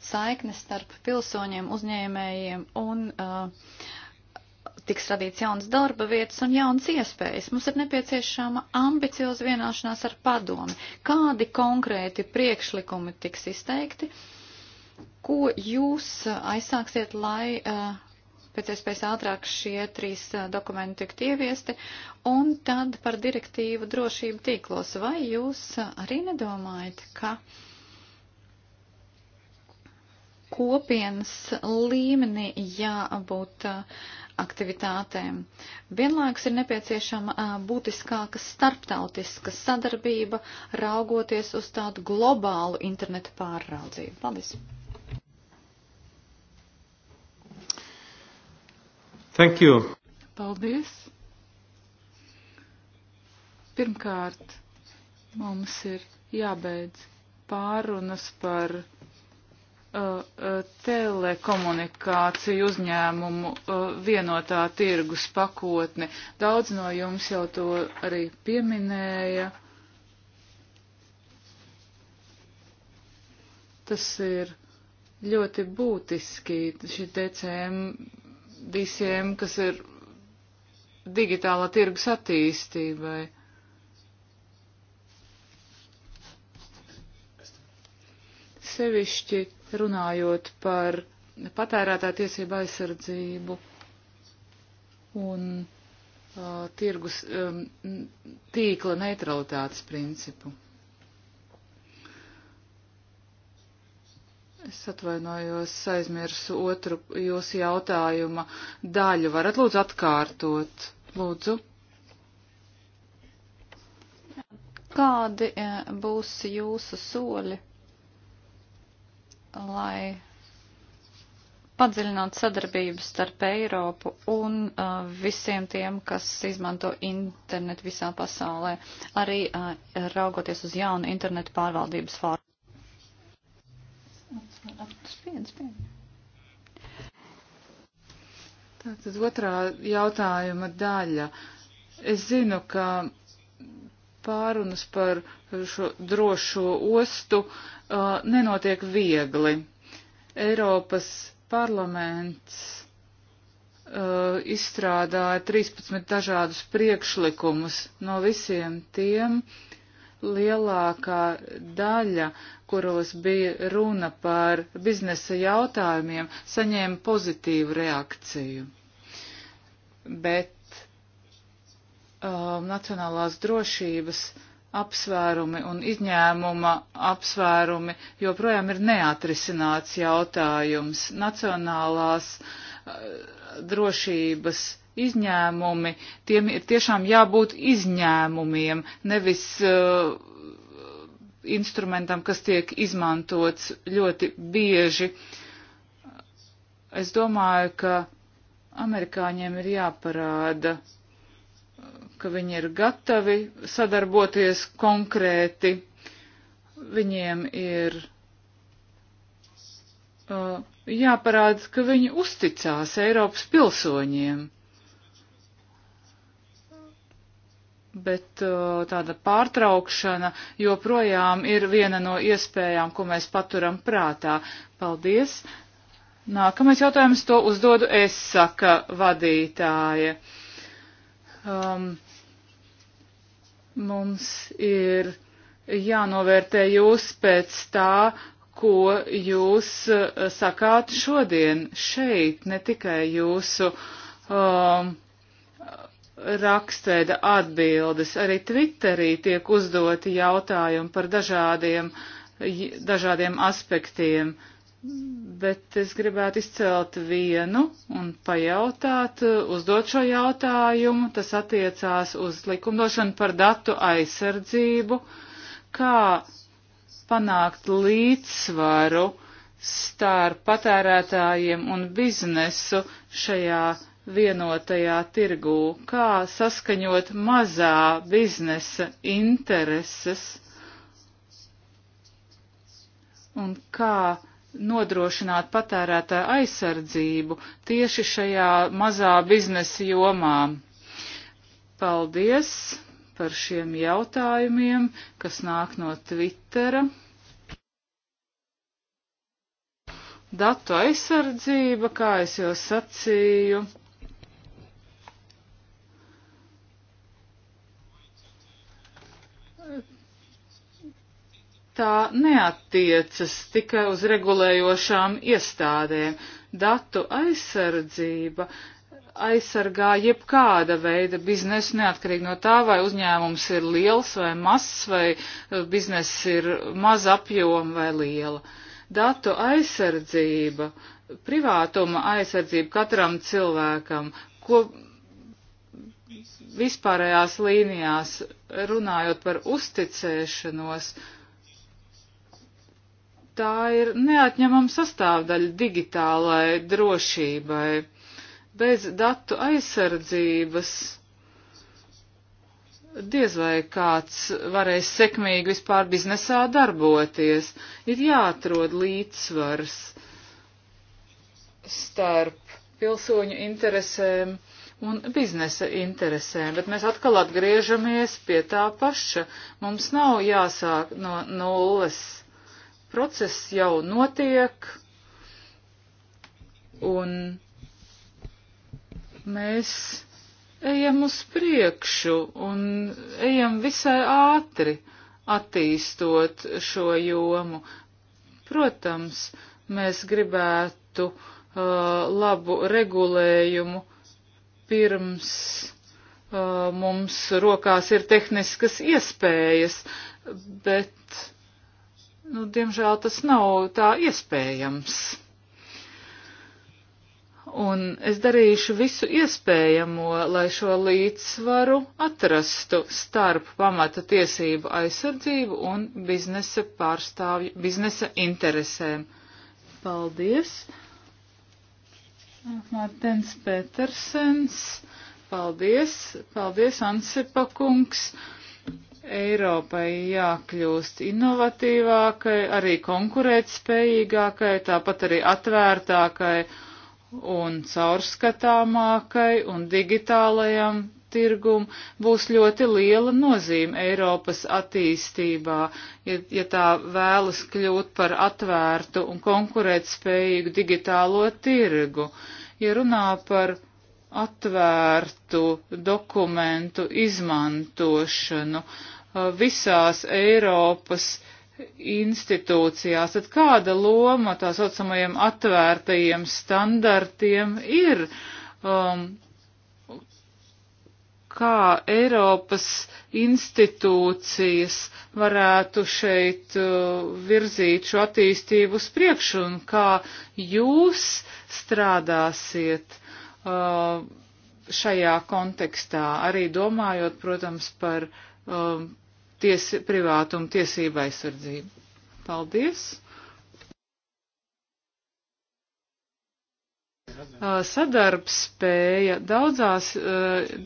[SPEAKER 3] saiknes starp pilsoņiem, uzņēmējiem un uh, tiks radīts jauns darba vietas un jauns iespējas. Mums ir nepieciešama ambicioza vienošanās ar padomi. Kādi konkrēti priekšlikumi tiks izteikti? Ko jūs uh, aizsāksiet, lai uh, pēc iespējas ātrāk šie trīs uh, dokumenti tiktu ieviesti, un tad par direktīvu drošību tīklos. Vai jūs uh, arī nedomājat, ka kopienas līmenī jābūt aktivitātēm. Vienlaikus ir nepieciešama būtiskāka starptautiska sadarbība, raugoties uz tādu globālu internetu pārraudzību. Paldies!
[SPEAKER 2] Thank you.
[SPEAKER 1] Paldies! Pirmkārt, mums ir jābeidz pārunas par telekomunikāciju uzņēmumu uh, vienotā tirgus pakotni. Daudz no jums jau to arī pieminēja. Tas ir ļoti būtiski, šī DCM visiem, kas ir digitālā tirgus attīstībai. sevišķi runājot par patērētā tiesība aizsardzību un uh, tirgus um, tīkla neutralitātes principu. Es atvainojos, aizmirsu otru jūsu jautājuma daļu. Varat lūdzu atkārtot? Lūdzu.
[SPEAKER 3] Kādi būs jūsu soļi? lai padziļinātu sadarbību starp Eiropu un uh, visiem tiem, kas izmanto internetu visā pasaulē, arī uh, raugoties uz jaunu internetu pārvaldības formu.
[SPEAKER 1] Tātad otrā jautājuma daļa. Es zinu, ka pārunas par šo drošo ostu uh, uh, nenotiek viegli. Eiropas parlaments uh, izstrādāja 13 dažādus priekšlikumus. No visiem tiem lielākā daļa, kuros bija runa par biznesa jautājumiem, saņēma pozitīvu reakciju. Bet um, uh, nacionālās drošības uh, apsvērumi un izņēmuma apsvērumi joprojām ir neatrisināts jautājums. Nacionālās uh, drošības izņēmumi, tiem ir tiešām jābūt izņēmumiem, nevis uh, instrumentam, kas tiek izmantots ļoti bieži. Es domāju, ka amerikāņiem ir jāparāda ka viņi ir gatavi sadarboties konkrēti. Viņiem ir uh, jāparāda, ka viņi uzticās Eiropas pilsoņiem. Bet uh, tāda pārtraukšana joprojām ir viena no iespējām, ko mēs paturam prātā. Paldies! Nākamais jautājums to uzdodu es, saka vadītāja. Uh, Um, mums ir jānovērtē jūs pēc tā, ko jūs uh, sakāt šodien šeit, ne tikai jūsu um, rakstveida atbildes. Arī Twitterī tiek uzdoti jautājumi par dažādiem, dažādiem aspektiem. Uh, bet es gribētu izcelt vienu un pajautāt, uzdot šo jautājumu. Tas attiecās uz likumdošanu par datu aizsardzību. Kā panākt līdzsvaru starp patērētājiem un biznesu šajā vienotajā tirgū? Kā saskaņot mazā biznesa intereses? Un kā nodrošināt patērētāju aizsardzību tieši šajā mazā biznesa jomā. Paldies par šiem jautājumiem, kas nāk no Twittera. Datu aizsardzība, kā es jau sacīju. tā neattiecas tikai uz regulējošām iestādēm. Datu aizsardzība aizsargā jebkāda veida biznesu, neatkarīgi no tā, vai uzņēmums ir liels vai mazs, vai eh, bizness ir maz apjoma vai liela. Datu aizsardzība, privātuma aizsardzība katram cilvēkam, ko vispārējās līnijās runājot par uzticēšanos, uh, tā ir neatņemama sastāvdaļa digitālai drošībai. Bez datu aizsardzības diez vai kāds varēs sekmīgi vispār biznesā darboties. Ir jāatrod līdzsvars starp pilsoņu interesēm un biznesa interesēm, bet mēs atkal atgriežamies pie tā paša. Mums nav jāsāk no nulles. No process jau notiek, un mēs ejam uz priekšu un ejam visai ātri attīstot šo jomu. Protams, mēs gribētu uh, labu regulējumu pirms uh, mums rokās ir tehniskas iespējas, bet nu, diemžēl tas nav tā iespējams. Un es darīšu visu iespējamo, lai šo līdzsvaru atrastu starp pamata tiesību aizsardzību un biznesa pārstāvju, biznesa interesēm. Paldies! Martens Petersens, paldies, paldies Ansipa kungs Eiropai jākļūst inovatīvākai, arī konkurētspējīgākai, tāpat arī atvērtākai un caurskatāmākai un digitālajam tirgum būs ļoti liela nozīme Eiropas attīstībā, ja, ja tā vēlas kļūt par atvērtu un konkurētspējīgu digitālo tirgu. Ja runā par atvērtu dokumentu izmantošanu, uh, visās Eiropas institūcijās, tad kāda loma tā saucamajiem atvērtajiem standartiem ir? Um, kā Eiropas institūcijas varētu šeit virzīt šo attīstību uz priekšu un kā jūs strādāsiet šajā kontekstā, arī domājot, protams, par tiesi, privātuma tiesība aizsardzību. Paldies! Sadarbspēja daudzās,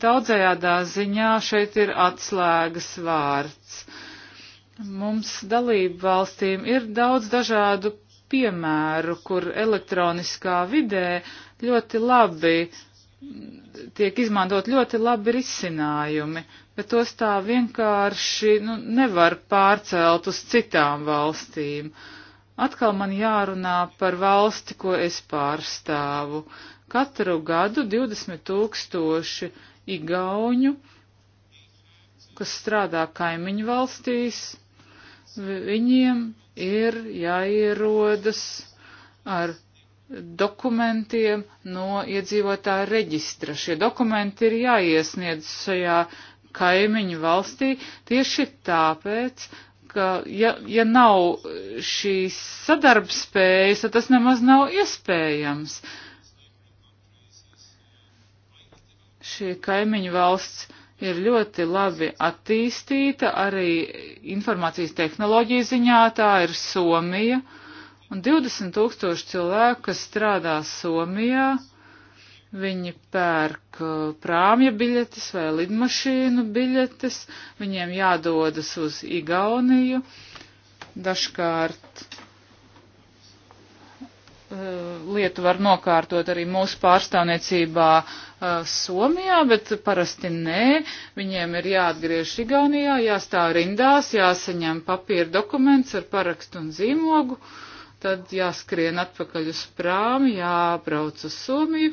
[SPEAKER 1] daudzajādā ziņā šeit ir atslēgas vārds. Mums dalību valstīm ir daudz dažādu piemēru, kur elektroniskā vidē ļoti labi uh, tiek izmantot ļoti labi risinājumi, bet tos tā vienkārši nu, nevar pārcelt uz citām valstīm. Atkal man jārunā par valsti, ko es pārstāvu. Katru gadu 20 tūkstoši igauņu, kas strādā kaimiņu valstīs, viņiem ir jāierodas ar dokumentiem no iedzīvotāja reģistra. Šie dokumenti ir jāiesniedz šajā kaimiņu valstī tieši tāpēc, ka ja, ja nav šīs sadarbspējas, tad tas nemaz nav iespējams. Šie kaimiņu valsts ir ļoti labi attīstīta, arī informācijas tehnoloģija ziņā tā ir Somija. Uh, Un 20 tūkstoši cilvēku, kas strādā Somijā, viņi pērk uh, prāmja biļetes vai lidmašīnu biļetes, viņiem jādodas uz Igauniju, dažkārt uh, lietu var nokārtot arī mūsu pārstāvniecībā uh, Somijā, bet parasti nē. Viņiem ir jāatgriež Igaunijā, jāstāv rindās, jāsaņem papīra dokuments ar parakstu un zīmogu. Uh, tad jāskrien atpakaļ uz prām, jābrauc uz Somiju,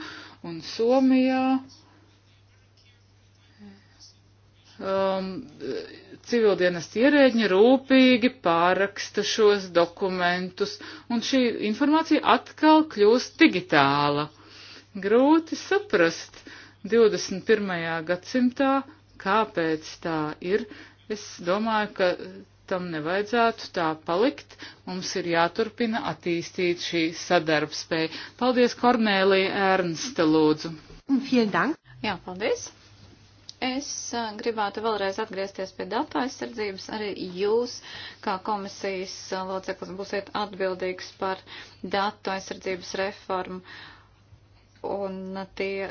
[SPEAKER 1] un Somijā um, civildienas ierēģi rūpīgi pāraksta šos dokumentus, un šī informācija atkal kļūst digitāla. Grūti saprast 21. gadsimtā, kāpēc tā ir. Es domāju, ka tam nevajadzētu tā palikt. Mums ir jāturpina attīstīt šī sadarbspēja. Paldies, Kornēlija Ernste, lūdzu.
[SPEAKER 3] Jā, paldies. Es gribētu vēlreiz atgriezties pie datu aizsardzības. Arī jūs, kā komisijas loceklis, būsiet atbildīgs par datu aizsardzības reformu. Uh, un tie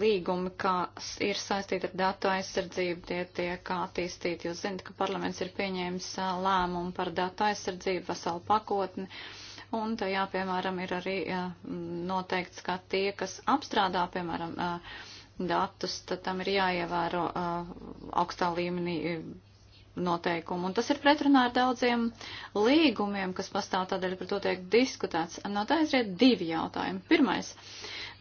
[SPEAKER 3] līgumi, kas ir saistīti ar datu aizsardzību, tie tiek attīstīti. Jūs zinat, ka parlaments ir pieņēmis lēmumu par datu aizsardzību, veselu pakotni, un tajā, piemēram, ir arī noteikts, ka tie, kas apstrādā, piemēram, datus, tad tam ir jāievēro augstā līmenī noteikumu. Un tas ir pretrunā ar daudziem līgumiem, kas pastāv tādēļ par to tiek diskutēts. No tā izriet divi jautājumi. Pirmais,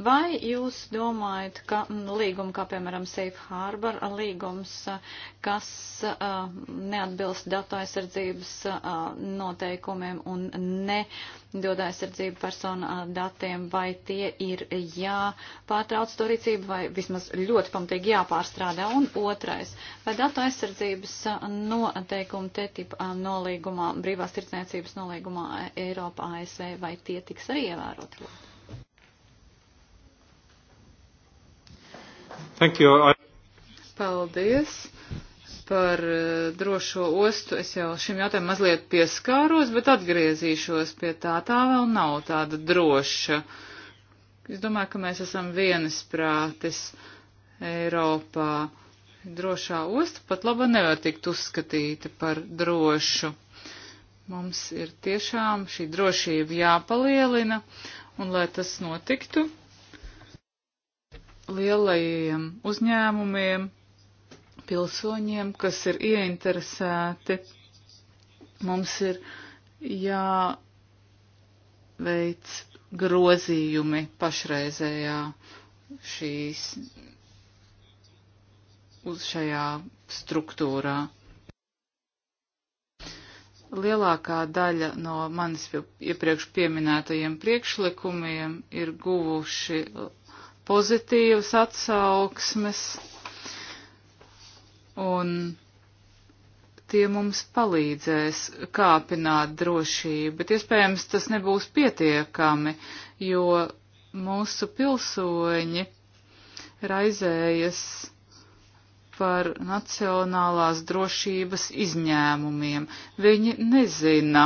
[SPEAKER 3] Vai jūs domājat, ka mm, līguma, kā piemēram Safe Harbor līgums, kas neatbilst datu aizsardzības noteikumiem un ne dod aizsardzību personu datiem, vai tie ir jāpārtrauc to rīcību, vai vismaz ļoti pamatīgi jāpārstrādā. Un otrais, vai datu aizsardzības noteikumi te tip nolīgumā, brīvās tirdzniecības nolīgumā Eiropā, ASV, vai
[SPEAKER 1] tie tiks arī ievēroti? Thank you. I... Paldies par uh, drošo ostu. Es jau šim jautājumam mazliet pieskāros, bet atgriezīšos pie tā. Tā vēl nav tāda droša. Es domāju, ka mēs esam vienisprātis Eiropā. Drošā osta pat laba nevar tikt uzskatīta par drošu. Mums ir tiešām šī drošība jāpalielina, un lai tas notiktu, lielajiem uzņēmumiem, pilsoņiem, kas ir ieinteresēti. Mums ir jāveic grozījumi pašreizējā šīs uz šajā struktūrā. Lielākā daļa no manis iepriekš pieminētajiem priekšlikumiem ir guvuši pozitīvas atsauksmes, un tie mums palīdzēs kāpināt drošību, bet iespējams tas nebūs pietiekami, jo mūsu pilsoņi raizējas par nacionālās drošības izņēmumiem. Viņi nezina,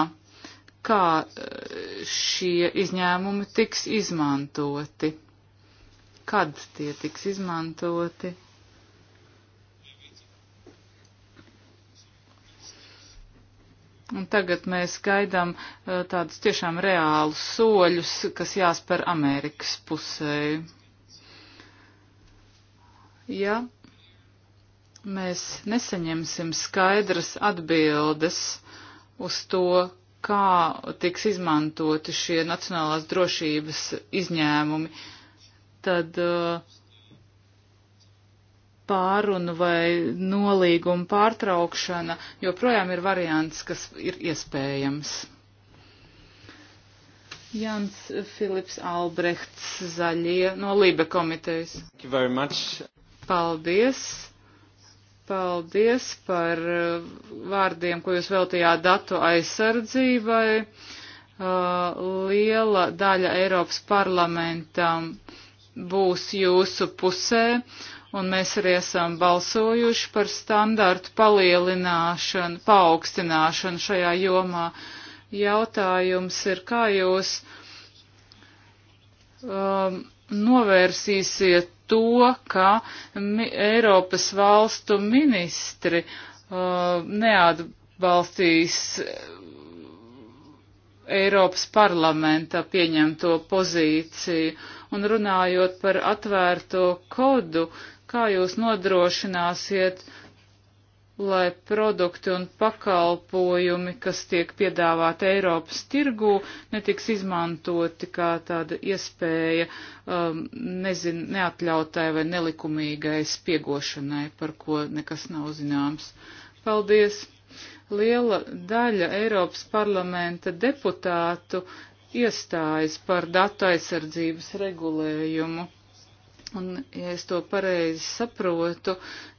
[SPEAKER 1] kā eh, šie izņēmumi tiks izmantoti kad tie tiks izmantoti. Un tagad mēs gaidām eh, tādus tiešām reālus soļus, kas jāspēr Amerikas pusē. Ja mēs nesaņemsim skaidras atbildes uz to, kā tiks izmantoti šie nacionālās drošības izņēmumi, tad uh, pārunu vai nolīgumu pārtraukšana joprojām ir variants, kas ir iespējams. Jans Filips Albrechts Zaļie no Lībe komitejas. Paldies! Paldies par uh, vārdiem, ko jūs veltījāt datu aizsardzībai. Uh, liela daļa Eiropas parlamentam būs jūsu pusē, un mēs arī esam balsojuši par standartu palielināšanu, paaugstināšanu šajā jomā. Jautājums ir, kā jūs um, novērsīsiet to, ka mi Eiropas valstu ministri uh, neatbalstīs Eiropas parlamenta pieņemto pozīciju. Un runājot par atvērto kodu, kā jūs nodrošināsiet, lai produkti un pakalpojumi, kas tiek piedāvāti Eiropas tirgū, netiks izmantoti kā tāda iespēja um, nezin, neatļautai vai nelikumīgai spiegošanai, par ko nekas nav zināms. Paldies! liela daļa Eiropas parlamenta deputātu iestājas par datu aizsardzības regulējumu. Un, ja es to pareizi saprotu,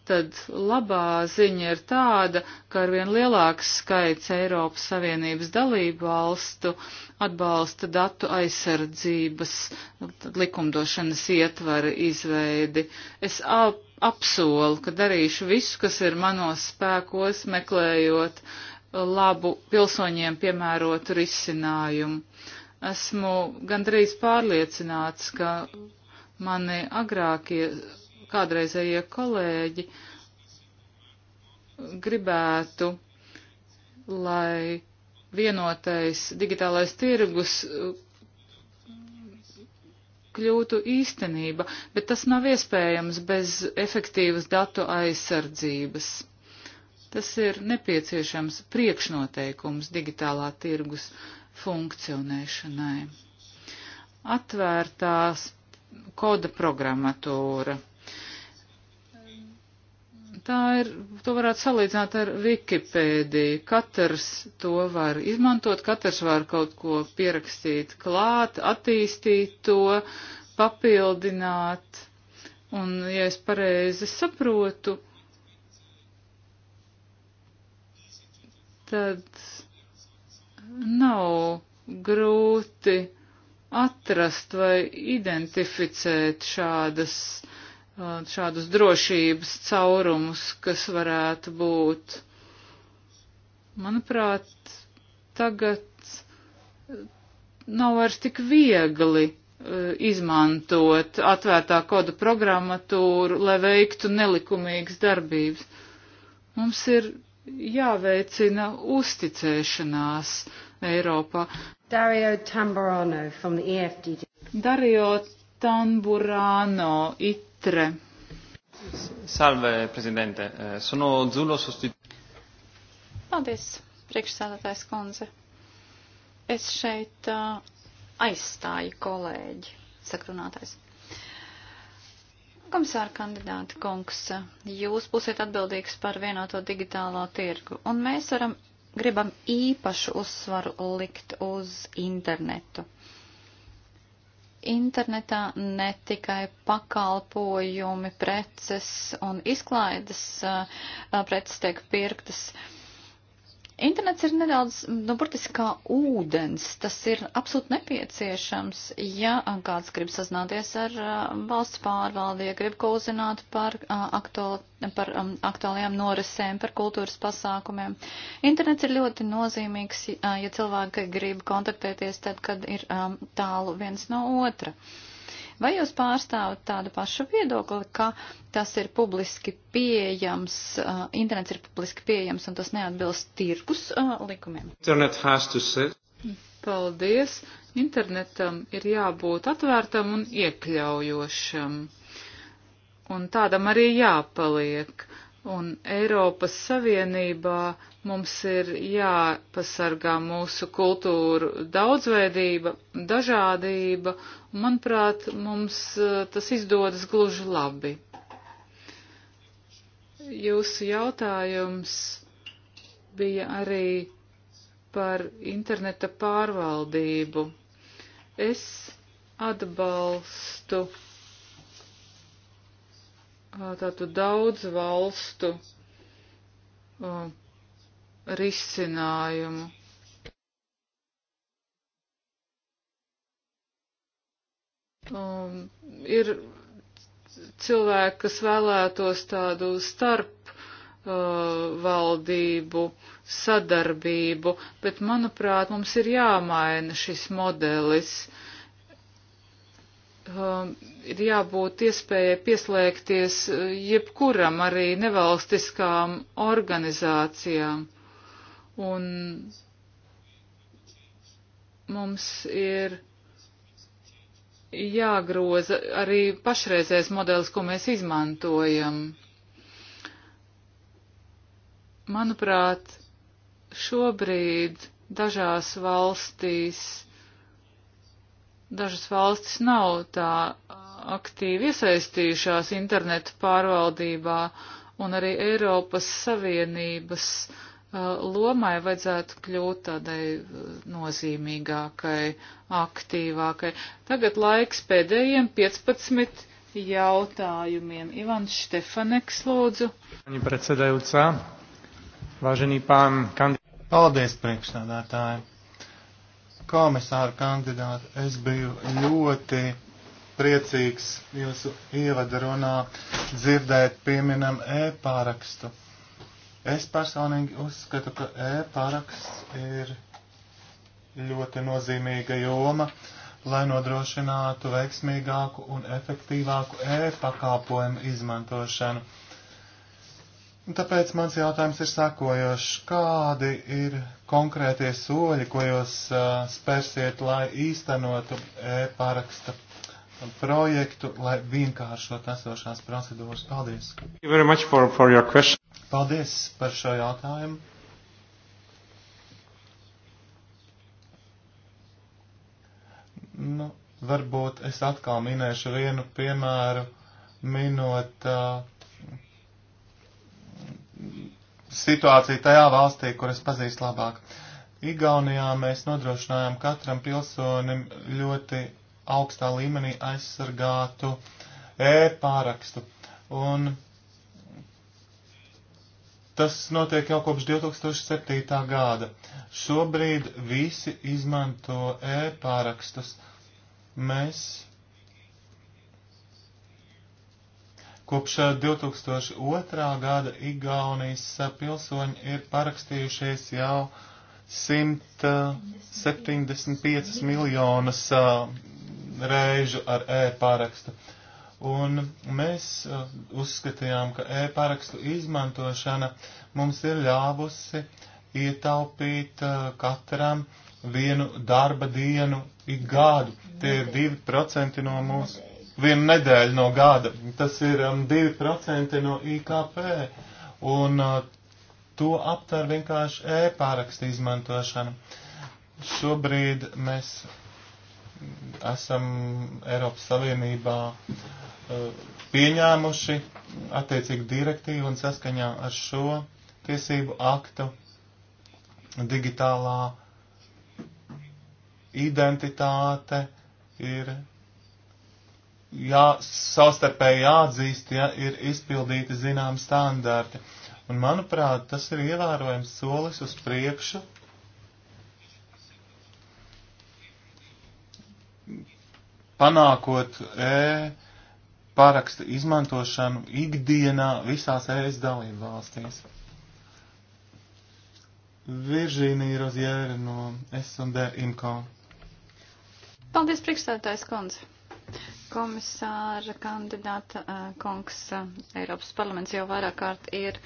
[SPEAKER 1] tad labā ziņa ir tāda, ka arvien lielāks skaits Eiropas Savienības dalību valstu atbalsta datu aizsardzības likumdošanas ietvara izveidi. Es ap, apsolu, ka darīšu visu, kas ir manos spēkos, meklējot labu pilsoņiem piemērotu risinājumu. Esmu gandrīz pārliecināts, ka mani agrākie kādreizējie kolēģi gribētu, lai vienotais digitālais tirgus uh, kļūtu īstenība, bet tas nav iespējams bez efektīvas datu aizsardzības. Tas ir nepieciešams priekšnoteikums digitālā tirgus funkcionēšanai. Atvērtās koda programmatūra. Tā ir, to varētu salīdzināt ar Wikipēdiju. Katrs to var izmantot, katrs var kaut ko pierakstīt klāt, attīstīt to, papildināt. Un, ja es pareizi saprotu, tad nav grūti atrast vai identificēt šādas, uh, šādus drošības caurumus, kas varētu būt. Manuprāt, tagad uh, nav vairs tik viegli uh, izmantot atvērtā koda programmatūru, lai veiktu nelikumīgas darbības. Mums ir jāveicina uzticēšanās Eiropā. Dario Tamburano from the EFDD. Dario Tamburano, ITRE.
[SPEAKER 2] Salve, prezidente. Eh, sono Zulo sostitu...
[SPEAKER 3] Paldies, priekšsēdētājs kundze. Es šeit uh, aizstāju kolēģi, sakrunātājs. Komisāra kandidāta kungs, eh, jūs būsiet atbildīgs par vienoto digitālo tirgu, un mēs varam gribam īpašu uzsvaru likt uz internetu. Internetā ne tikai pakalpojumi, preces un izklaides uh, preces tiek pirktas. Uh, Internets ir nedaudz, nu, burtiski kā ūdens. Tas ir absolūti nepieciešams, ja kāds grib sazināties ar uh, valsts pārvaldi, ja grib ko uzzināt par, uh, aktuāl, par um, aktuālajām norisēm, par kultūras pasākumiem. Internets ir ļoti nozīmīgs, uh, ja cilvēki grib kontaktēties tad, kad ir um, tālu viens no otra. Uh, Vai jūs pārstāvat tādu pašu viedokli, ka tas ir publiski pieejams, uh, internets ir publiski pieejams un tas neatbilst
[SPEAKER 1] tirgus uh, likumiem? Paldies! Internetam ir jābūt atvērtam un iekļaujošam. Un tādam arī jāpaliek. Un Eiropas Savienībā mums ir jāpasargā mūsu kultūru daudzveidība, dažādība, un manuprāt, mums e, tas izdodas gluži labi. Jūsu jautājums bija arī par interneta pārvaldību. Es atbalstu tātad daudz valstu uh, risinājumu. Um, ir cilvēki, kas vēlētos tādu starp uh, valdību sadarbību, bet, manuprāt, mums ir jāmaina šis modelis. Uh, um, ir jābūt iespējai pieslēgties uh, jebkuram arī nevalstiskām organizācijām. Un mums ir jāgroza arī pašreizējais modelis, ko mēs izmantojam. Manuprāt, šobrīd dažās valstīs Dažas valstis nav tā aktīvi iesaistījušās internetu pārvaldībā, un arī Eiropas Savienības uh, lomai vajadzētu kļūt tādai nozīmīgākai, aktīvākai. Tagad laiks pēdējiem 15 jautājumiem. Ivans Štefaneks, lūdzu.
[SPEAKER 2] Paldies, priekšstādātāji komisāra kandidāti, es biju ļoti priecīgs jūsu ievadarunā dzirdēt pieminam e-pārakstu. Es personīgi uzskatu, ka e-paraksts ir ļoti nozīmīga joma, lai nodrošinātu veiksmīgāku un efektīvāku e-pakāpojumu izmantošanu Tāpēc mans jautājums ir sakojošs. Kādi ir konkrētie soļi, ko jūs uh, spērsiet, lai īstenotu e-paraksta projektu, lai vienkāršot esošās procedūras? Paldies! For, for Paldies par šo jautājumu! Nu, varbūt es atkal minēšu vienu piemēru, minot uh, situāciju tajā valstī, kuras pazīst labāk. Igaunijā mēs nodrošinājām katram pilsonim ļoti augstā līmenī aizsargātu e-pārakstu. Un tas notiek jau kopš 2007. gada. Šobrīd visi izmanto e-pārakstus. Mēs Kopš 2002. Eh, gada Igaunijas eh, pilsoņi ir parakstījušies jau 175 miljonus eh, reižu ar e-parakstu. Un mēs uzskatījām, ka e-parakstu izmantošana mums ir ļāvusi ietaupīt katram vienu darba dienu ik gadu. Tie ir 2% no mūsu vienu nedēļu no gada. Tas ir um, 2% no IKP. Un uh, to aptver vienkārši e-pārakstu izmantošana. Šobrīd mēs esam Eiropas Savienībā uh, pieņēmuši attiecīgu direktīvu un saskaņā ar šo tiesību aktu digitālā identitāte ir jā, savstarpēji jāatzīst, ja ir izpildīti zinām standarti. Un manuprāt, tas ir ievērojams solis uz priekšu. Panākot e paraksta izmantošanu ikdienā visās ES dalību valstīs. Viržīnija Rozjēra no S&D IMCO.
[SPEAKER 3] Paldies, priekšstādātājs Konze komisāra kandidāta eh, kungs eh, Eiropas parlaments jau vairāk kārt ir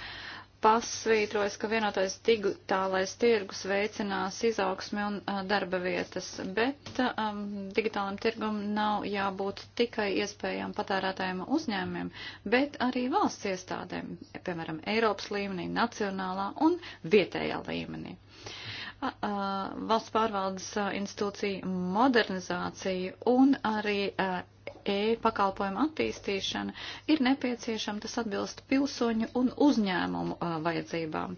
[SPEAKER 3] pasvītrojis, ka vienotais digitālais tirgus veicinās izaugsmi un eh, darba vietas, bet um, digitālam tirgum nav jābūt tikai iespējām patērētājiem uzņēmumiem, bet arī valsts iestādēm, piemēram, Eiropas līmenī, nacionālā un vietējā līmenī. Uh, valsts pārvaldes institūciju modernizāciju un arī e-pakalpojumu attīstīšana ir nepieciešama, tas atbilst pilsoņu un uzņēmumu vajadzībām.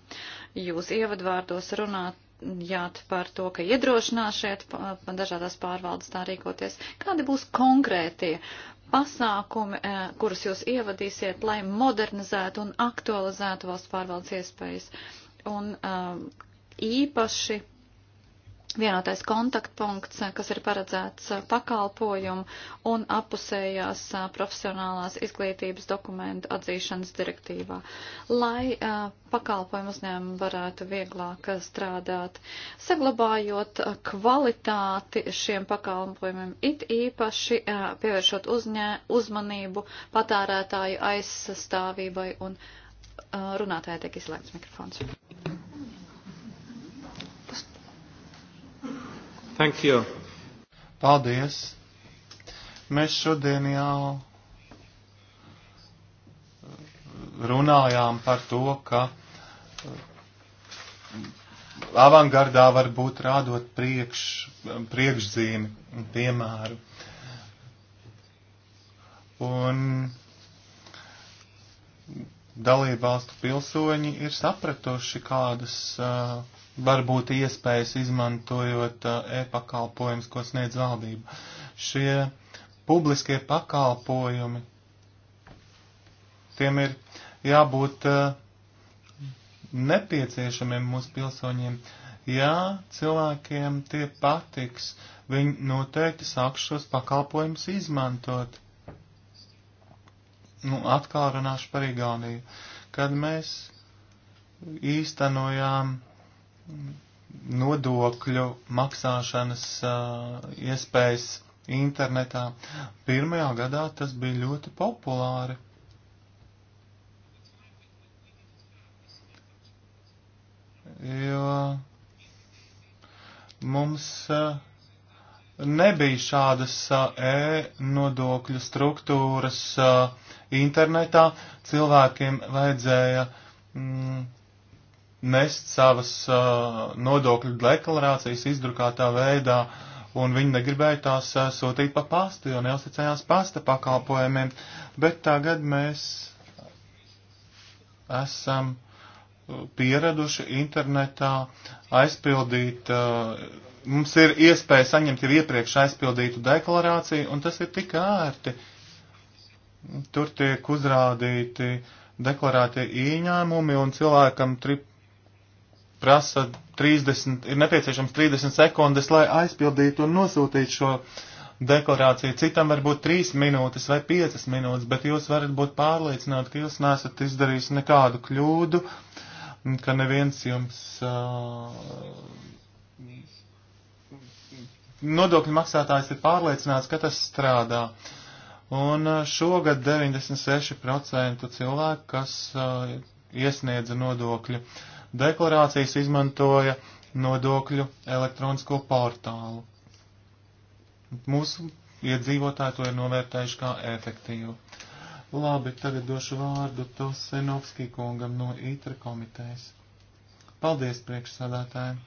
[SPEAKER 3] Jūs ievadvārdos runāt jāt par to, ka iedrošināšiet dažādās pārvaldes tā rīkoties. Kādi būs konkrētie pasākumi, kurus jūs ievadīsiet, lai modernizētu un aktualizētu valsts pārvaldes iespējas? Un īpaši vienotais kontaktpunkts, kas ir paredzēts pakalpojumu un apusējās profesionālās izglītības dokumentu atzīšanas direktīvā, lai pakalpojumu uzņēmumu varētu vieglāk strādāt, saglabājot kvalitāti šiem pakalpojumiem, it īpaši pievēršot uzņē, uzmanību patērētāju aizstāvībai un runātāja tiek izslēgts mikrofons.
[SPEAKER 2] Thank you. Paldies. Mēs šodien jau runājām par to, ka uh, avangardā var būt rādot priekš, priekšzīmi, piemēru. Un dalībvalstu pilsoņi ir sapratuši, kādas uh, varbūt iespējas izmantojot uh, e-pakalpojumus, ko sniedz valdība. Šie publiskie pakalpojumi, tiem ir jābūt uh, nepieciešamiem mūsu pilsoņiem. Ja cilvēkiem tie patiks, viņi noteikti sāks šos pakalpojumus izmantot. Nu, atkal runāšu par Igauniju. Kad mēs īstenojām nodokļu maksāšanas uh, iespējas internetā. Pirmajā gadā tas bija ļoti populāri. Jo mums uh, nebija šādas uh, e-nodokļu struktūras internetā. Cilvēkiem vajadzēja mm, mest savas uh, nodokļu deklarācijas izdrukātā veidā, un viņi negribēja tās uh, sūtīt pa pastu, jo neuzticējās pasta pakalpojumiem. Bet tagad mēs esam uh, pieraduši internetā aizpildīt, uh, mums ir iespēja saņemt jau iepriekš aizpildītu deklarāciju, un tas ir tik ērti. Tur tiek uzrādīti deklarētie ieņēmumi, un cilvēkam trip, prasa 30, ir nepieciešams 30 sekundes, lai aizpildītu un nosūtītu šo deklarāciju. Citam var būt 3 minūtes vai 5 minūtes, bet jūs varat būt pārliecināti, ka jūs nesat izdarījis nekādu kļūdu, ka neviens jums. Uh, nodokļu maksātājs ir pārliecināts, ka tas strādā. Un šogad 96% cilvēku, kas uh, iesniedza nodokļu uh, deklarācijas izmantoja nodokļu elektronisko portālu. Mūsu iedzīvotāji to ir novērtējuši kā efektīvu. Labi, tagad došu vārdu Tosenovskī kungam no ITRA komitejas. Paldies priekšsādātājiem!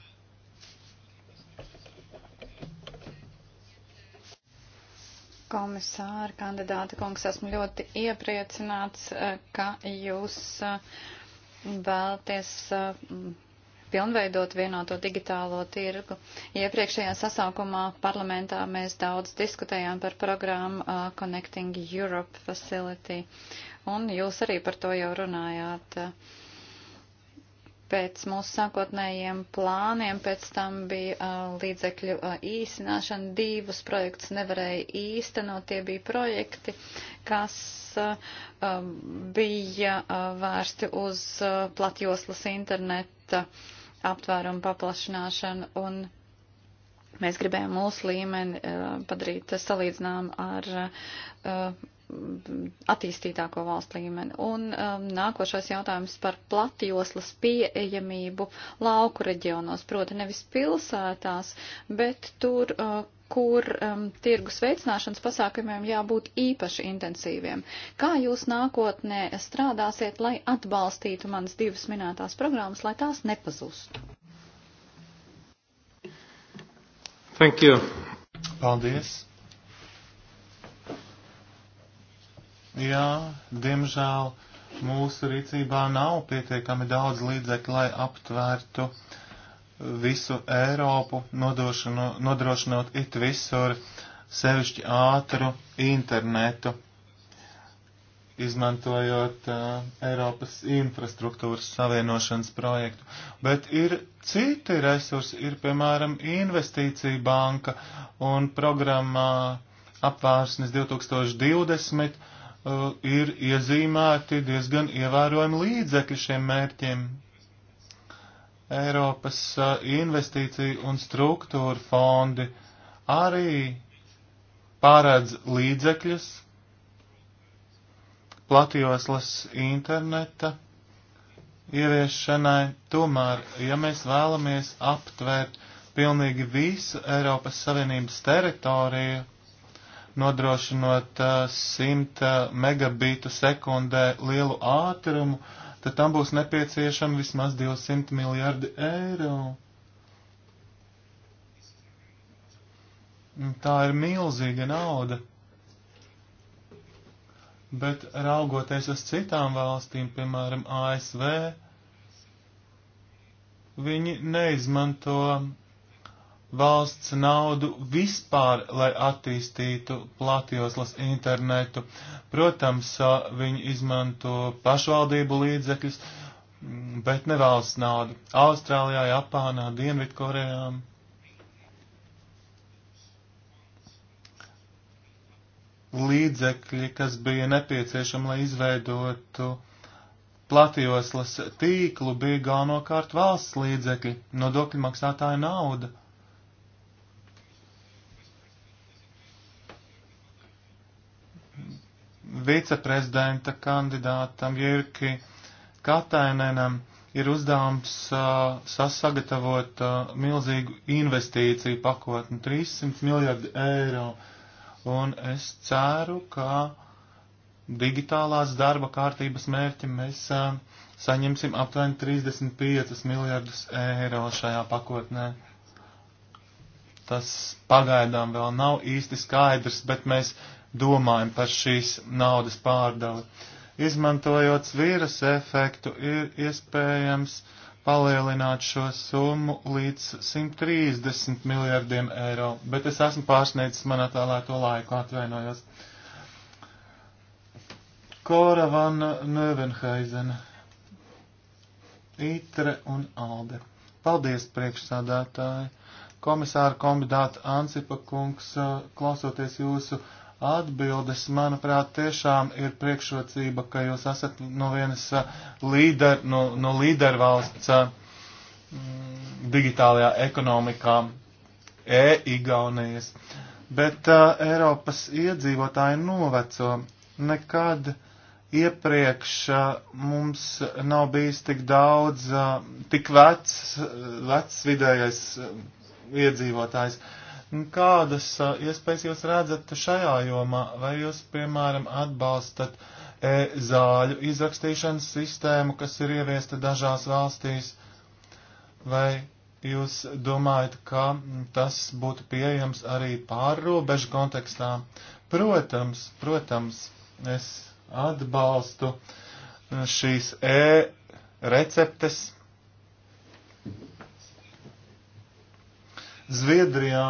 [SPEAKER 3] Komisāra kandidāta kungs, esmu ļoti iepriecināts, eh, ka jūs uh, vēlties eh, pilnveidot vienoto digitālo tirgu. Iepriekšējā sasaukumā parlamentā mēs daudz diskutējām par programmu eh, Connecting Europe Facility, un jūs arī par to jau runājāt. Uh, pēc mūsu sākotnējiem plāniem, pēc tam bija uh, līdzekļu uh, īsināšana, divus projektus nevarēja īstenot, tie bija projekti, kas uh, bija uh, vērsti uz uh, platjoslas interneta aptvērumu paplašināšanu un mēs gribējām mūsu līmeni uh, padarīt salīdzinām ar uh, attīstītāko valstu līmeni. Un um, nākošais jautājums par platjoslas pieejamību lauku reģionos, proti nevis pilsētās, bet tur, uh, kur um, tirgus veicināšanas pasākumiem jābūt īpaši intensīviem. Kā jūs nākotnē strādāsiet, lai atbalstītu manas divas minētās programmas, lai tās nepazustu?
[SPEAKER 2] Thank you. Paldies. Jā, diemžēl mūsu rīcībā nav pietiekami daudz līdzekļu, lai aptvērtu visu Eiropu, nodrošinot it visur sevišķi ātru internetu, izmantojot uh, Eiropas infrastruktūras savienošanas projektu. Bet ir citi resursi, ir piemēram investīcija banka un programmā apvārsnes 2020 Uh, ir iezīmēti diezgan ievērojami līdzekļi šiem mērķiem. Eiropas uh, investīcija un struktūra fondi arī pārēdz līdzekļus platjoslas interneta ieviešanai. Tomēr, ja mēs vēlamies aptvērt pilnīgi visu Eiropas Savienības teritoriju, nodrošinot 100 eh, eh, megabītu sekundē lielu ātrumu, tad tam būs nepieciešami vismaz 200 miljardi eiro. Tā ir milzīga nauda. Bet raugoties uz citām valstīm, piemēram, ASV, viņi neizmanto valsts naudu vispār, lai attīstītu platjoslas internetu. Protams, viņi izmanto pašvaldību līdzekļus, bet ne valsts naudu. Austrālijā, Japānā, Dienvidkorejā. Līdzekļi, kas bija nepieciešami, lai izveidotu platjoslas tīklu, bija galvenokārt valsts līdzekļi, nodokļu maksātāja nauda. viceprezidenta kandidātam Jirki Katainenam ir uzdevums uh, sasagatavot uh, milzīgu investīciju pakotni - 300 miljardi eiro. Un es ceru, ka digitālās darba kārtības mērķi mēs uh, saņemsim aptuveni 35 miljardus eiro šajā pakotnē. Tas pagaidām vēl nav īsti skaidrs, bet mēs uh, domājam par šīs naudas pārdali. Izmantojot svīras efektu, ir iespējams palielināt šo summu līdz 130 miljardiem eiro, bet es esmu pārsniedzis man atvēlēto laiku, atvainojos. Kora van Növenhaizena, Itre un Alde. Paldies, priekšsādātāji! Komisāra kombinēta Ansipa kungs, klausoties jūsu atbildes, manuprāt, tiešām ir priekšrocība, ka jūs esat no vienas uh, līder, no, no līdervalsts uh, mm, digitālajā ekonomikā e-igaunijas. Bet uh, Eiropas iedzīvotāji noveco. Nekad iepriekš uh, mums nav bijis tik daudz, uh, tik vecs, uh, vecs vidējais uh, iedzīvotājs. Uh, Kādas uh, iespējas jūs redzat šajā jomā? Vai jūs, piemēram, atbalstat e zāļu izrakstīšanas sistēmu, kas ir ieviesta dažās valstīs? Vai jūs domājat, ka tas būtu pieejams arī pārrobežu kontekstā? Protams, protams, es atbalstu uh, šīs e receptes. Zviedrijā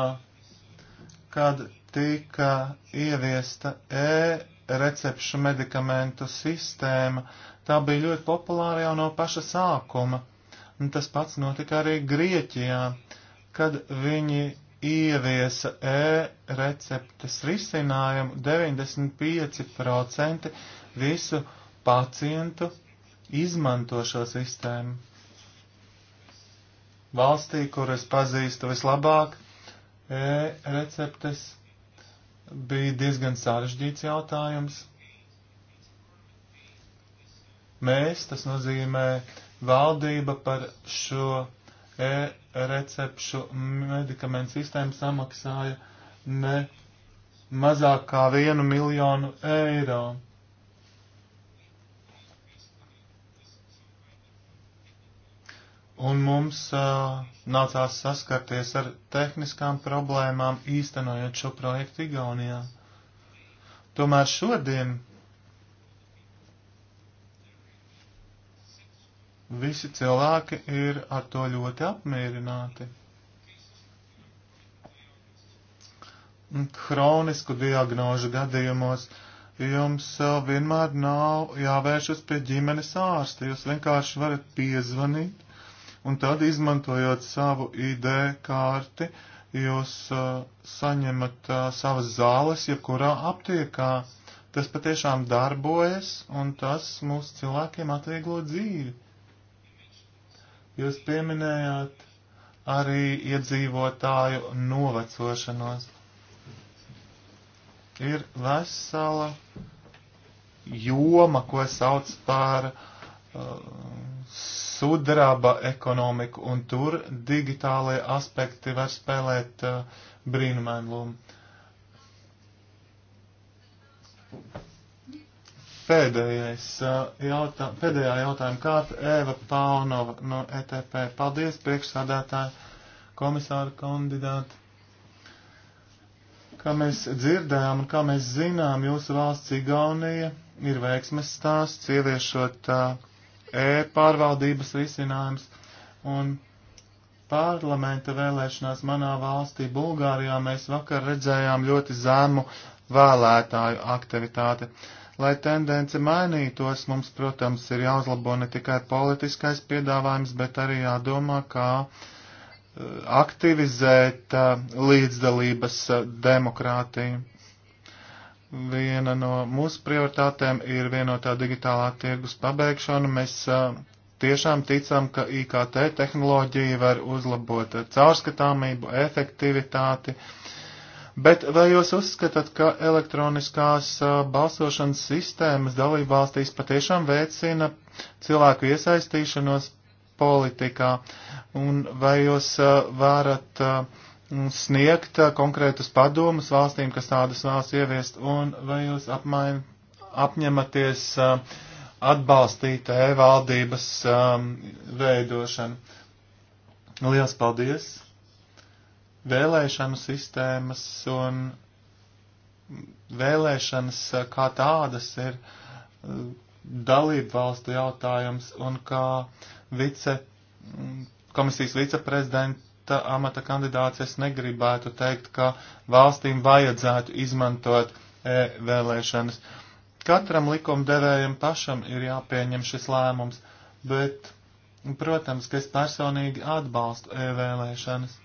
[SPEAKER 2] kad tika ieviesta e-recepšu medikamentu sistēma. Tā bija ļoti populāra jau no paša sākuma. Un tas pats notika arī Grieķijā, kad viņi ieviesa e-receptes risinājumu 95% visu pacientu izmanto šo sistēmu. Valstī, kur es pazīstu vislabāk, e-receptes bija diezgan sarežģīts jautājums. Mēs, tas nozīmē valdība par šo e-recepšu medikamentu sistēmu samaksāja ne mazāk kā vienu miljonu eiro. un mums uh, nācās saskarties ar tehniskām problēmām īstenojot šo projektu Igaunijā. Tomēr šodien visi cilvēki ir ar to ļoti apmierināti. Hronisku diagnožu gadījumos jums vienmēr nav jāvēršas pie ģimenes ārsta. Jūs vienkārši varat piezvanīt un tad izmantojot savu ID karti, jūs uh, saņemat uh, savas zāles jebkurā aptiekā. Tas patiešām darbojas, un tas mūsu cilvēkiem atvieglo dzīvi. Jūs pieminējāt arī iedzīvotāju novecošanos. Ir vesela joma, ko sauc par uh, sudraba ekonomiku, un tur digitālajie aspekti var spēlēt uh, brīnumainu lomu. Pēdējais, uh, jautā, pēdējā jautājuma kārta Eva Paunova no ETP. Paldies, priekšsādātāji, komisāra kandidāti. Kā mēs dzirdējām un kā mēs zinām, jūsu valsts Igaunija ir veiksmes stāsts, ieviešot uh, e-pārvaldības risinājums. Un parlamenta vēlēšanās manā valstī, Bulgārijā, mēs vakar redzējām ļoti zemu vēlētāju aktivitāti. Lai tendence mainītos, mums, protams, ir jāuzlabo ne tikai politiskais piedāvājums, bet arī jādomā, kā e, aktivizēt e, līdzdalības e, demokrātiju. Viena no mūsu prioritātēm ir vienotā digitālā tirgus pabeigšana. Mēs tiešām ticam, ka IKT tehnoloģija var uzlabot caurskatāmību, efektivitāti. Bet vai jūs uzskatāt, ka elektroniskās balsošanas sistēmas dalībvalstīs patiešām veicina cilvēku iesaistīšanos politikā? Un vai jūs varat uh, sniegt uh, konkrētus padomus valstīm, kas tādas vēlas ieviest, un vai jūs apmain, apņematies uh, atbalstīt e-valdības um, veidošanu? Liels paldies! Vēlēšanu sistēmas un vēlēšanas uh, kā tādas ir dalību valstu jautājums un kā vice, mm, komisijas viceprezidents amata kandidāts, es negribētu teikt, ka valstīm vajadzētu izmantot e vēlēšanas. Katram likumdevējam pašam ir jāpieņem šis lēmums, bet, protams, ka es personīgi atbalstu e vēlēšanas.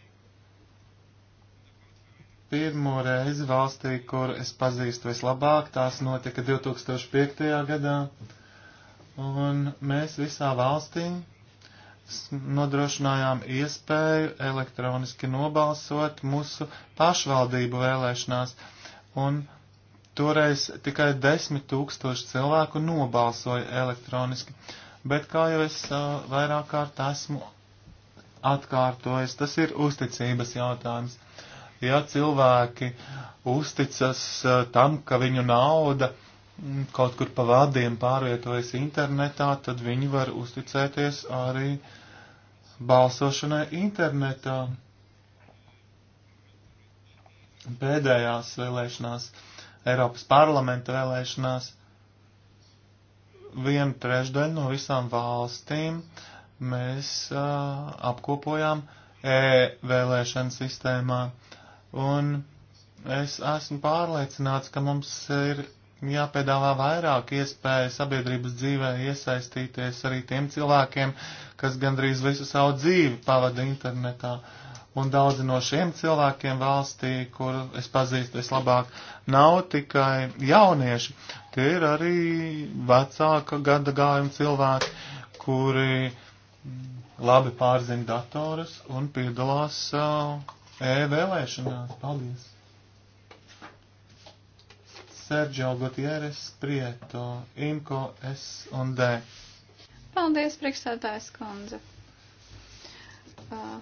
[SPEAKER 2] Pirmo reizi valstī, kur es pazīstu vislabāk, tās notika 2005. gadā, un mēs visā valstī nodrošinājām iespēju elektroniski nobalsot mūsu pašvaldību vēlēšanās, un toreiz tikai desmit tūkstoši cilvēku nobalsoja elektroniski. Bet, kā jau es uh, vairāk kārt esmu atkārtojis, tas ir uzticības jautājums. Ja cilvēki uzticas uh, tam, ka viņu nauda uh, Mm, kaut kur pa vādiem pārvietojas internetā, tad viņi var uzticēties arī balsošanai internetā. Pēdējās vēlēšanās, Eiropas parlamenta vēlēšanās, vienu trešdaļu no visām valstīm mēs uh, apkopojām e-vēlēšanu sistēmā. Un es esmu pārliecināts, ka mums ir jāpiedāvā vairāk iespēju sabiedrības dzīvē iesaistīties arī tiem cilvēkiem, kas gandrīz visu savu dzīvi pavada internetā. Un daudzi no šiem cilvēkiem valstī, kur es pazīstu vislabāk, nav tikai jaunieši, tie ir arī vecāka gada gājuma cilvēki, kuri labi pārzina datorus un piedalās uh, e-vēlēšanās. Paldies! Sergio Gutieres Prieto, Imko S un D.
[SPEAKER 3] Paldies, priekšstādājs kundze. Uh,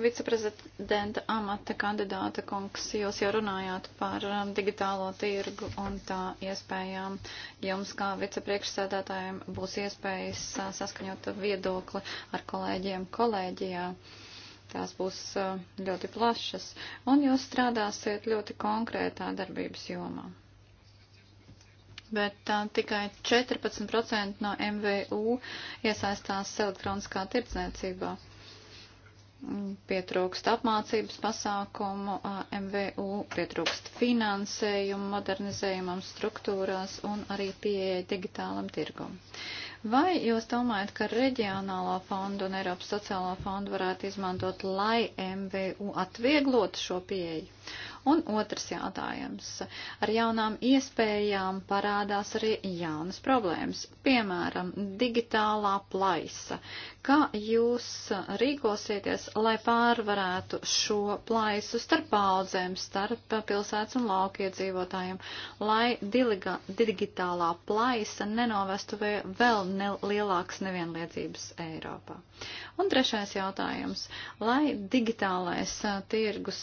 [SPEAKER 3] viceprezidenta amata kandidāta kungs, jūs jau runājāt par um, digitālo tirgu un tā iespējām. Jums kā vicepriekšsēdētājiem būs iespējas uh, saskaņot viedokli ar kolēģiem kolēģijā. Tās būs uh, ļoti plašas, un jūs strādāsiet ļoti konkrētā darbības jomā bet uh, tikai 14% no MVU iesaistās elektroniskā tirdzniecībā. Mm, pietrūkst apmācības pasākumu, uh, MVU pietrūkst finansējumu modernizējumam struktūrās un arī pieeja digitālam tirgum. Vai jūs domājat, ka reģionālā fonda un Eiropas sociālā fonda varētu izmantot, lai MVU atvieglotu šo pieeju? Un otrs jautājums. Ar jaunām iespējām parādās arī jaunas problēmas, piemēram, digitālā plaisa. Kā jūs rīkosieties, lai pārvarētu šo plaisu starp paudzēm, starp pilsētas un laukiedzīvotājiem, lai diliga, digitālā plaisa nenovestu vēl lielākas nevienliedzības Eiropā? Un trešais jautājums. Lai digitālais tirgus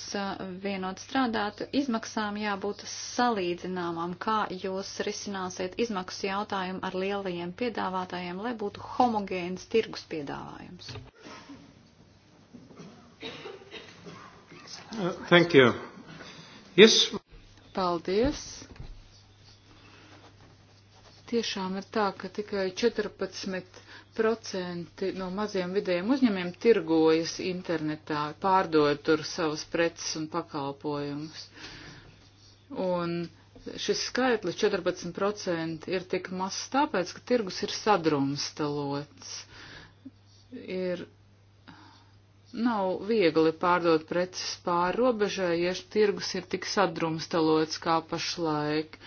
[SPEAKER 3] vienot strādātu, izmaksām jābūt salīdzināmām. Kā jūs risināsiet izmaksu jautājumu ar lielajiem piedāvātājiem, lai būtu homogēns tirgus piedāvājums? Uh, thank you. Yes.
[SPEAKER 1] Paldies. Tiešām ir tā, ka tikai 14 procenti no maziem vidējiem uzņēmiem tirgojas internetā, pārdod tur savus preces un pakalpojumus. Un šis skaitlis 14% ir tik mazs tāpēc, ka tirgus ir sadrumstalots. Ir nav viegli pārdot preces pāri robežai, ja tirgus ir tik sadrumstalots kā pašlaik.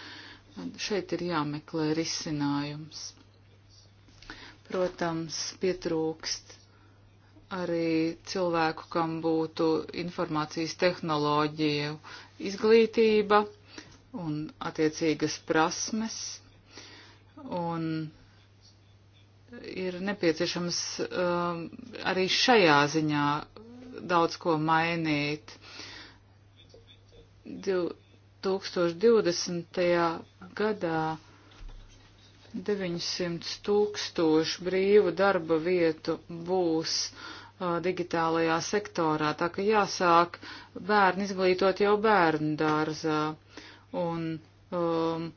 [SPEAKER 1] Šeit ir jāmeklē risinājums. Protams, pietrūkst arī cilvēku, kam būtu informācijas tehnoloģija izglītība un attiecīgas prasmes. Un ir nepieciešams um, arī šajā ziņā daudz ko mainīt. 2020. gadā 900 tūkstošu brīvu darba vietu būs uh, digitālajā sektorā, tā ka jāsāk bērni izglītot jau bērnu dārzā. Un, um,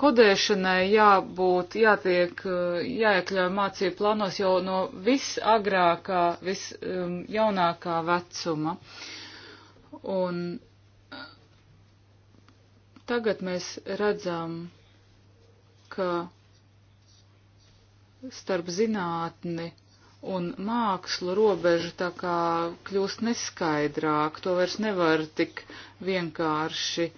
[SPEAKER 1] Kodēšanai jābūt, jātiek, jāiekļauj mācību plānos jau no visagrākā, visjaunākā um, vecuma. Uh, Un tagad mēs redzam, ka starp zinātni un mākslu robeža tā kā kļūst neskaidrāk, to vairs nevar tik vienkārši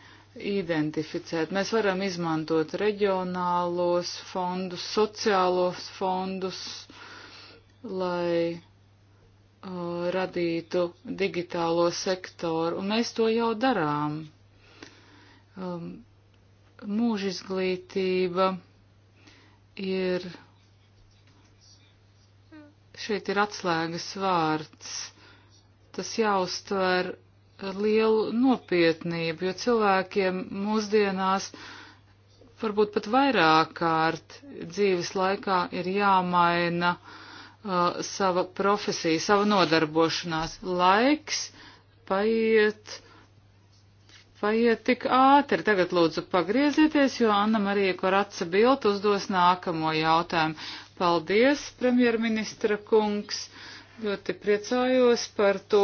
[SPEAKER 1] identificēt. Mēs varam izmantot reģionālos fondus, sociālos fondus, lai Uh, radītu digitālo sektoru, un mēs to jau darām. Um, mūža izglītība ir, šeit ir atslēgas vārds, tas jāuztver ar lielu nopietnību, jo cilvēkiem mūsdienās varbūt pat vairāk kārt dzīves laikā ir jāmaina uh, uh, sava profesija, sava nodarbošanās. Laiks paiet, paiet tik ātri. Tagad lūdzu pagriezieties, jo Anna Marija Koratsa Bilt uzdos nākamo jautājumu. Paldies, premjerministra kungs. Ļoti priecājos par to,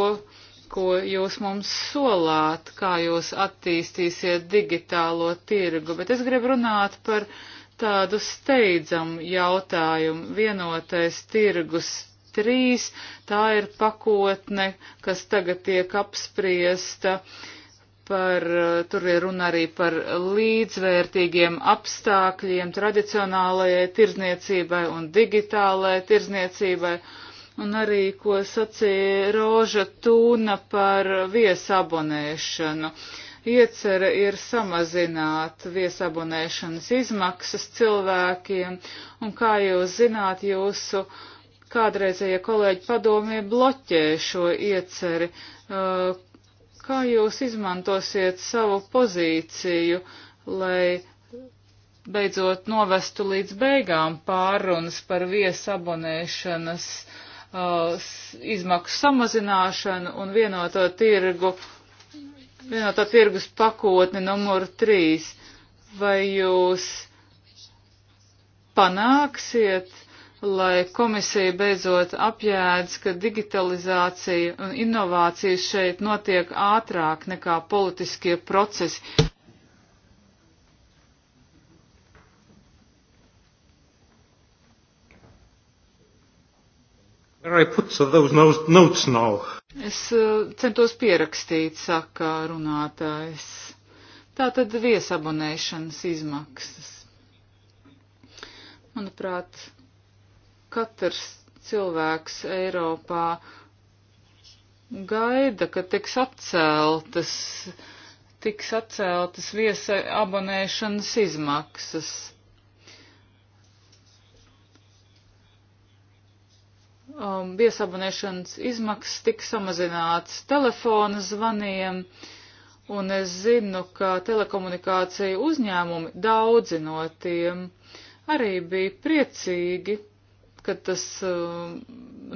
[SPEAKER 1] ko jūs mums solāt, kā jūs attīstīsiet digitālo tirgu, bet es gribu runāt par uh, tādu steidzamu jautājumu. Vienotais tirgus trīs, tā ir pakotne, kas tagad tiek apspriesta. Par, tur ir runa arī par līdzvērtīgiem apstākļiem tradicionālajai tirzniecībai un digitālajai tirzniecībai, un arī, ko sacīja Roža Tūna par viesabonēšanu. Uh, Iecere ir samazināt viesabonēšanas izmaksas cilvēkiem, un kā jūs zināt, jūsu kādreizējie kolēģi padomie bloķē šo ieceri. Uh, kā jūs izmantosiet savu pozīciju, lai beidzot novestu līdz beigām pārunas par viesabonēšanas uh, izmaksu samazināšanu un vienoto tirgu vienotā tirgus pakotne numur 3. Vai jūs panāksiet, lai komisija beidzot apjēdz, ka digitalizācija un inovācijas šeit notiek ātrāk nekā politiskie procesi? Es uh, centos pierakstīt, saka runātājs. Tātad viesabonēšanas izmaksas. Manuprāt, katrs cilvēks Eiropā gaida, ka tiks atceltas, tiks atceltas viesa abonēšanas izmaksas. um, viesabonēšanas izmaksas tika samazināts telefona zvaniem, un es zinu, ka telekomunikācija uzņēmumi daudzi no tiem arī bija priecīgi, kad tas um,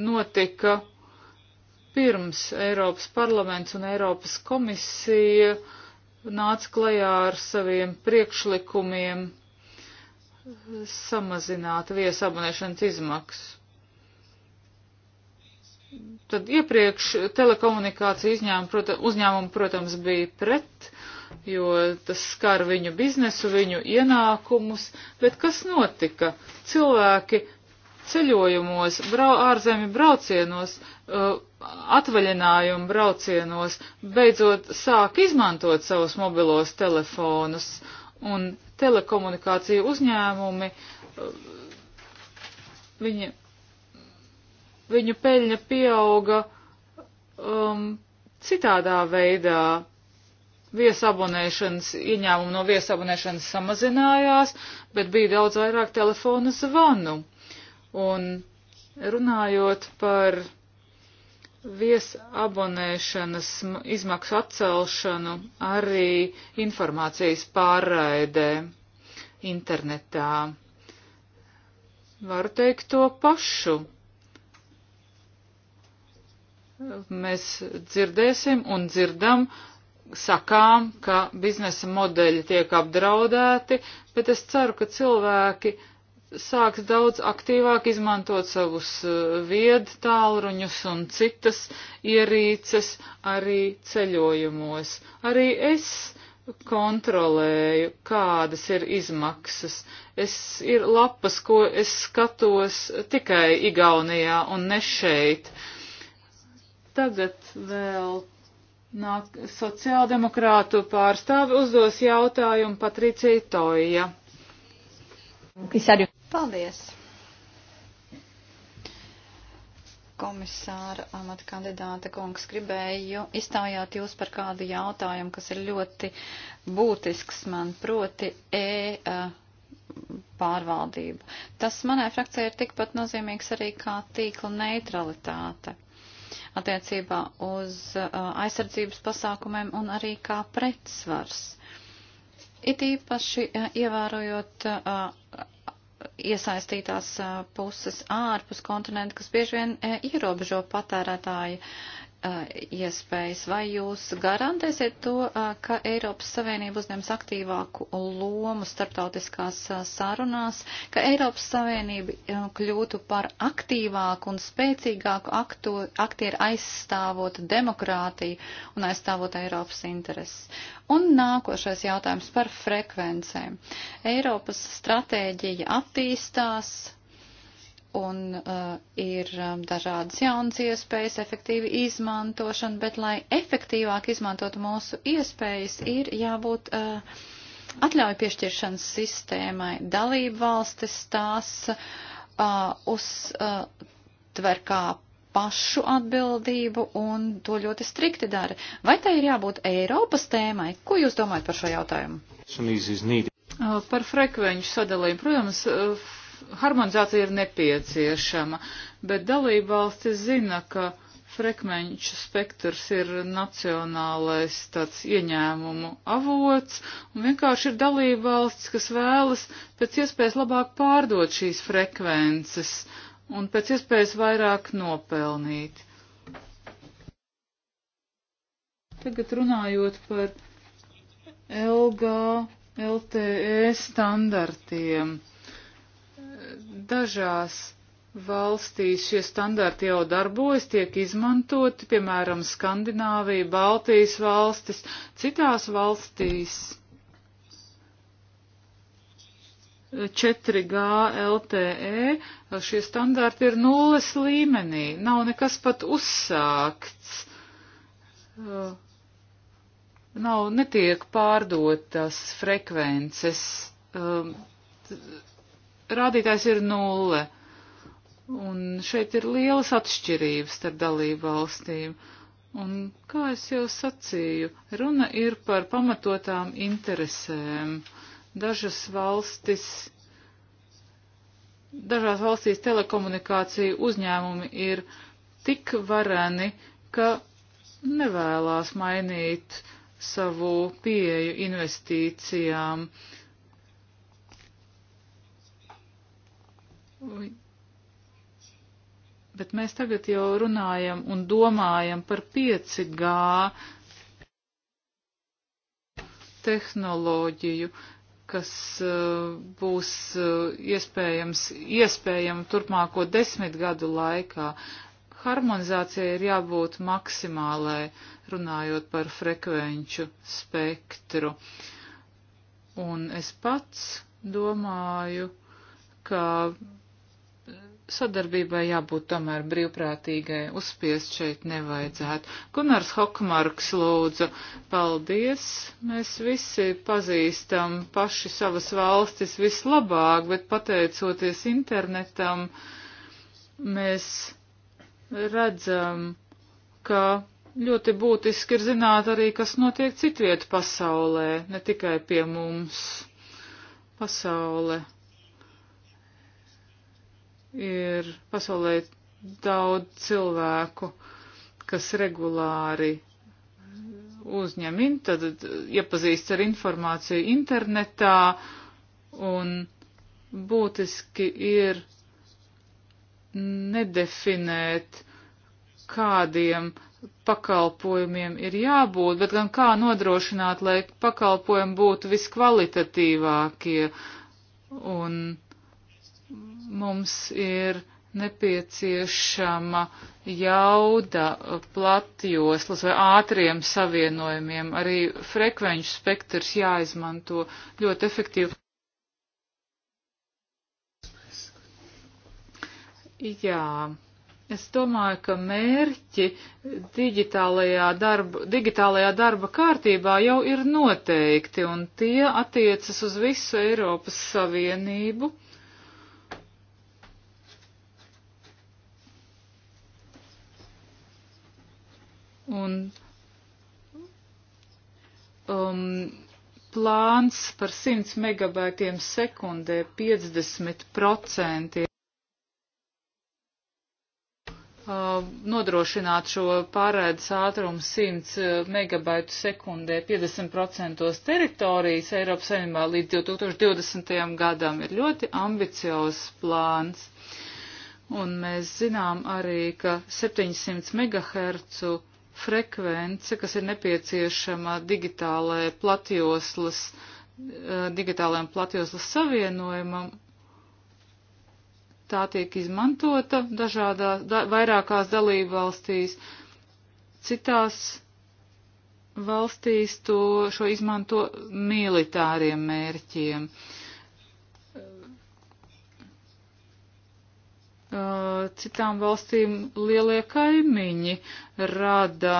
[SPEAKER 1] notika pirms Eiropas parlaments un Eiropas komisija nāca klajā ar saviem priekšlikumiem samazināt viesabonēšanas izmaksas tad iepriekš telekomunikācija izņēma, protam, uzņēmumi, protams, bija pret, jo tas skar viņu biznesu, viņu ienākumus, bet kas notika? Cilvēki ceļojumos, brau, ārzemi braucienos, uh, atvaļinājumu braucienos, beidzot sāk izmantot savus mobilos telefonus, un telekomunikāciju uzņēmumi, uh, viņi viņu peļņa pieauga um, citādā veidā. Viesabonēšanas ieņēmumi no viesabonēšanas samazinājās, bet bija daudz vairāk telefona zvanu. Un runājot par viesabonēšanas izmaksu atcelšanu arī informācijas pārraidē internetā. Varu teikt to pašu mēs dzirdēsim un dzirdam, sakām, ka biznesa modeļi tiek apdraudēti, bet es ceru, ka cilvēki sāks daudz aktīvāk izmantot savus eh, viedu tālruņus un citas ierīces arī ceļojumos. Arī es kontrolēju, kādas ir izmaksas. Es ir lapas, ko es skatos tikai Igaunijā un ne šeit. Uh, Tagad vēl nāk sociāldemokrātu pārstāvi uzdos jautājumu Patricija Toija.
[SPEAKER 3] Paldies! komisāra amata kandidāta kungs, gribēju iztaujāt jūs par kādu jautājumu, kas ir ļoti būtisks man, proti E, e pārvaldību. Tas manai frakcijai ir tikpat nozīmīgs arī kā tīkla neutralitāte attiecībā uz uh, aizsardzības pasākumiem un arī kā pretsvars. It īpaši uh, ievērojot uh, iesaistītās puses ārpus kontinenta, kas bieži vien ierobežo patērētāju iespējas, vai jūs garantēsiet to, ka Eiropas Savienība uzņems aktīvāku lomu starptautiskās sarunās, ka Eiropas Savienība kļūtu par aktīvāku un spēcīgāku aktu, aktieru aizstāvot demokrātiju un aizstāvot Eiropas intereses? Un nākošais jautājums par frekvencēm. Eiropas stratēģija attīstās, un uh, ir um, dažādas jaunas iespējas, efektīva izmantošana, bet lai efektīvāk izmantot mūsu iespējas, ir jābūt uh, atļauju piešķiršanas sistēmai. Dalību valstis tās uh, uztver uh, kā pašu atbildību un to ļoti strikti dara. Vai tai ir jābūt Eiropas tēmai? Ko jūs domājat par šo jautājumu?
[SPEAKER 1] Par frekvenču sadalījumu. Protams, uh, harmonizācija ir nepieciešama, bet dalībvalstis zina, ka frekvenču spektrs ir nacionālais tāds ieņēmumu avots, un vienkārši ir dalībvalsts, kas vēlas pēc iespējas labāk pārdot šīs frekvences un pēc iespējas vairāk nopelnīt. Tagad runājot par LG, LTE standartiem. Dažās valstīs šie standarti jau darbojas, tiek izmantoti, piemēram, Skandināvija, Baltijas valstis, citās valstīs. 4G LTE, šie standarti ir nulles līmenī, nav nekas pat uzsākts, nav, netiek pārdotas frekvences um, rādītājs ir nulle. Un šeit ir lielas atšķirības starp dalību valstīm. Un, kā es jau sacīju, runa ir par pamatotām interesēm. Dažas valstis, dažās valstīs telekomunikāciju uzņēmumi ir tik vareni, ka nevēlās mainīt savu pieeju investīcijām. Uh, Bet mēs tagad jau runājam un domājam par 5G tehnoloģiju, kas uh, būs uh, iespējams, iespējama turpmāko desmit gadu laikā. Harmonizācijai ir jābūt maksimālai, runājot par frekvenču spektru. Un es pats domāju, ka sadarbībai jābūt tomēr brīvprātīgai, uzspiest šeit nevajadzētu. Gunārs Hokmarks lūdzu, paldies, mēs visi pazīstam paši savas valstis vislabāk, bet pateicoties internetam, mēs redzam, ka ļoti būtiski ir zināt arī, kas notiek citvietu pasaulē, ne tikai pie mums. Pasaule ir pasaulē daudz cilvēku, kas regulāri uzņem, in, tad iepazīst ar informāciju internetā un būtiski ir nedefinēt, kādiem pakalpojumiem ir jābūt, bet gan kā nodrošināt, lai pakalpojumi būtu viskvalitatīvākie un Mums ir nepieciešama jauda platjoslas vai ātriem savienojumiem. Arī frekvenču spektrs jāizmanto ļoti efektīvi. Jā, es domāju, ka mērķi digitālajā darba, digitālajā darba kārtībā jau ir noteikti, un tie attiecas uz visu Eiropas Savienību. Un um, plāns par 100 megabaitiem sekundē 50% uh, nodrošināt šo pārēdas ātrumu 100 uh, megabaitu sekundē 50% teritorijas Eiropas Savienībā līdz 2020. gadam ir ļoti ambiciozs plāns. Un mēs zinām arī, ka 700 MHz frekvence, kas ir nepieciešama digitālajai platjoslas, eh, digitālajam platjoslas savienojumam, tā tiek izmantota dažādā, da, vairākās dalībvalstīs. Citās valstīs to, šo izmanto militāriem mērķiem. Uh, Uh, citām valstīm lielie kaimiņi rada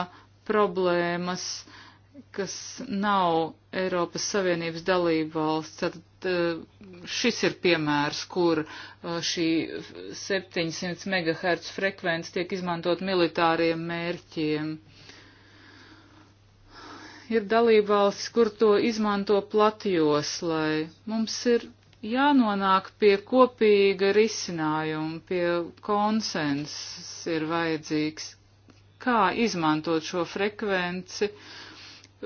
[SPEAKER 1] problēmas, kas nav Eiropas Savienības dalība valsts. Tad uh, šis ir piemērs, kur uh, šī 700 MHz frekvence tiek izmantot militāriem mērķiem. Ir dalībvalstis, kur to izmanto platjoslai. Mums ir jānonāk pie kopīga risinājuma, pie konsensus ir vajadzīgs, kā izmantot šo frekvenci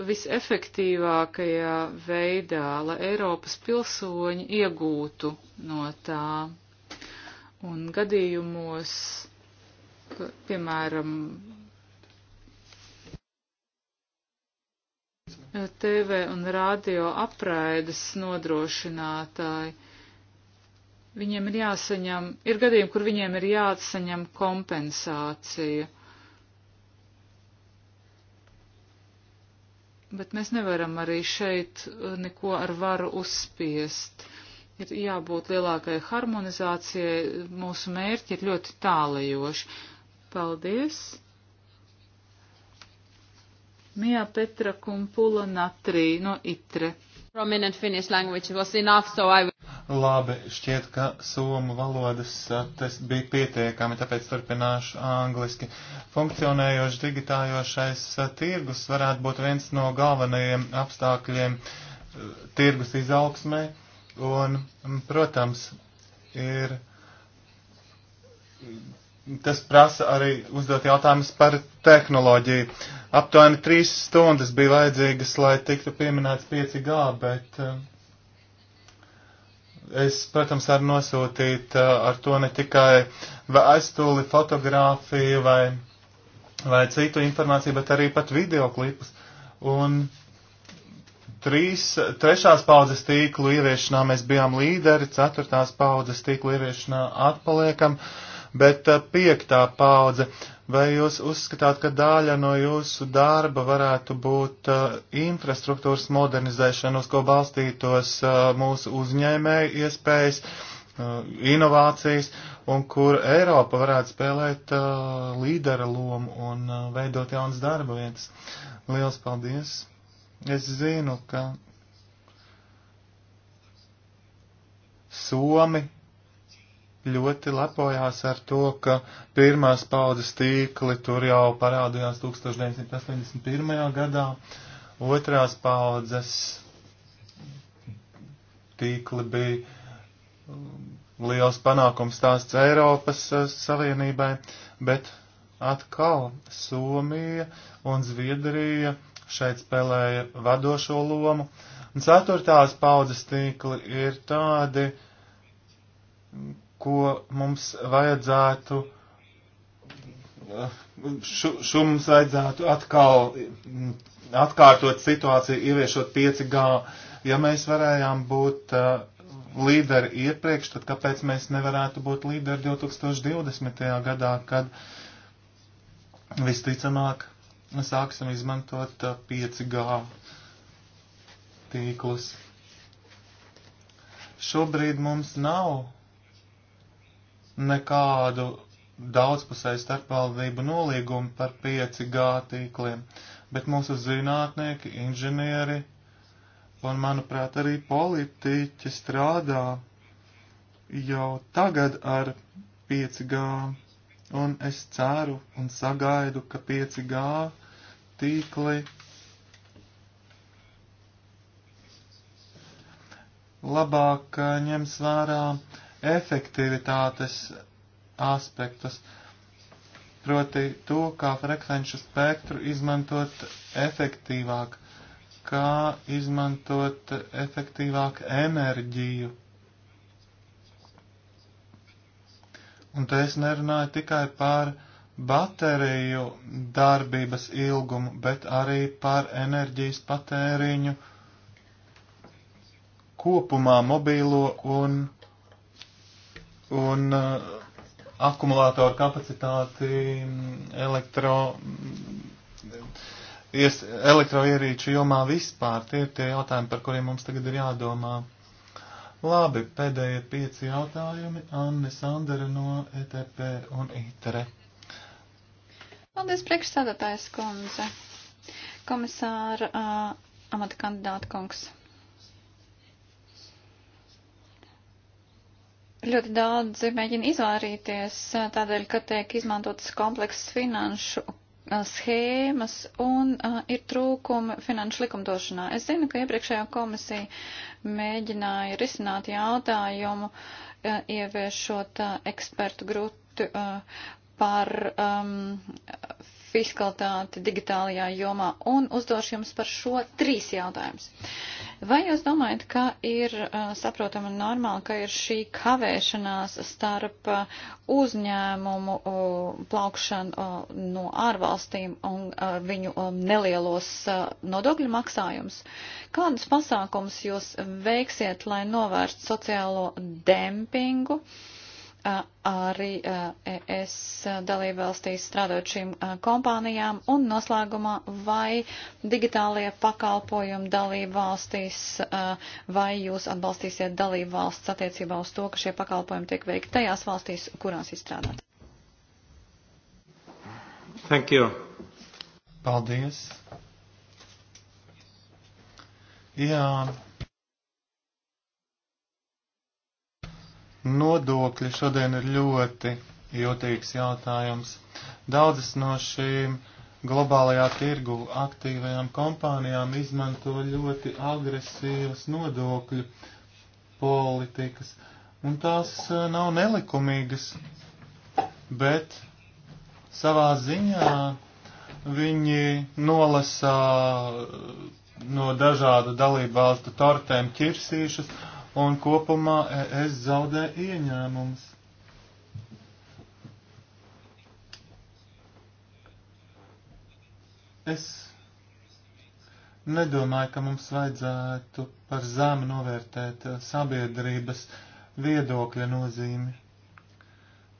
[SPEAKER 1] visefektīvākajā veidā, lai Eiropas pilsoņi iegūtu no tā. Un gadījumos, ka, piemēram, TV un radio apraides nodrošinātāji. Viņiem ir jāsaņem, ir gadījumi, kur viņiem ir jāatsaņem kompensācija. Bet mēs nevaram arī šeit neko ar varu uzspiest. Ir jābūt lielākai harmonizācijai, mūsu mērķi ir ļoti tālajoši. Paldies! Mia nu Petra Kumpula Natrī no Itre. Prominent Finnish language was enough, so I...
[SPEAKER 2] Labi, šķiet, ka somu valodas tas bija pietiekami, tāpēc turpināšu angliski. Funkcionējošs digitājošais tirgus varētu būt viens no galvenajiem apstākļiem eh, tirgus izaugsmē, un, protams, ir tas prasa arī uzdot jautājumus par tehnoloģiju. Aptuveni trīs stundas bija vajadzīgas, lai tiktu pieminēts 5G, bet eh, es, protams, varu nosūtīt eh, ar to ne tikai aiztūli, fotografiju vai, vai citu informāciju, bet arī pat videoklipus. Un trīs, trešās paudzes tīklu ieviešanā mēs bijām līderi, ceturtās paudzes tīklu ieviešanā atpaliekam. Uh, bet eh, piektā paudze. Vai jūs uzskatāt, ka daļa no jūsu darba varētu būt uh, infrastruktūras modernizēšana, uz ko balstītos uh, mūsu uzņēmēju iespējas, uh, inovācijas, un kur Eiropa varētu spēlēt uh, līdera lomu un uh, veidot jaunas darba vietas? Liels paldies! Es zinu, ka Somi ļoti lepojās ar to, ka pirmās paudzes tīkli tur jau parādījās 1981. gadā, otrās paudzes tīkli bija um, liels panākums stāsts Eiropas uh, Savienībai, bet atkal Somija un Zviedrija šeit spēlēja vadošo lomu. Un ceturtās paudzes tīkli ir tādi, ko mums vajadzētu, šo mums vajadzētu atkal atkārtot situāciju, ieviešot 5G. Ja mēs varējām būt uh, līderi iepriekš, tad kāpēc mēs nevarētu būt līderi 2020. gadā, kad visticamāk sāksim izmantot 5G tīklus? Šobrīd mums nav nekādu daudzpusēju starpvaldību nolīgumu par 5G tīkliem, bet mūsu zinātnieki, inženieri un, manuprāt, arī politiķi strādā jau tagad ar 5G, un es ceru un sagaidu, ka 5G tīkli labāk eh, ņems vērā efektivitātes aspektus, proti to, kā frekvenču spektru izmantot efektīvāk, kā izmantot efektīvāk enerģiju. Un te es nerunāju tikai par bateriju darbības ilgumu, bet arī par enerģijas patēriņu kopumā mobīlo un un uh, akumulātoru kapacitāti mm, elektro, mm, ies, elektroierīču jomā vispār. Tie ir tie jautājumi, par kuriem mums tagad ir jādomā. Labi, pēdējie pieci jautājumi. Anne Sandere no ETP un ITRE.
[SPEAKER 3] Paldies, priekšsādātājs kundze. Komisāra uh, amata kandidāta kungs. Ļoti daudzi mēģina izvairīties tādēļ, ka tiek izmantotas komplekses finanšu schēmas un uh, ir trūkumi finanšu likumdošanā. Es zinu, ka iepriekšējā komisija mēģināja risināt jautājumu, uh, ieviešot uh, ekspertu grutu uh, par um, fiskalitāti digitālajā jomā un uzdošu jums par šo trīs jautājumus. Vai jūs domājat, ka ir saprotama normāli, ka ir šī kavēšanās starp uzņēmumu plaukšanu no ārvalstīm un viņu nelielos nodokļu maksājumus? Kādus pasākums jūs veiksiet, lai novērst sociālo dempingu? Uh, arī ES dalībvalstīs strādot šīm kompānijām un noslēgumā vai digitālie pakalpojumi dalībvalstīs vai jūs atbalstīsiet dalībvalsts attiecībā uz to, ka šie pakalpojumi tiek veikti tajās valstīs, kurās izstrādāt.
[SPEAKER 2] Thank you. Paldies. Jā, Nodokļi šodien ir ļoti jūtīgs jautājums. Daudzas no šīm globālajā tirgu aktīvajām kompānijām izmanto ļoti agresīvas nodokļu politikas, un tās eh, nav nelikumīgas, bet savā ziņā viņi nolasā eh, no dažādu dalību valstu tortēm ķirsīšas un kopumā ES zaudē ieņēmumus. Es nedomāju, ka mums vajadzētu par zemu novērtēt eh, sabiedrības viedokļa nozīmi.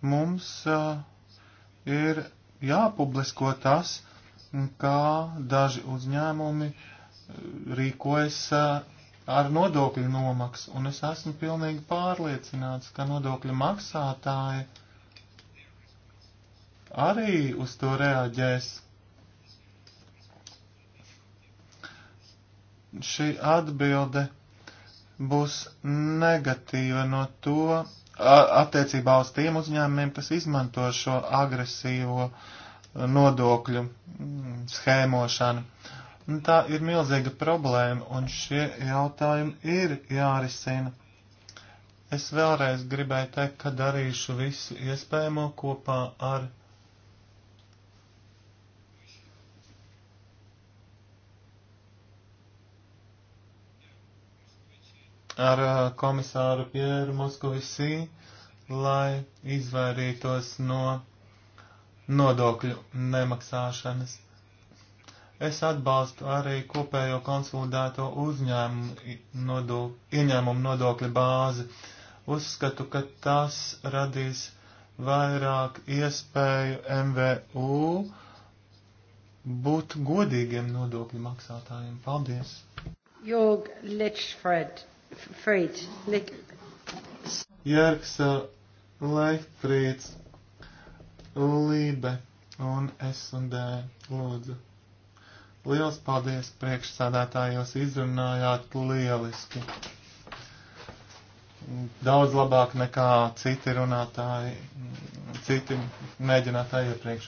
[SPEAKER 2] Mums uh, ir jāpublisko tas, kā daži uzņēmumi eh, rīkojas uh, ar nodokļu nomaksu, un es esmu pilnīgi pārliecināts, ka nodokļu maksātāji arī uz to reaģēs. Šī atbilde būs negatīva no to attiecībā uz tiem uzņēmumiem, kas izmanto šo agresīvo nodokļu mm, schēmošanu. Nu, tā ir milzīga problēma, un šie jautājumi ir jārisina. Es vēlreiz gribēju teikt, ka darīšu visu iespējamo kopā ar ar uh, komisāru Pieru Moskovisī, lai izvairītos no nodokļu nemaksāšanas. Es atbalstu arī kopējo konsolidēto uzņēmumu nodok, ieņēmumu nodokļa bāzi. Uzskatu, ka tas radīs vairāk iespēju MVU būt godīgiem nodokļu maksātājiem. Paldies!
[SPEAKER 3] Jorg Lichfred, Fried, Lich...
[SPEAKER 2] Jērgs uh, Leifrīds, Lībe un S un D, lūdzu. Liels paldies priekšsādātāji, jūs izrunājāt lieliski. Daudz labāk nekā citi runātāji, citi mēģinātāji iepriekš.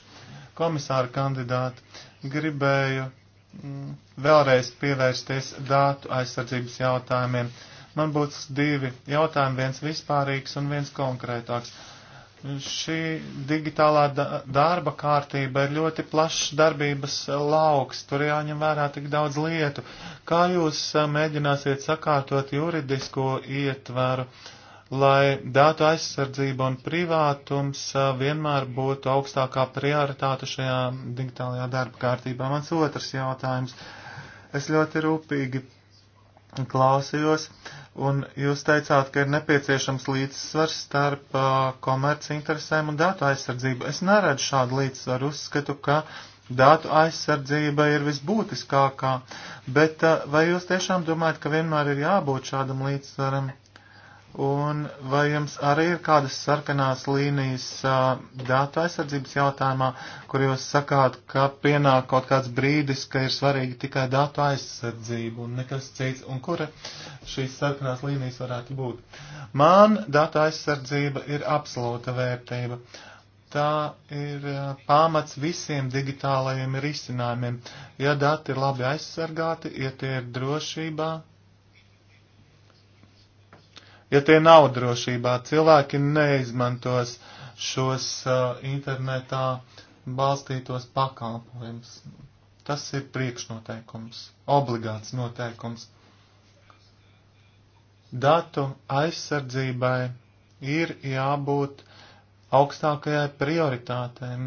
[SPEAKER 2] Komisāra kandidāti gribēju mm, vēlreiz pievērsties dātu aizsardzības jautājumiem. Man būs divi jautājumi, viens vispārīgs un viens konkrētāks Šī digitālā darba kārtība ir ļoti plašs darbības lauks, tur jāņem vērā tik daudz lietu. Kā jūs eh, mēģināsiet sakārtot juridisko ietvaru, lai datu aizsardzība un privātums eh, vienmēr būtu augstākā prioritāte šajā digitālajā darba kārtībā? Mans otrs jautājums. Es ļoti rūpīgi klausījos, un jūs teicāt, ka ir nepieciešams līdzsvars starp uh, komerci interesēm un datu aizsardzību. Es neredzu šādu līdzsvaru, uzskatu, ka datu aizsardzība ir visbūtiskākā, bet uh, vai jūs tiešām domājat, ka vienmēr ir jābūt šādam līdzsvaram? Un vai jums arī ir kādas sarkanās līnijas uh, datu aizsardzības jautājumā, kur jūs sakāt, ka pienāk kaut kāds brīdis, ka ir svarīgi tikai datu aizsardzība un nekas cits, un kura šīs sarkanās līnijas varētu būt? Man datu aizsardzība ir absolūta vērtība. Tā ir uh, pamats visiem digitālajiem risinājumiem. Ja dati ir labi aizsargāti, ja tie ir drošībā, ja tie nav drošībā. Cilvēki neizmantos šos uh, internetā balstītos pakalpojumus. Tas ir priekšnoteikums, obligāts noteikums. Datu aizsardzībai ir jābūt augstākajai prioritātēm.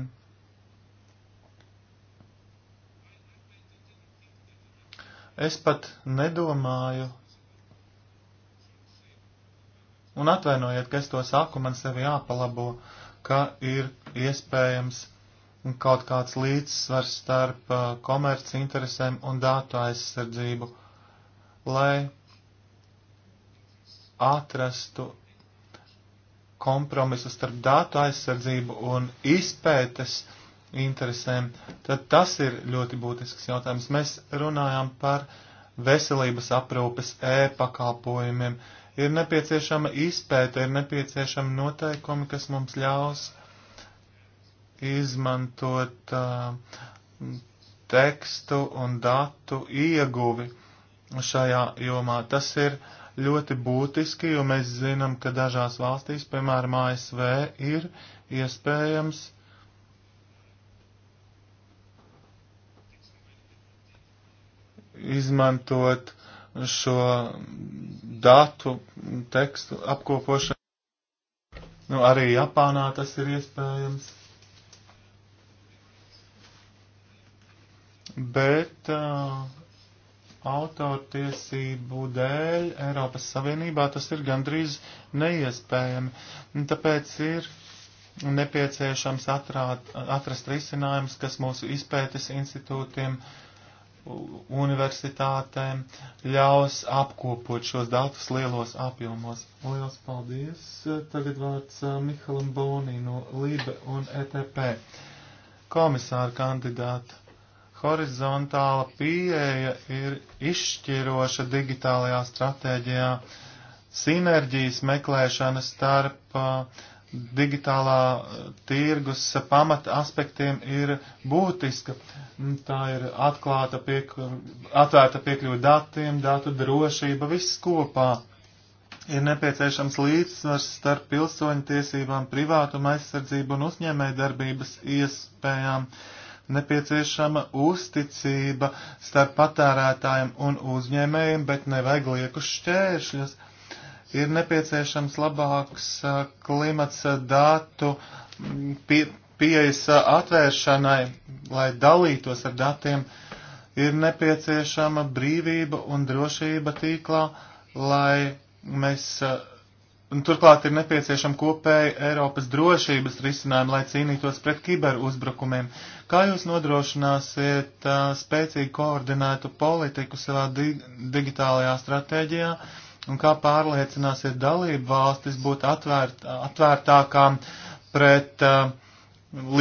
[SPEAKER 2] Es pat nedomāju, Un atvainojiet, ka es to saku, man sevi jāpalabo, ka ir iespējams kaut kāds līdzsvars starp uh, komerci interesēm un datu aizsardzību, lai atrastu kompromisu starp datu aizsardzību un izpētes interesēm, tad tas ir ļoti būtisks jautājums. Mēs runājam par veselības aprūpes e-pakalpojumiem. Uh, Ir nepieciešama izpēta, ir nepieciešama noteikumi, kas mums ļaus izmantot uh, tekstu un datu ieguvi šajā jomā. Tas ir ļoti būtiski, jo mēs zinām, ka dažās valstīs, piemēram, ASV, ir iespējams izmantot šo datu tekstu apkopošanu. Nu, arī Japānā tas ir iespējams. Bet uh, autortiesību dēļ Eiropas Savienībā tas ir gandrīz neiespējami. Tāpēc ir nepieciešams atrāt, atrast risinājums, kas mūsu izpētes institūtiem uh, universitātēm ļaus apkopot šos datus lielos apjomos. Lielas paldies! Tagad vārds Mihalam Bonī no Libe un ETP. Komisāra kandidāta. Horizontāla pieeja ir izšķiroša digitālajā stratēģijā sinerģijas meklēšana starp uh, digitālā eh, tirgus pamata aspektiem ir būtiska. Mm, tā ir atklāta piekļu, atvērta piekļuva datiem, datu drošība, viss kopā. Ir nepieciešams līdzsvars starp pilsoņu tiesībām, privātuma aizsardzību un uzņēmēja darbības iespējām. Nepieciešama uzticība starp patērētājiem un uzņēmējiem, bet nevajag liekus šķēršļus. Uh, ir nepieciešams labāks klimats datu pie, pieejas atvēršanai, lai dalītos ar datiem. Ir nepieciešama brīvība un drošība tīklā, lai mēs. Turklāt ir nepieciešama kopēja Eiropas drošības risinājuma, lai cīnītos pret kiberuzbrukumiem. Kā jūs nodrošināsiet uh, spēcīgi koordinētu politiku savā di digitālajā stratēģijā? Uh, Un kā pārliecināsiet dalību valstis būt atvērt, atvērtākām pret uh,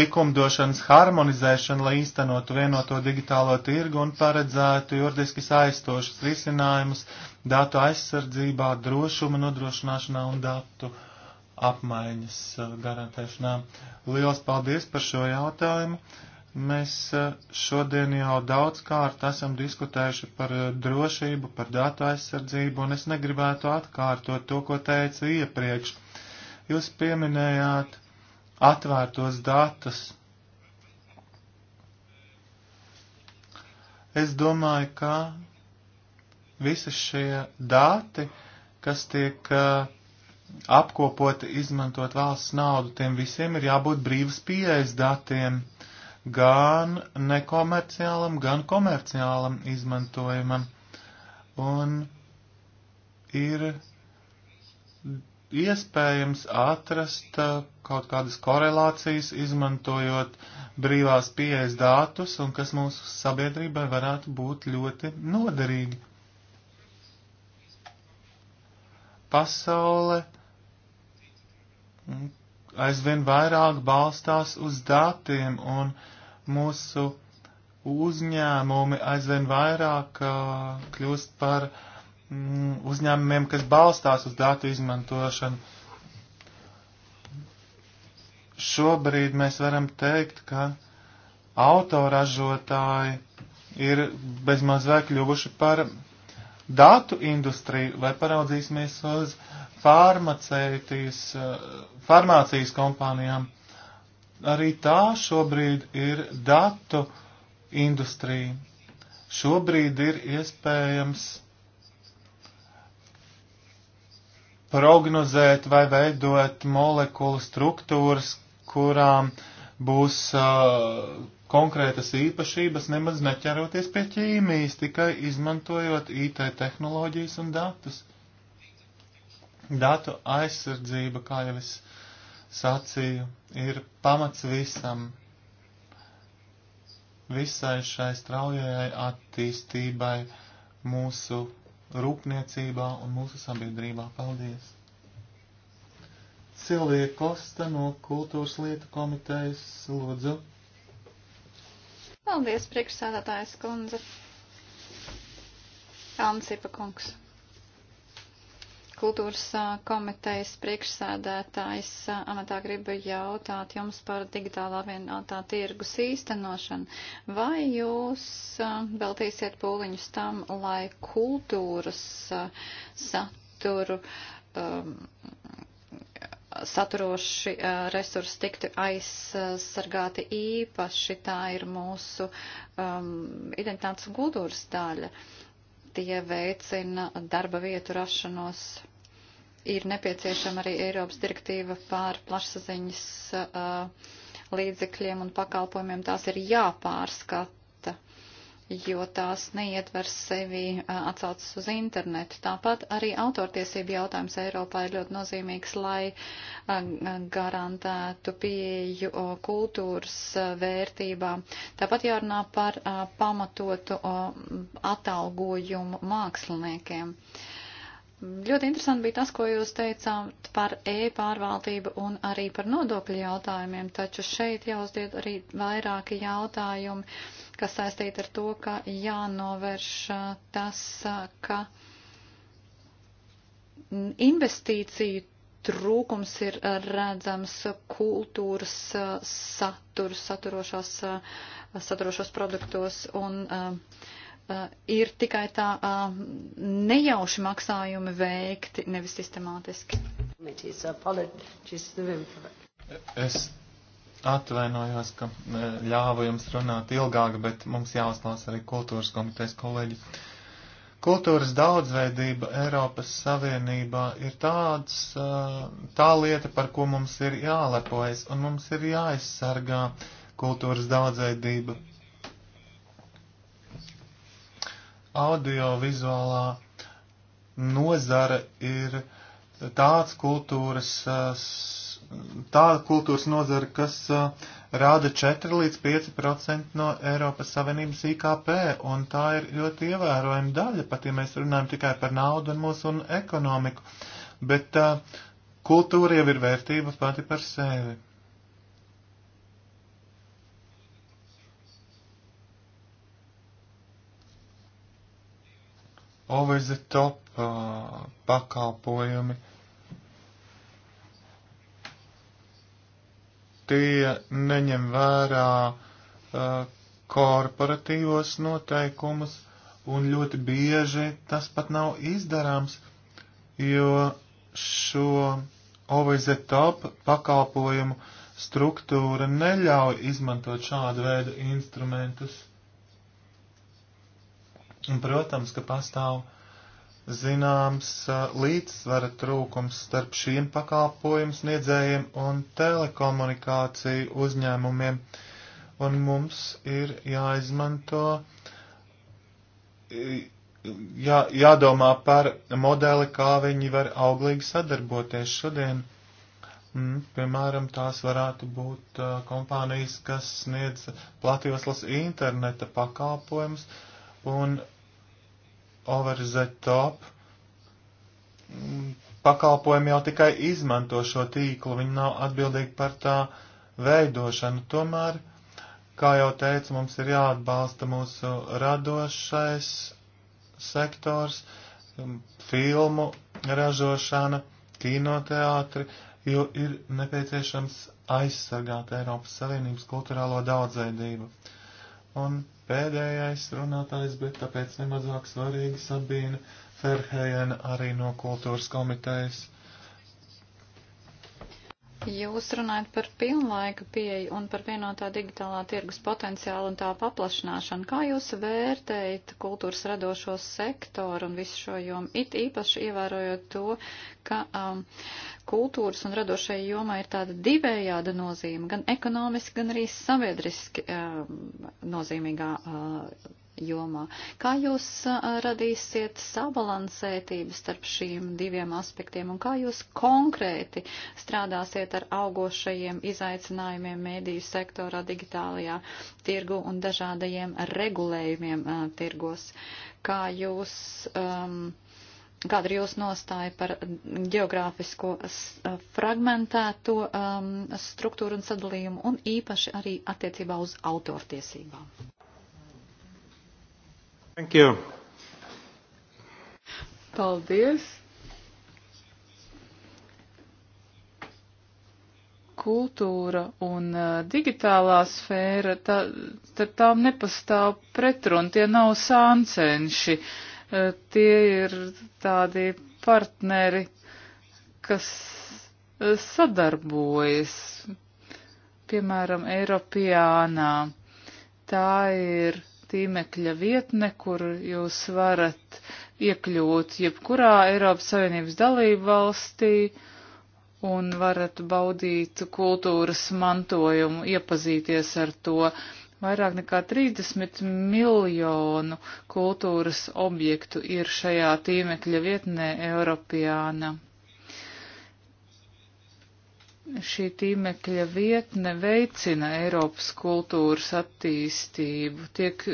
[SPEAKER 2] likumdošanas harmonizēšanu, lai īstenotu vienoto digitālo tirgu un paredzētu juridiski saistošus risinājumus datu aizsardzībā, drošuma nodrošināšanā un datu apmaiņas uh, garantēšanā. Lielas paldies par šo jautājumu! Mēs eh, šodien jau daudz kārt esam diskutējuši par eh, drošību, par datu aizsardzību, un es negribētu atkārtot to, ko teicu iepriekš. Jūs pieminējāt atvērtos datus. Es domāju, ka visi šie dati, kas tiek eh, apkopoti izmantot valsts naudu, tiem visiem ir jābūt brīvas pieejas datiem gan nekomerciālam, gan komerciālam izmantojumam. Un ir iespējams atrast uh, kaut kādas korelācijas, izmantojot brīvās pieejas datus, un kas mūsu sabiedrībai varētu būt ļoti noderīgi. Pasaule aizvien vairāk balstās uz datiem un mūsu uzņēmumi aizvien vairāk uh, kļūst par mm, uzņēmumiem, kas balstās uz datu izmantošanu. Šobrīd mēs varam teikt, ka autoražotāji ir bezmaz vai kļuvuši par datu industriju, vai paraudzīsimies uz eh, farmācijas kompānijām. Arī tā šobrīd ir datu industrija. Šobrīd ir iespējams prognozēt vai veidot molekulu struktūras, kurām būs uh, konkrētas īpašības, nemaz neķeroties pie ķīmijas, tikai izmantojot IT tehnoloģijas un datus. Datu aizsardzība, kā jau es sacīju, ir pamats visam, visai šai straujajai attīstībai mūsu rūpniecībā un mūsu sabiedrībā. Paldies! Silvija Kosta no Kultūras lietu komitejas lūdzu.
[SPEAKER 3] Paldies, priekšsēdētājs kundze. Ansipa kungs. Kultūras komitejas priekšsēdētājs amatā gribu jautāt jums par digitālā vienotā tirgus īstenošanu. Vai jūs veltīsiet pūliņus tam, lai kultūras saturu um, saturoši eh, resursi tiktu aizsargāti īpaši. Tā ir mūsu um, identitātes gudurs daļa. Tie veicina darba vietu rašanos. Ir nepieciešama arī Eiropas direktīva pār plašsaziņas uh, līdzekļiem un pakalpojumiem. Tās ir jāpārskata jo tās neietver sevi atsaucas uz internetu. Tāpat arī autortiesība jautājums Eiropā ir ļoti nozīmīgs, lai garantētu pieeju kultūras vērtībām. Tāpat jārunā par pamatotu atalgojumu māksliniekiem. Ļoti interesanti bija tas, ko jūs teicāt par e-pārvaldību un arī par nodokļu jautājumiem, taču šeit jāuzdied arī vairāki jautājumi kas saistīta ar to, ka jānovērš tas, ka investīciju trūkums ir redzams kultūras saturu, saturošās, saturošos produktos un ir tikai tā nejauši maksājumi veikti, nevis sistemātiski.
[SPEAKER 2] Es Atvainojos, ka e, ļāvu jums runāt ilgāk, bet mums jāuzklāsa arī kultūras komitejas kolēģi. Kultūras daudzveidība Eiropas Savienībā ir tāds, e, tā lieta, par ko mums ir jālepojas, un mums ir jāaizsargā kultūras daudzveidība. Audiovizuālā nozara ir tāds kultūras e, tā kultūras nozara, kas rāda 4 līdz 5% no Eiropas Savienības IKP, un tā ir ļoti ievērojama daļa, pat ja mēs runājam tikai par naudu un mūsu un ekonomiku. Bet kultūra jau ir vērtība pati par sevi. Over the top uh, pakalpojumi. Uh, tie neņem vērā uh, korporatīvos noteikumus, un ļoti bieži tas pat nav izdarāms, jo šo OVZ-top pakalpojumu struktūra neļauj izmantot šādu veidu instrumentus. Un, protams, ka pastāv uh, zināms līdzsvara trūkums starp šiem pakalpojumu sniedzējiem un telekomunikāciju uzņēmumiem, un mums ir jāizmanto, jā, jādomā par modeli, kā viņi var auglīgi sadarboties šodien. Mm, piemēram, tās varētu būt uh, kompānijas, kas sniedz platjoslas interneta pakalpojumus, un over the top pakalpojumi jau tikai izmanto šo tīklu, viņi nav atbildīgi par tā veidošanu. Tomēr, kā jau teicu, mums ir jāatbalsta mūsu radošais sektors, filmu ražošana, kinoteātri, jo ir nepieciešams aizsargāt Eiropas Savienības kulturālo daudzveidību. Un pēdējais runātājs, bet tāpēc nemazāk svarīgi Sabīna Ferhējena arī no kultūras komitejas.
[SPEAKER 3] Jūs runājat par pilnlaika pieeju un par vienotā digitālā tirgus potenciālu un tā paplašināšanu. Kā jūs vērtējat kultūras radošo sektoru un visu šo jomu? It īpaši ievērojot to, ka um, kultūras un radošai jomā ir tāda divējāda nozīme, gan ekonomiski, gan arī sabiedriski um, nozīmīgā uh, jomā. Kā jūs radīsiet sabalansētību starp šīm diviem aspektiem un kā jūs konkrēti strādāsiet ar augošajiem izaicinājumiem mēdīju sektorā, digitālajā tirgu un dažādajiem regulējumiem uh, tirgos? Kā jūs. Um, Kāda ir jūsu nostāja par geogrāfisko fragmentēto um, struktūru un sadalījumu un īpaši arī attiecībā uz autortiesībām?
[SPEAKER 2] Thank you.
[SPEAKER 1] Paldies. Kultūra un uh, digitālā sfēra, tā, tad tām nepastāv pretrun, tie nav sāncenši, uh, tie ir tādi partneri, kas uh, sadarbojas, piemēram, Eiropijānā. Tā ir tīmekļa vietne, kur jūs varat iekļūt jebkurā Eiropas Savienības dalību valstī un varat baudīt kultūras mantojumu, iepazīties ar to. Vairāk nekā 30 miljonu kultūras objektu ir šajā tīmekļa vietnē Eiropijāna šī tīmekļa vietne veicina Eiropas kultūras attīstību, tiek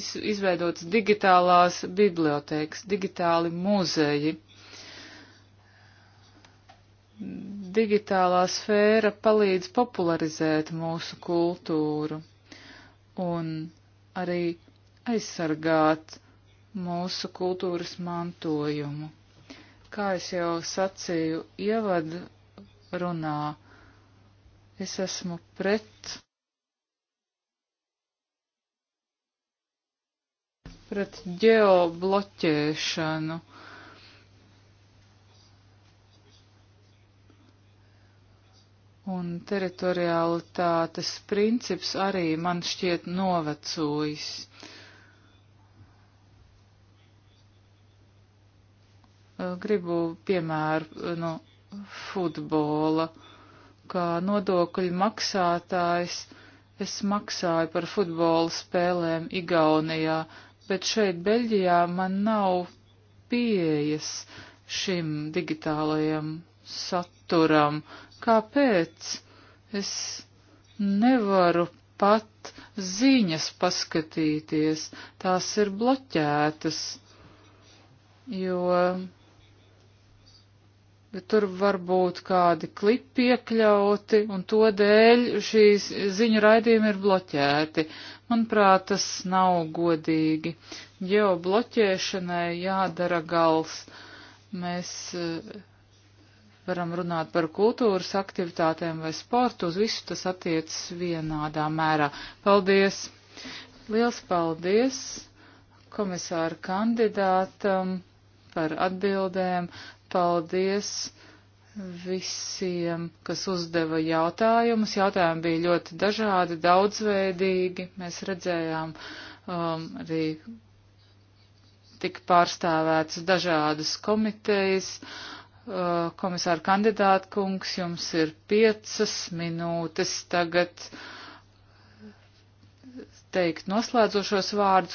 [SPEAKER 1] iz, izveidots digitālās bibliotēkas, digitāli muzeji. Digitālā sfēra palīdz popularizēt mūsu kultūru un arī aizsargāt mūsu kultūras mantojumu. Kā es jau sacīju, ievad runā. Es esmu pret. pret ģeobloķēšanu. Un teritorialitātes princips arī man šķiet novecojis. Gribu piemēru, nu, futbola. Kā nodokļu maksātājs es maksāju par futbola spēlēm Igaunijā, bet šeit Beļģijā man nav pieejas šim digitālajam saturam. Kāpēc es nevaru pat ziņas paskatīties? Tās ir bloķētas, jo bet tur var būt kādi klipi iekļauti, un to dēļ šīs ziņu raidījumi ir bloķēti. Manuprāt, tas nav godīgi. Geobloķēšanai jādara gals. Mēs eh, varam runāt par kultūras aktivitātēm vai sportu, uz visu tas attiecas vienādā mērā. Paldies! Liels paldies komisāra kandidātam! par atbildēm. Paldies visiem, kas uzdeva jautājumus. Jautājumi bija ļoti dažādi, daudzveidīgi. Mēs redzējām um, arī tika pārstāvētas dažādas komitejas. Uh, komisāra kandidāta kungs, jums ir piecas minūtes tagad teikt noslēdzošos vārdus